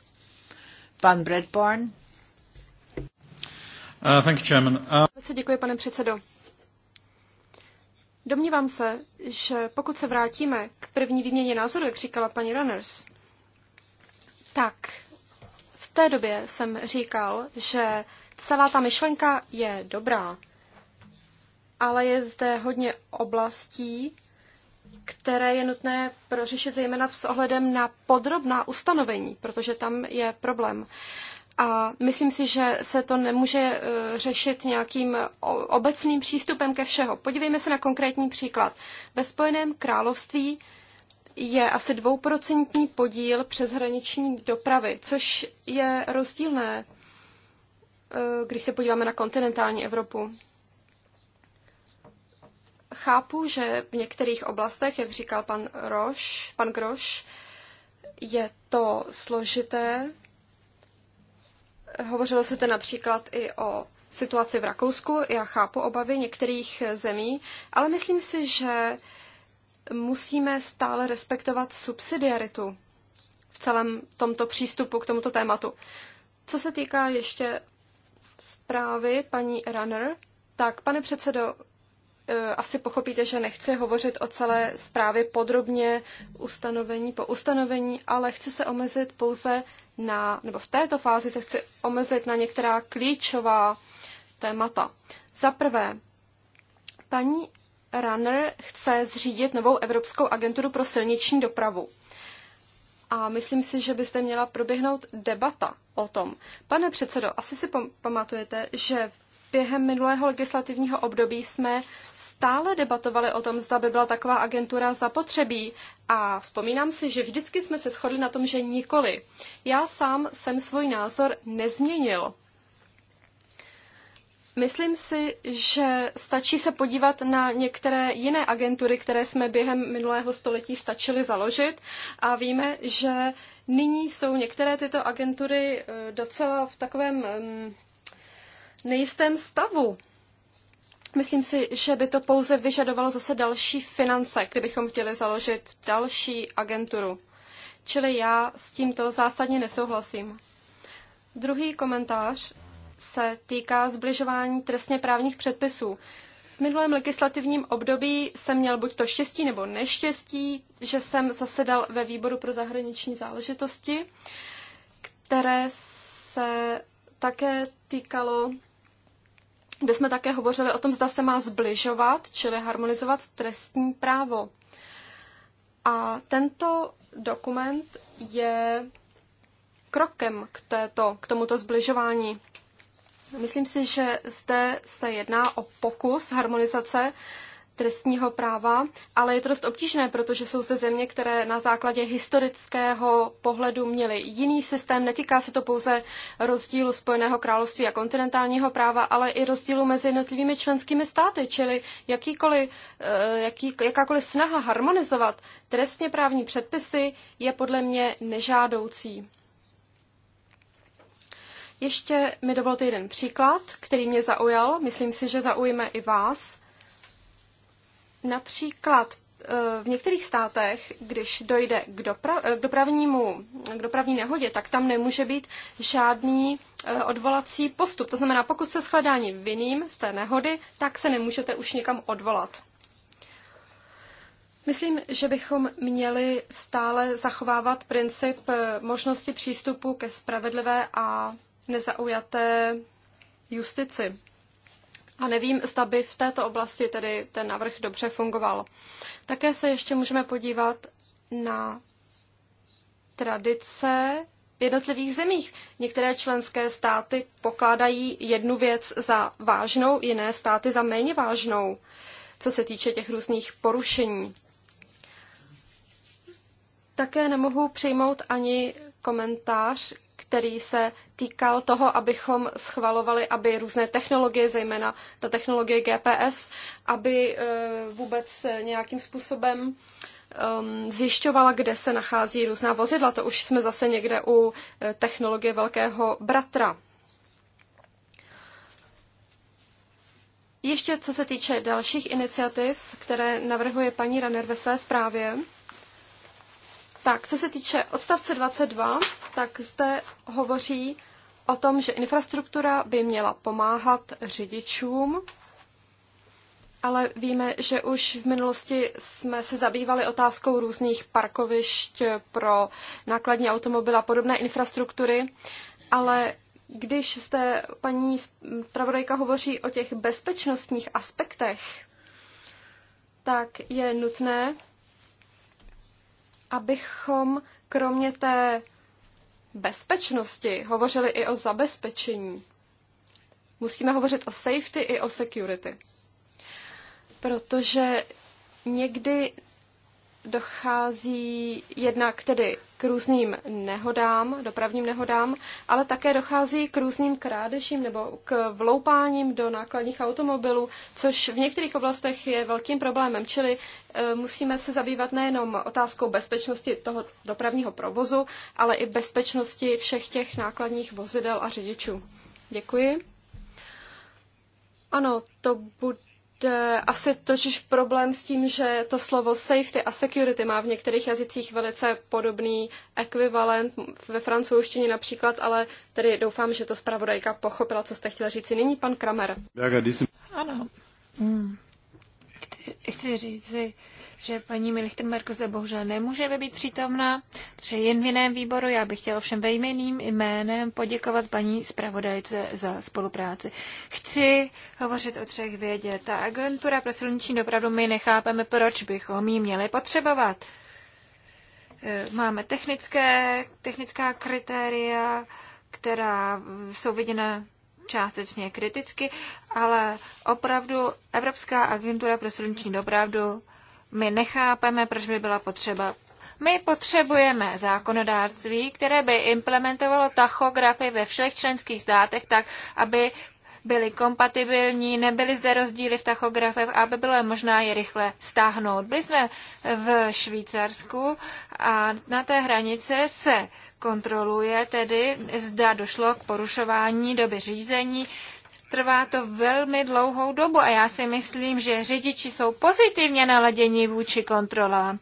Pan Bradborn. Uh, uh, děkuji, pane předsedo. Domnívám se, že pokud se vrátíme k první výměně názoru, jak říkala paní Runners, tak v té době jsem říkal, že celá ta myšlenka je dobrá, ale je zde hodně oblastí, které je nutné prořešit zejména s ohledem na podrobná ustanovení, protože tam je problém. A myslím si, že se to nemůže e, řešit nějakým obecným přístupem ke všeho. Podívejme se na konkrétní příklad. Ve Spojeném království je asi dvouprocentní podíl přeshraniční dopravy, což je rozdílné, e, když se podíváme na kontinentální Evropu. Chápu, že v některých oblastech, jak říkal pan Roš, pan Groš, je to složité, Hovořilo se zde například i o situaci v Rakousku. Já chápu obavy některých zemí, ale myslím si, že musíme stále respektovat subsidiaritu v celém tomto přístupu k tomuto tématu. Co se týká ještě zprávy paní Runner, tak pane předsedo, Eh, asi pochopíte, že nechci hovořit o celé zprávě podrobně, ustanovení po ustanovení, ale chci se omezit pouze na, nebo v této fázi se chci omezit na některá klíčová témata. Za prvé, paní Runner chce zřídit novou Evropskou agenturu pro silniční dopravu. A myslím si, že byste měla proběhnout debata o tom. Pane předsedo, asi si pamatujete, že během minulého legislativního období jsme stále debatovali o tom, zda by byla taková agentura zapotřebí a vzpomínám si, že vždycky jsme se shodli na tom, že nikoli. Já sám jsem svůj názor nezměnil. Myslím si, že stačí se podívat na některé jiné agentury, které jsme během minulého století stačili založit a víme, že nyní jsou některé tyto agentury eh, docela v takovém mm, nejistém stavu. Myslím si, že by to pouze vyžadovalo zase další finance, kdybychom chtěli založit další agenturu. Čili já s tímto zásadně nesouhlasím. Druhý komentář se týká zbližování trestně právních předpisů. V minulém legislativním období jsem měl buď to štěstí nebo neštěstí, že jsem zasedal ve výboru pro zahraniční záležitosti, které se také týkalo kde jsme také hovořili o tom, zda se má zbližovat, čili harmonizovat trestní právo. A tento dokument je krokem k, této, k tomuto zbližování. Myslím si, že zde se jedná o pokus harmonizace trestního práva, ale je to dost obtížné, protože jsou zde země, které na základě historického pohledu měly jiný systém. Netýká se to pouze rozdílu Spojeného království a kontinentálního práva, ale i rozdílu mezi jednotlivými členskými státy, čili jakýkoliv, eh, jaký, jakákoliv snaha harmonizovat trestně právní předpisy je podle mě nežádoucí. Ještě mi dovolte jeden příklad, který mě zaujal. Myslím si, že zaujme i vás. Například eh, v některých státech, když dojde k, dopra- eh, k, dopravnímu, k dopravní nehodě, tak tam nemůže být žádný eh, odvolací postup. To znamená, pokud se shledání vinným z té nehody, tak se nemůžete už někam odvolat. Myslím, že bychom měli stále zachovávat princip možnosti přístupu ke spravedlivé a nezaujaté justici. A nevím, zda by v této oblasti tedy ten návrh dobře fungoval. Také se ještě můžeme podívat na tradice v jednotlivých zemích. Některé členské státy pokládají jednu věc za vážnou, jiné státy za méně vážnou, co se týče těch různých porušení. Také nemohu přijmout ani komentář který se týkal toho, abychom schvalovali, aby různé technologie, zejména ta technologie GPS, aby eh, vůbec nějakým způsobem ehm, zjišťovala, kde se nachází různá vozidla. To už jsme zase někde u eh, technologie velkého bratra. Ještě co se týče dalších iniciativ, které navrhuje paní Raner ve své zprávě, tak, co se týče odstavce 22, tak zde hovoří o tom, že infrastruktura by měla pomáhat řidičům, ale víme, že už v minulosti jsme se zabývali otázkou různých parkovišť pro nákladní automobily a podobné infrastruktury, ale když zde paní pravodajka hovoří o těch bezpečnostních aspektech, tak je nutné abychom kromě té bezpečnosti hovořili i o zabezpečení. Musíme hovořit o safety i o security. Protože někdy dochází jednak tedy k různým nehodám, dopravním nehodám, ale také dochází k různým krádežím nebo k vloupáním do nákladních automobilů, což v některých oblastech je velkým problémem. Čili e, musíme se zabývat nejenom otázkou bezpečnosti toho dopravního provozu, ale i bezpečnosti všech těch nákladních vozidel a řidičů. Děkuji. Ano, to bude asi totiž problém s tím, že to slovo safety a security má v některých jazycích velice podobný ekvivalent, ve francouzštině například, ale tedy doufám, že to zpravodajka pochopila, co jste chtěla říct. Nyní pan Kramer. Ano. Hmm. Chci, chci říci, že paní Milichtenberg zde bohužel nemůže být přítomna, protože jen v jiném výboru. Já bych chtěla všem vejmeným jménem poděkovat paní zpravodajce za spolupráci. Chci hovořit o třech vědě. Ta agentura pro silniční dopravu my nechápeme, proč bychom ji měli potřebovat. E, máme technické, technická kritéria, která jsou viděna částečně kriticky, ale opravdu Evropská agentura pro silniční dopravu my nechápeme, proč by byla potřeba. My potřebujeme zákonodárství, které by implementovalo tachografy ve všech členských státech tak, aby byly kompatibilní, nebyly zde rozdíly v tachografech, aby bylo možná je rychle stáhnout. Byli jsme v Švýcarsku a na té hranice se kontroluje tedy, zda došlo k porušování doby řízení, trvá to velmi dlouhou dobu a já si myslím, že řidiči jsou pozitivně naladěni vůči kontrolám.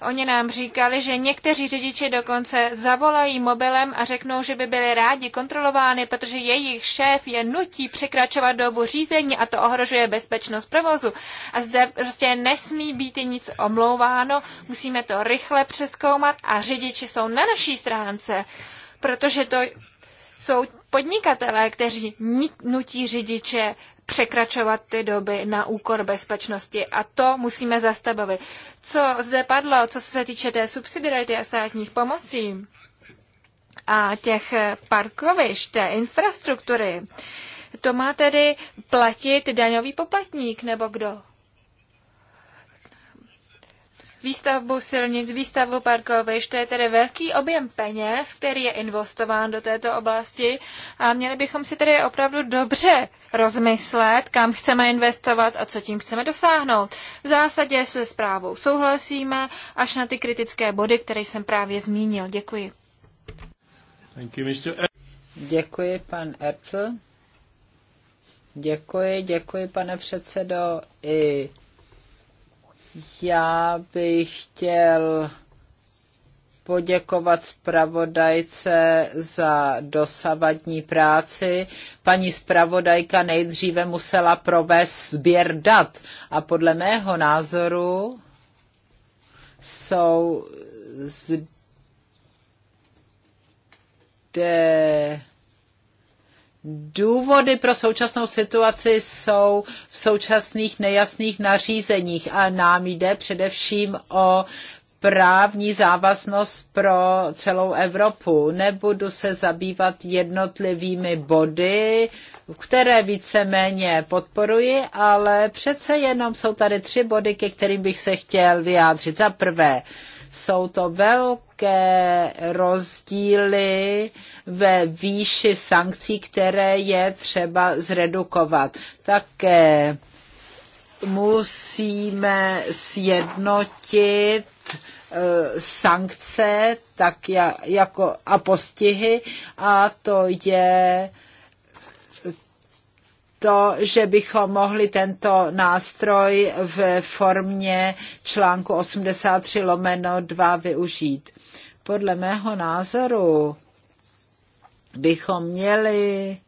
Oni nám říkali, že někteří řidiči dokonce zavolají mobilem a řeknou, že by byli rádi kontrolovány, protože jejich šéf je nutí překračovat dobu řízení a to ohrožuje bezpečnost provozu. A zde prostě nesmí být nic omlouváno, musíme to rychle přeskoumat a řidiči jsou na naší stránce, protože to jsou podnikatelé, kteří nutí řidiče překračovat ty doby na úkor bezpečnosti a to musíme zastavit. Co zde padlo, co se týče té subsidiarity a státních pomocí a těch parkovišť, té infrastruktury, to má tedy platit daňový poplatník nebo kdo? výstavbu silnic, výstavbu parkovišť. To je tedy velký objem peněz, který je investován do této oblasti a měli bychom si tedy opravdu dobře rozmyslet, kam chceme investovat a co tím chceme dosáhnout. V zásadě se zprávou souhlasíme až na ty kritické body, které jsem právě zmínil. Děkuji. E- děkuji, pan Ertl. Děkuji, děkuji, pane předsedo. I já bych chtěl poděkovat zpravodajce za dosavadní práci. Paní zpravodajka nejdříve musela provést sběr dat a podle mého názoru jsou zde Důvody pro současnou situaci jsou v současných nejasných nařízeních a nám jde především o právní závaznost pro celou Evropu. Nebudu se zabývat jednotlivými body, které víceméně podporuji, ale přece jenom jsou tady tři body, ke kterým bych se chtěl vyjádřit. Za prvé, jsou to velké rozdíly ve výši sankcí, které je třeba zredukovat. Také musíme sjednotit e, sankce tak jako, a postihy a to je to, že bychom mohli tento nástroj v formě článku 83 lomeno 2 využít. Podle mého názoru bychom měli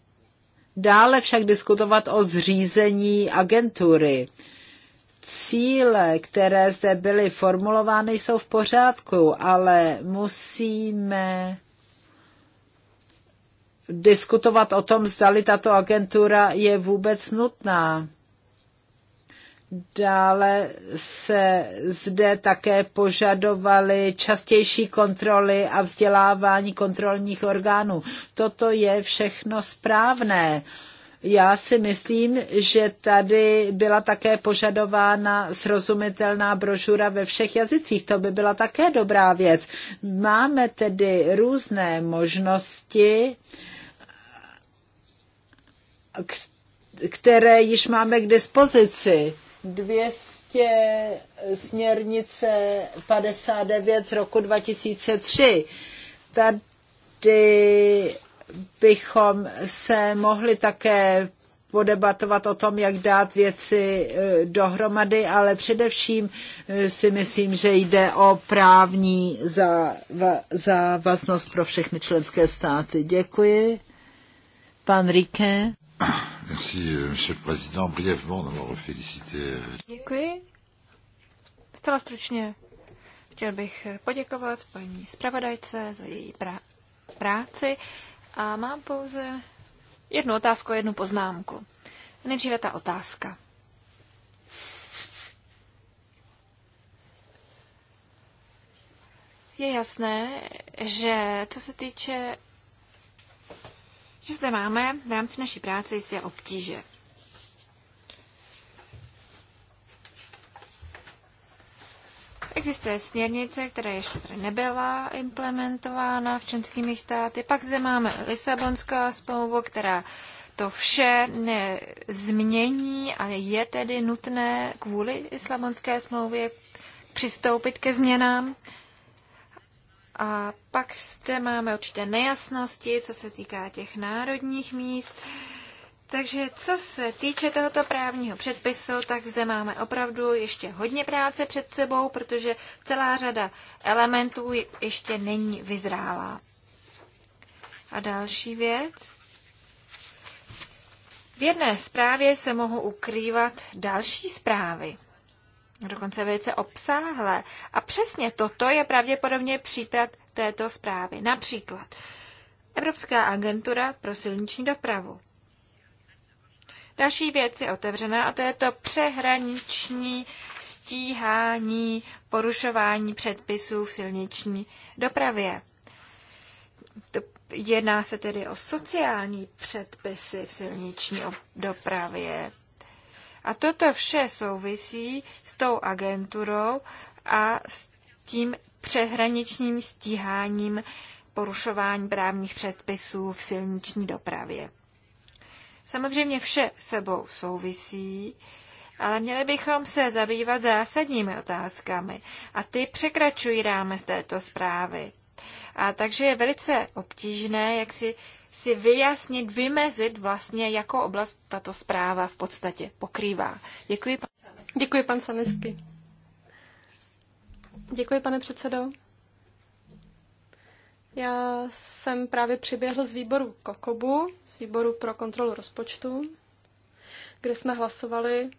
dále však diskutovat o zřízení agentury. Cíle, které zde byly formulovány, jsou v pořádku, ale musíme diskutovat o tom, zdali tato agentura je vůbec nutná. Dále se zde také požadovaly častější kontroly a vzdělávání kontrolních orgánů. Toto je všechno správné. Já si myslím, že tady byla také požadována srozumitelná brožura ve všech jazycích. To by byla také dobrá věc. Máme tedy různé možnosti, uh, které již máme k dispozici. 200 směrnice 59 z roku 2003. Tady bychom se mohli také podebatovat o tom, jak dát věci e, dohromady, ale především e, si myslím, že jde o právní závaznost pro všechny členské státy. Děkuji. Pan Rike. Merci, euh, monsieur le président. Brièvement, euh, Děkuji. Zcela stručně chtěl bych eh, poděkovat paní zpravodajce za její pra- práci a mám pouze jednu otázku a jednu poznámku. Nejdříve ta otázka. Je jasné, že co se týče že zde máme v rámci naší práce jisté obtíže. Existuje směrnice, která ještě tady nebyla implementována v členskými státy. Pak zde máme Lisabonská smlouvu, která to vše nezmění a je tedy nutné kvůli Lisabonské smlouvě přistoupit ke změnám. A pak zde máme určité nejasnosti, co se týká těch národních míst. Takže co se týče tohoto právního předpisu, tak zde máme opravdu ještě hodně práce před sebou, protože celá řada elementů ještě není vyzrálá. A další věc. V jedné zprávě se mohou ukrývat další zprávy dokonce velice obsáhlé. A přesně toto je pravděpodobně případ této zprávy. Například Evropská agentura pro silniční dopravu. Další věc je otevřená a to je to přehraniční stíhání porušování předpisů v silniční dopravě. Jedná se tedy o sociální předpisy v silniční dopravě. A toto vše souvisí s tou agenturou a s tím přeshraničním stíháním porušování právních předpisů v silniční dopravě. Samozřejmě vše sebou souvisí, ale měli bychom se zabývat zásadními otázkami a ty překračují rámec této zprávy. A takže je velice obtížné, jak si si vyjasnit, vymezit vlastně, jakou oblast tato zpráva v podstatě pokrývá. Děkuji, pan Sanesky. Děkuji, pan Sanesky. Děkuji, pane předsedo. Já jsem právě přiběhl z výboru Kokobu, z výboru pro kontrolu rozpočtu, kde jsme hlasovali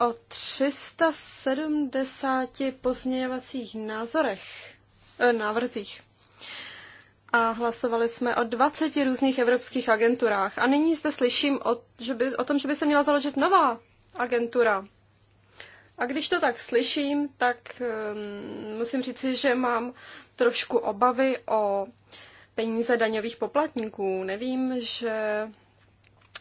o 370 pozměňovacích názorech, eh, návrzích a hlasovali jsme o 20 různých evropských agenturách. A nyní zde slyším o, že by, o tom, že by se měla založit nová agentura. A když to tak slyším, tak um, musím říci, že mám trošku obavy o peníze daňových poplatníků. Nevím, že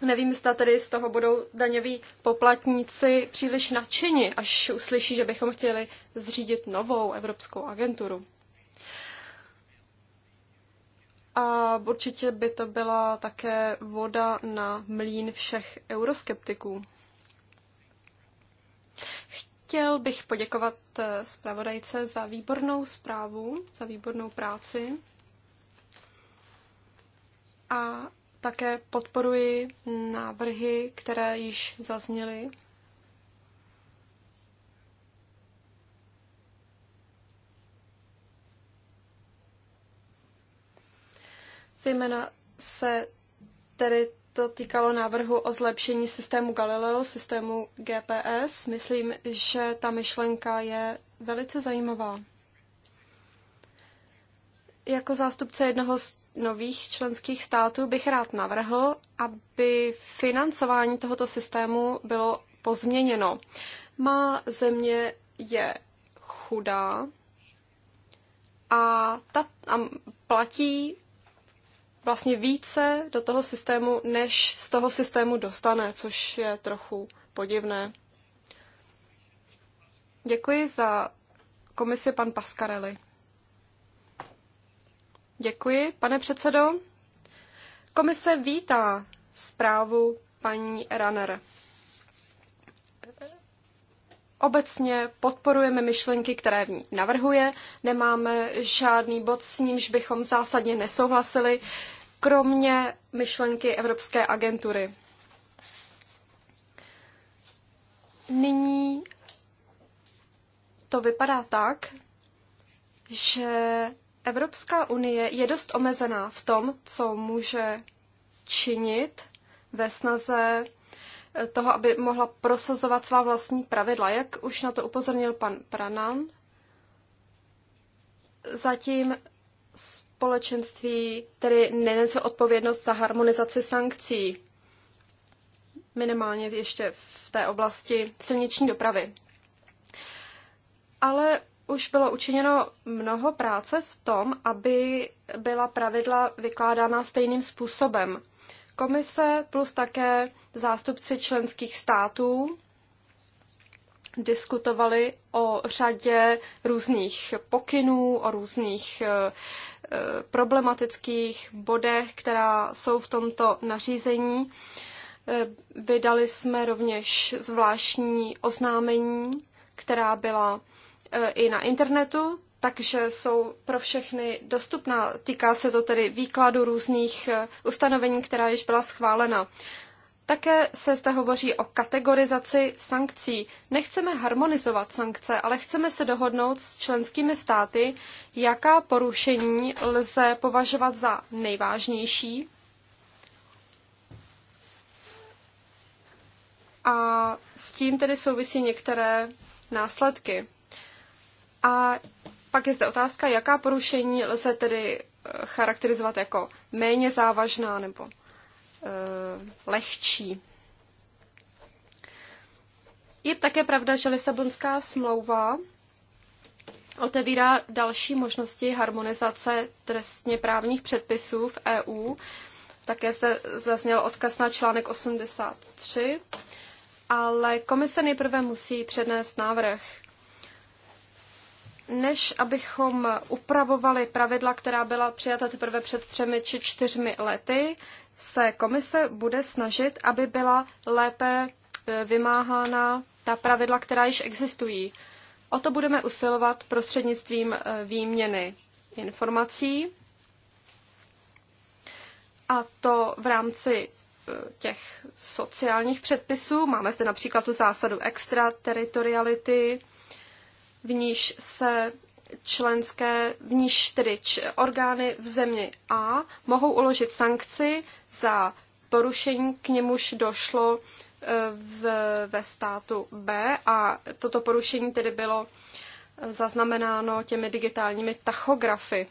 Nevím, zda tedy z toho budou daňoví poplatníci příliš nadšeni, až uslyší, že bychom chtěli zřídit novou evropskou agenturu. A určitě by to byla také voda na mlín všech euroskeptiků. Chtěl bych poděkovat eh, zpravodajce za výbornou zprávu, za výbornou práci a také podporuji návrhy, které již zazněly Zejména se tedy to týkalo návrhu o zlepšení systému Galileo, systému GPS. Myslím, že ta myšlenka je velice zajímavá. Jako zástupce jednoho z nových členských států bych rád navrhl, aby financování tohoto systému bylo pozměněno. Má země je chudá a, ta, a platí vlastně více do toho systému, než z toho systému dostane, což je trochu podivné. Děkuji za komisi pan Pascarelli. Děkuji, pane předsedo. Komise vítá zprávu paní Runner. Obecně podporujeme myšlenky, které v ní navrhuje, nemáme žádný bod s nímž bychom zásadně nesouhlasili, kromě myšlenky Evropské agentury. Nyní to vypadá tak, že Evropská unie je dost omezená v tom, co může činit ve snaze toho, aby mohla prosazovat svá vlastní pravidla. Jak už na to upozornil pan Pranan, zatím společenství tedy nenese odpovědnost za harmonizaci sankcí, minimálně ještě v té oblasti silniční dopravy. Ale už bylo učiněno mnoho práce v tom, aby byla pravidla vykládána stejným způsobem komise plus také zástupci členských států diskutovali o řadě různých pokynů, o různých eh, eh, problematických bodech, která jsou v tomto nařízení. Eh, vydali jsme rovněž zvláštní oznámení, která byla i na internetu, takže jsou pro všechny dostupná. Týká se to tedy výkladu různých eh, ustanovení, která již byla schválena. Také se zde hovoří o kategorizaci sankcí. Nechceme harmonizovat sankce, ale chceme se dohodnout s členskými státy, jaká porušení lze považovat za nejvážnější. A s tím tedy souvisí některé následky. A pak je zde otázka, jaká porušení lze tedy eh, charakterizovat jako méně závažná nebo eh, lehčí. Je také pravda, že Lisabonská smlouva otevírá další možnosti harmonizace trestně právních předpisů v EU. Také zde zazněl odkaz na článek 83, ale komise nejprve musí přednést návrh než abychom upravovali pravidla, která byla přijata teprve před třemi či čtyřmi lety, se komise bude snažit, aby byla lépe e, vymáhána ta pravidla, která již existují. O to budeme usilovat prostřednictvím e, výměny informací, a to v rámci e, těch sociálních předpisů. Máme zde například tu zásadu extrateritoriality, v níž se členské, v níž tedy orgány v zemi A mohou uložit sankci za porušení, k němuž došlo e, v, ve státu B a toto porušení tedy bylo e, zaznamenáno těmi digitálními tachografy.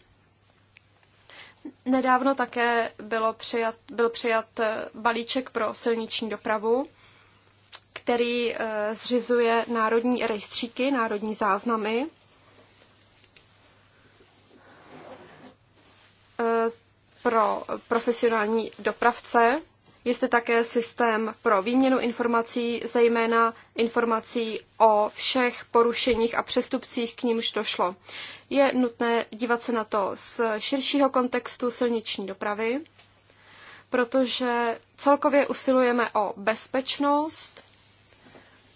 Nedávno také bylo přijat, byl přijat e, balíček pro silniční dopravu který eh, zřizuje národní rejstříky, národní záznamy. Eh, pro profesionální dopravce. Je zde také systém pro výměnu informací, zejména informací o všech porušeních a přestupcích, k nímž došlo. Je nutné dívat se na to z širšího kontextu silniční dopravy, protože celkově usilujeme o bezpečnost,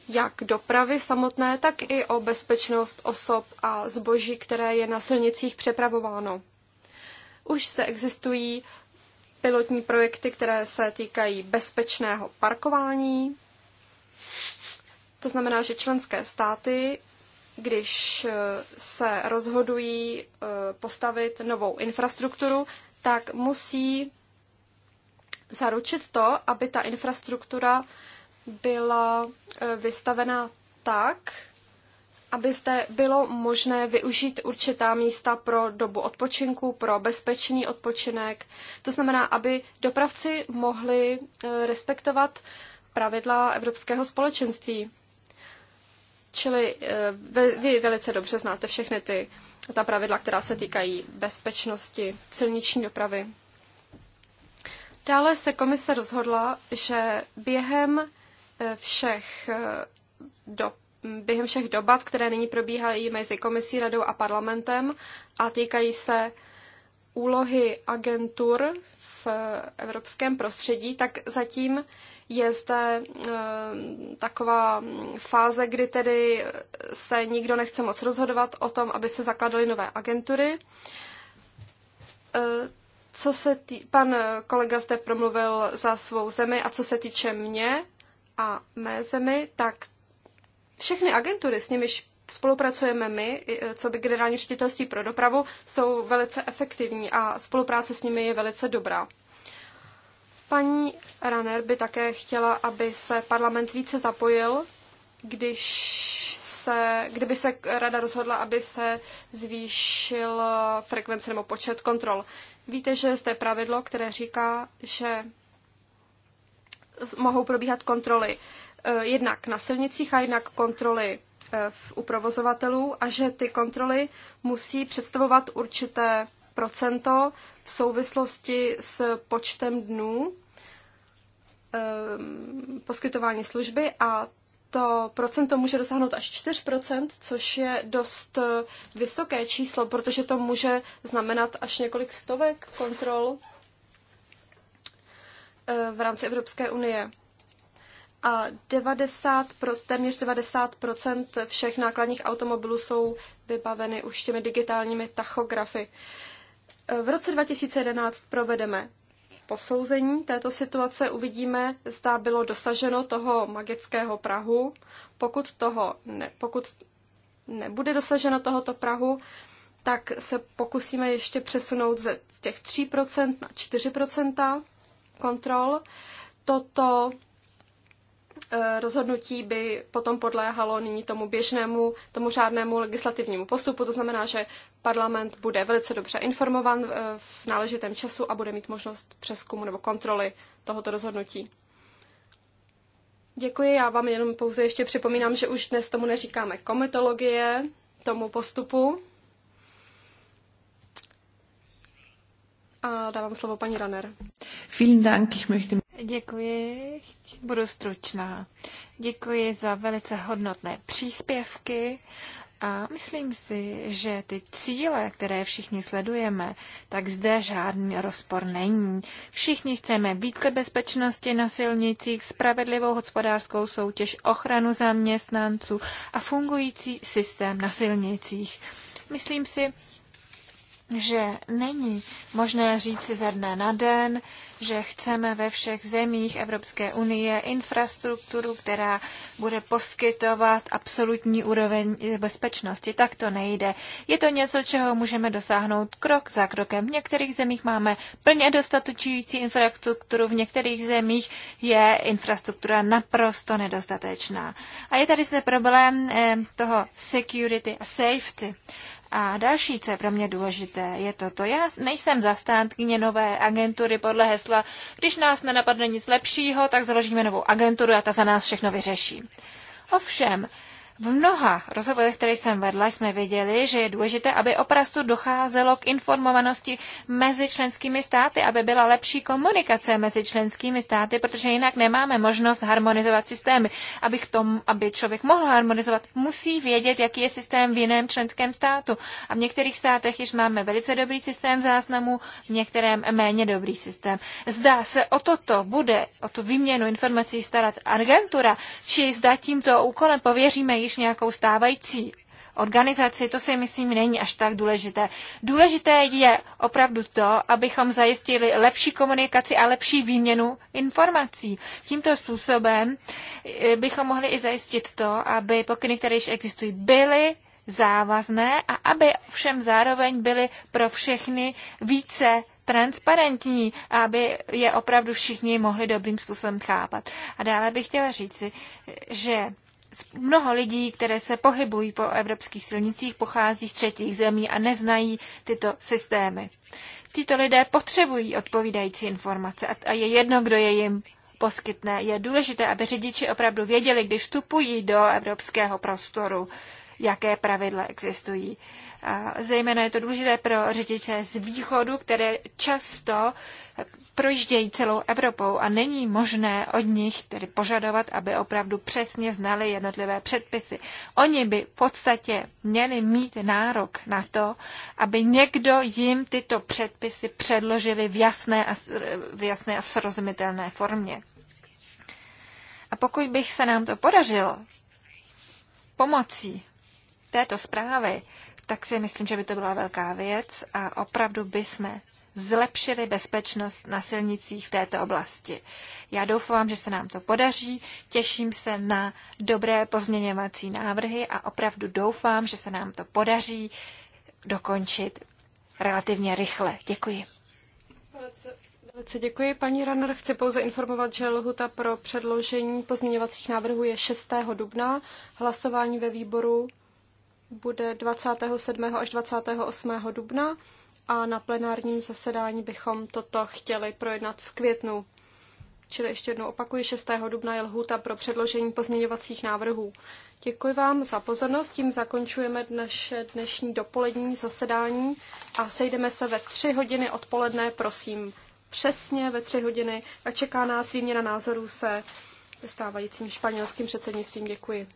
jak dopravy samotné, tak i o bezpečnost osob a zboží, které je na silnicích přepravováno. Už se existují pilotní projekty, které se týkají bezpečného parkování. To znamená, že členské státy, když eh, se rozhodují eh, postavit novou infrastrukturu, tak musí zaručit to, aby ta infrastruktura byla eh, vystavena tak, aby zde bylo možné využít určitá místa pro dobu odpočinku, pro bezpečný odpočinek. To znamená, aby dopravci mohli eh, respektovat pravidla Evropského společenství. Čili eh, vy velice dobře znáte všechny ty ta pravidla, která se týkají bezpečnosti silniční dopravy. Dále se komise rozhodla, že během Eh, všech eh, do, během všech dobat, které nyní probíhají mezi komisí, radou a parlamentem a týkají se úlohy agentur v eh, evropském prostředí, tak zatím je zde taková fáze, kdy tedy se nikdo nechce moc rozhodovat o tom, aby se zakladaly nové agentury. co se tý, pan kolega zde promluvil za svou zemi a co se týče mě, a mé zemi, tak všechny agentury, s nimiž spolupracujeme my, e, co by generální ředitelství pro dopravu, jsou velice efektivní a spolupráce s nimi je velice dobrá. Paní Runner by také chtěla, aby se parlament více zapojil, když se, kdyby se rada rozhodla, aby se zvýšil frekvence nebo počet kontrol. Víte, že je zde pravidlo, které říká, že mohou probíhat kontroly eh, jednak na silnicích a jednak kontroly eh, u provozovatelů a že ty kontroly musí představovat určité procento v souvislosti s počtem dnů ehm, poskytování služby a to procento může dosáhnout až 4%, což je dost eh, vysoké číslo, protože to může znamenat až několik stovek kontrol E, v rámci Evropské unie. A 90 pro, téměř 90 všech nákladních automobilů jsou vybaveny už těmi digitálními tachografy. E, v roce 2011 provedeme posouzení této situace uvidíme, zda bylo dosaženo toho magického Prahu. Pokud, toho ne, pokud nebude dosaženo tohoto Prahu, tak se pokusíme ještě přesunout ze těch 3% na 4% kontrol. Toto eh, rozhodnutí by potom podléhalo nyní tomu běžnému, tomu řádnému legislativnímu postupu. To znamená, že parlament bude velice dobře informovan eh, v náležitém času a bude mít možnost přeskumu nebo kontroly tohoto rozhodnutí. Děkuji, já vám jenom pouze ještě připomínám, že už dnes tomu neříkáme komitologie, tomu postupu, a dávám slovo paní Runner. Vielen Dank, ich möchte... Děkuji, budu stručná. Děkuji za velice hodnotné příspěvky a myslím si, že ty cíle, které všichni sledujeme, tak zde žádný rozpor není. Všichni chceme více bezpečnosti na silnicích, spravedlivou hospodářskou soutěž, ochranu zaměstnanců a fungující systém na silnicích. Myslím si, že není možné říci ze dne na den, že chceme ve všech zemích Evropské unie infrastrukturu, která bude poskytovat absolutní úroveň bezpečnosti. Tak to nejde. Je to něco, čeho můžeme dosáhnout krok za krokem. V některých zemích máme plně dostatečující infrastrukturu, v některých zemích je infrastruktura naprosto nedostatečná. A je tady zde problém eh, toho security a safety. A další, co je pro mě důležité, je toto. Já nejsem zastánkyně nové agentury podle hesla, když nás nenapadne nic lepšího, tak založíme novou agenturu a ta za nás všechno vyřeší. Ovšem, v mnoha rozhovorech, které jsem vedla, jsme věděli, že je důležité, aby opravdu docházelo k informovanosti mezi členskými státy, aby byla lepší komunikace mezi členskými státy, protože jinak nemáme možnost harmonizovat systémy. Aby, tom, aby člověk mohl harmonizovat, musí vědět, jaký je systém v jiném členském státu. A v některých státech již máme velice dobrý systém záznamů, v některém méně dobrý systém. Zdá se, o toto bude, o tu výměnu informací starat agentura, či zda tímto úkolem pověříme již nějakou stávající organizaci, to si myslím není až tak důležité. Důležité je opravdu to, abychom zajistili lepší komunikaci a lepší výměnu informací. Tímto způsobem eh, bychom mohli i zajistit to, aby pokyny, které již existují, byly závazné a aby všem zároveň byly pro všechny více transparentní, aby je opravdu všichni mohli dobrým způsobem chápat. A dále bych chtěla říci, že mnoho lidí, které se pohybují po evropských silnicích, pochází z třetích zemí a neznají tyto systémy. Tito lidé potřebují odpovídající informace a je jedno, kdo je jim poskytne. Je důležité, aby řidiči opravdu věděli, když vstupují do evropského prostoru, jaké pravidla existují. zejména je to důležité pro řidiče z východu, které často projíždějí celou Evropou a není možné od nich tedy požadovat, aby opravdu přesně znali jednotlivé předpisy. Oni by v podstatě měli mít nárok na to, aby někdo jim tyto předpisy předložili v jasné a, v jasné a srozumitelné formě. A pokud bych se nám to podařilo, pomocí této zprávy, tak si myslím, že by to byla velká věc a opravdu by jsme zlepšili bezpečnost na silnicích v této oblasti. Já doufám, že se nám to podaří, těším se na dobré pozměňovací návrhy a opravdu doufám, že se nám to podaří dokončit relativně rychle. Děkuji. Velice, děkuji, paní Ranner. Chci pouze informovat, že lhuta pro předložení pozměňovacích návrhů je 6. dubna, hlasování ve výboru bude 27. až 28. dubna a na plenárním zasedání bychom toto chtěli projednat v květnu. Čili ještě jednou opakuji, 6. dubna je lhůta pro předložení pozměňovacích návrhů. Děkuji vám za pozornost, tím zakončujeme naše dnešní dopolední zasedání a sejdeme se ve 3 hodiny odpoledne, prosím, přesně ve 3 hodiny a čeká nás výměna názorů se stávajícím španělským předsednictvím. Děkuji.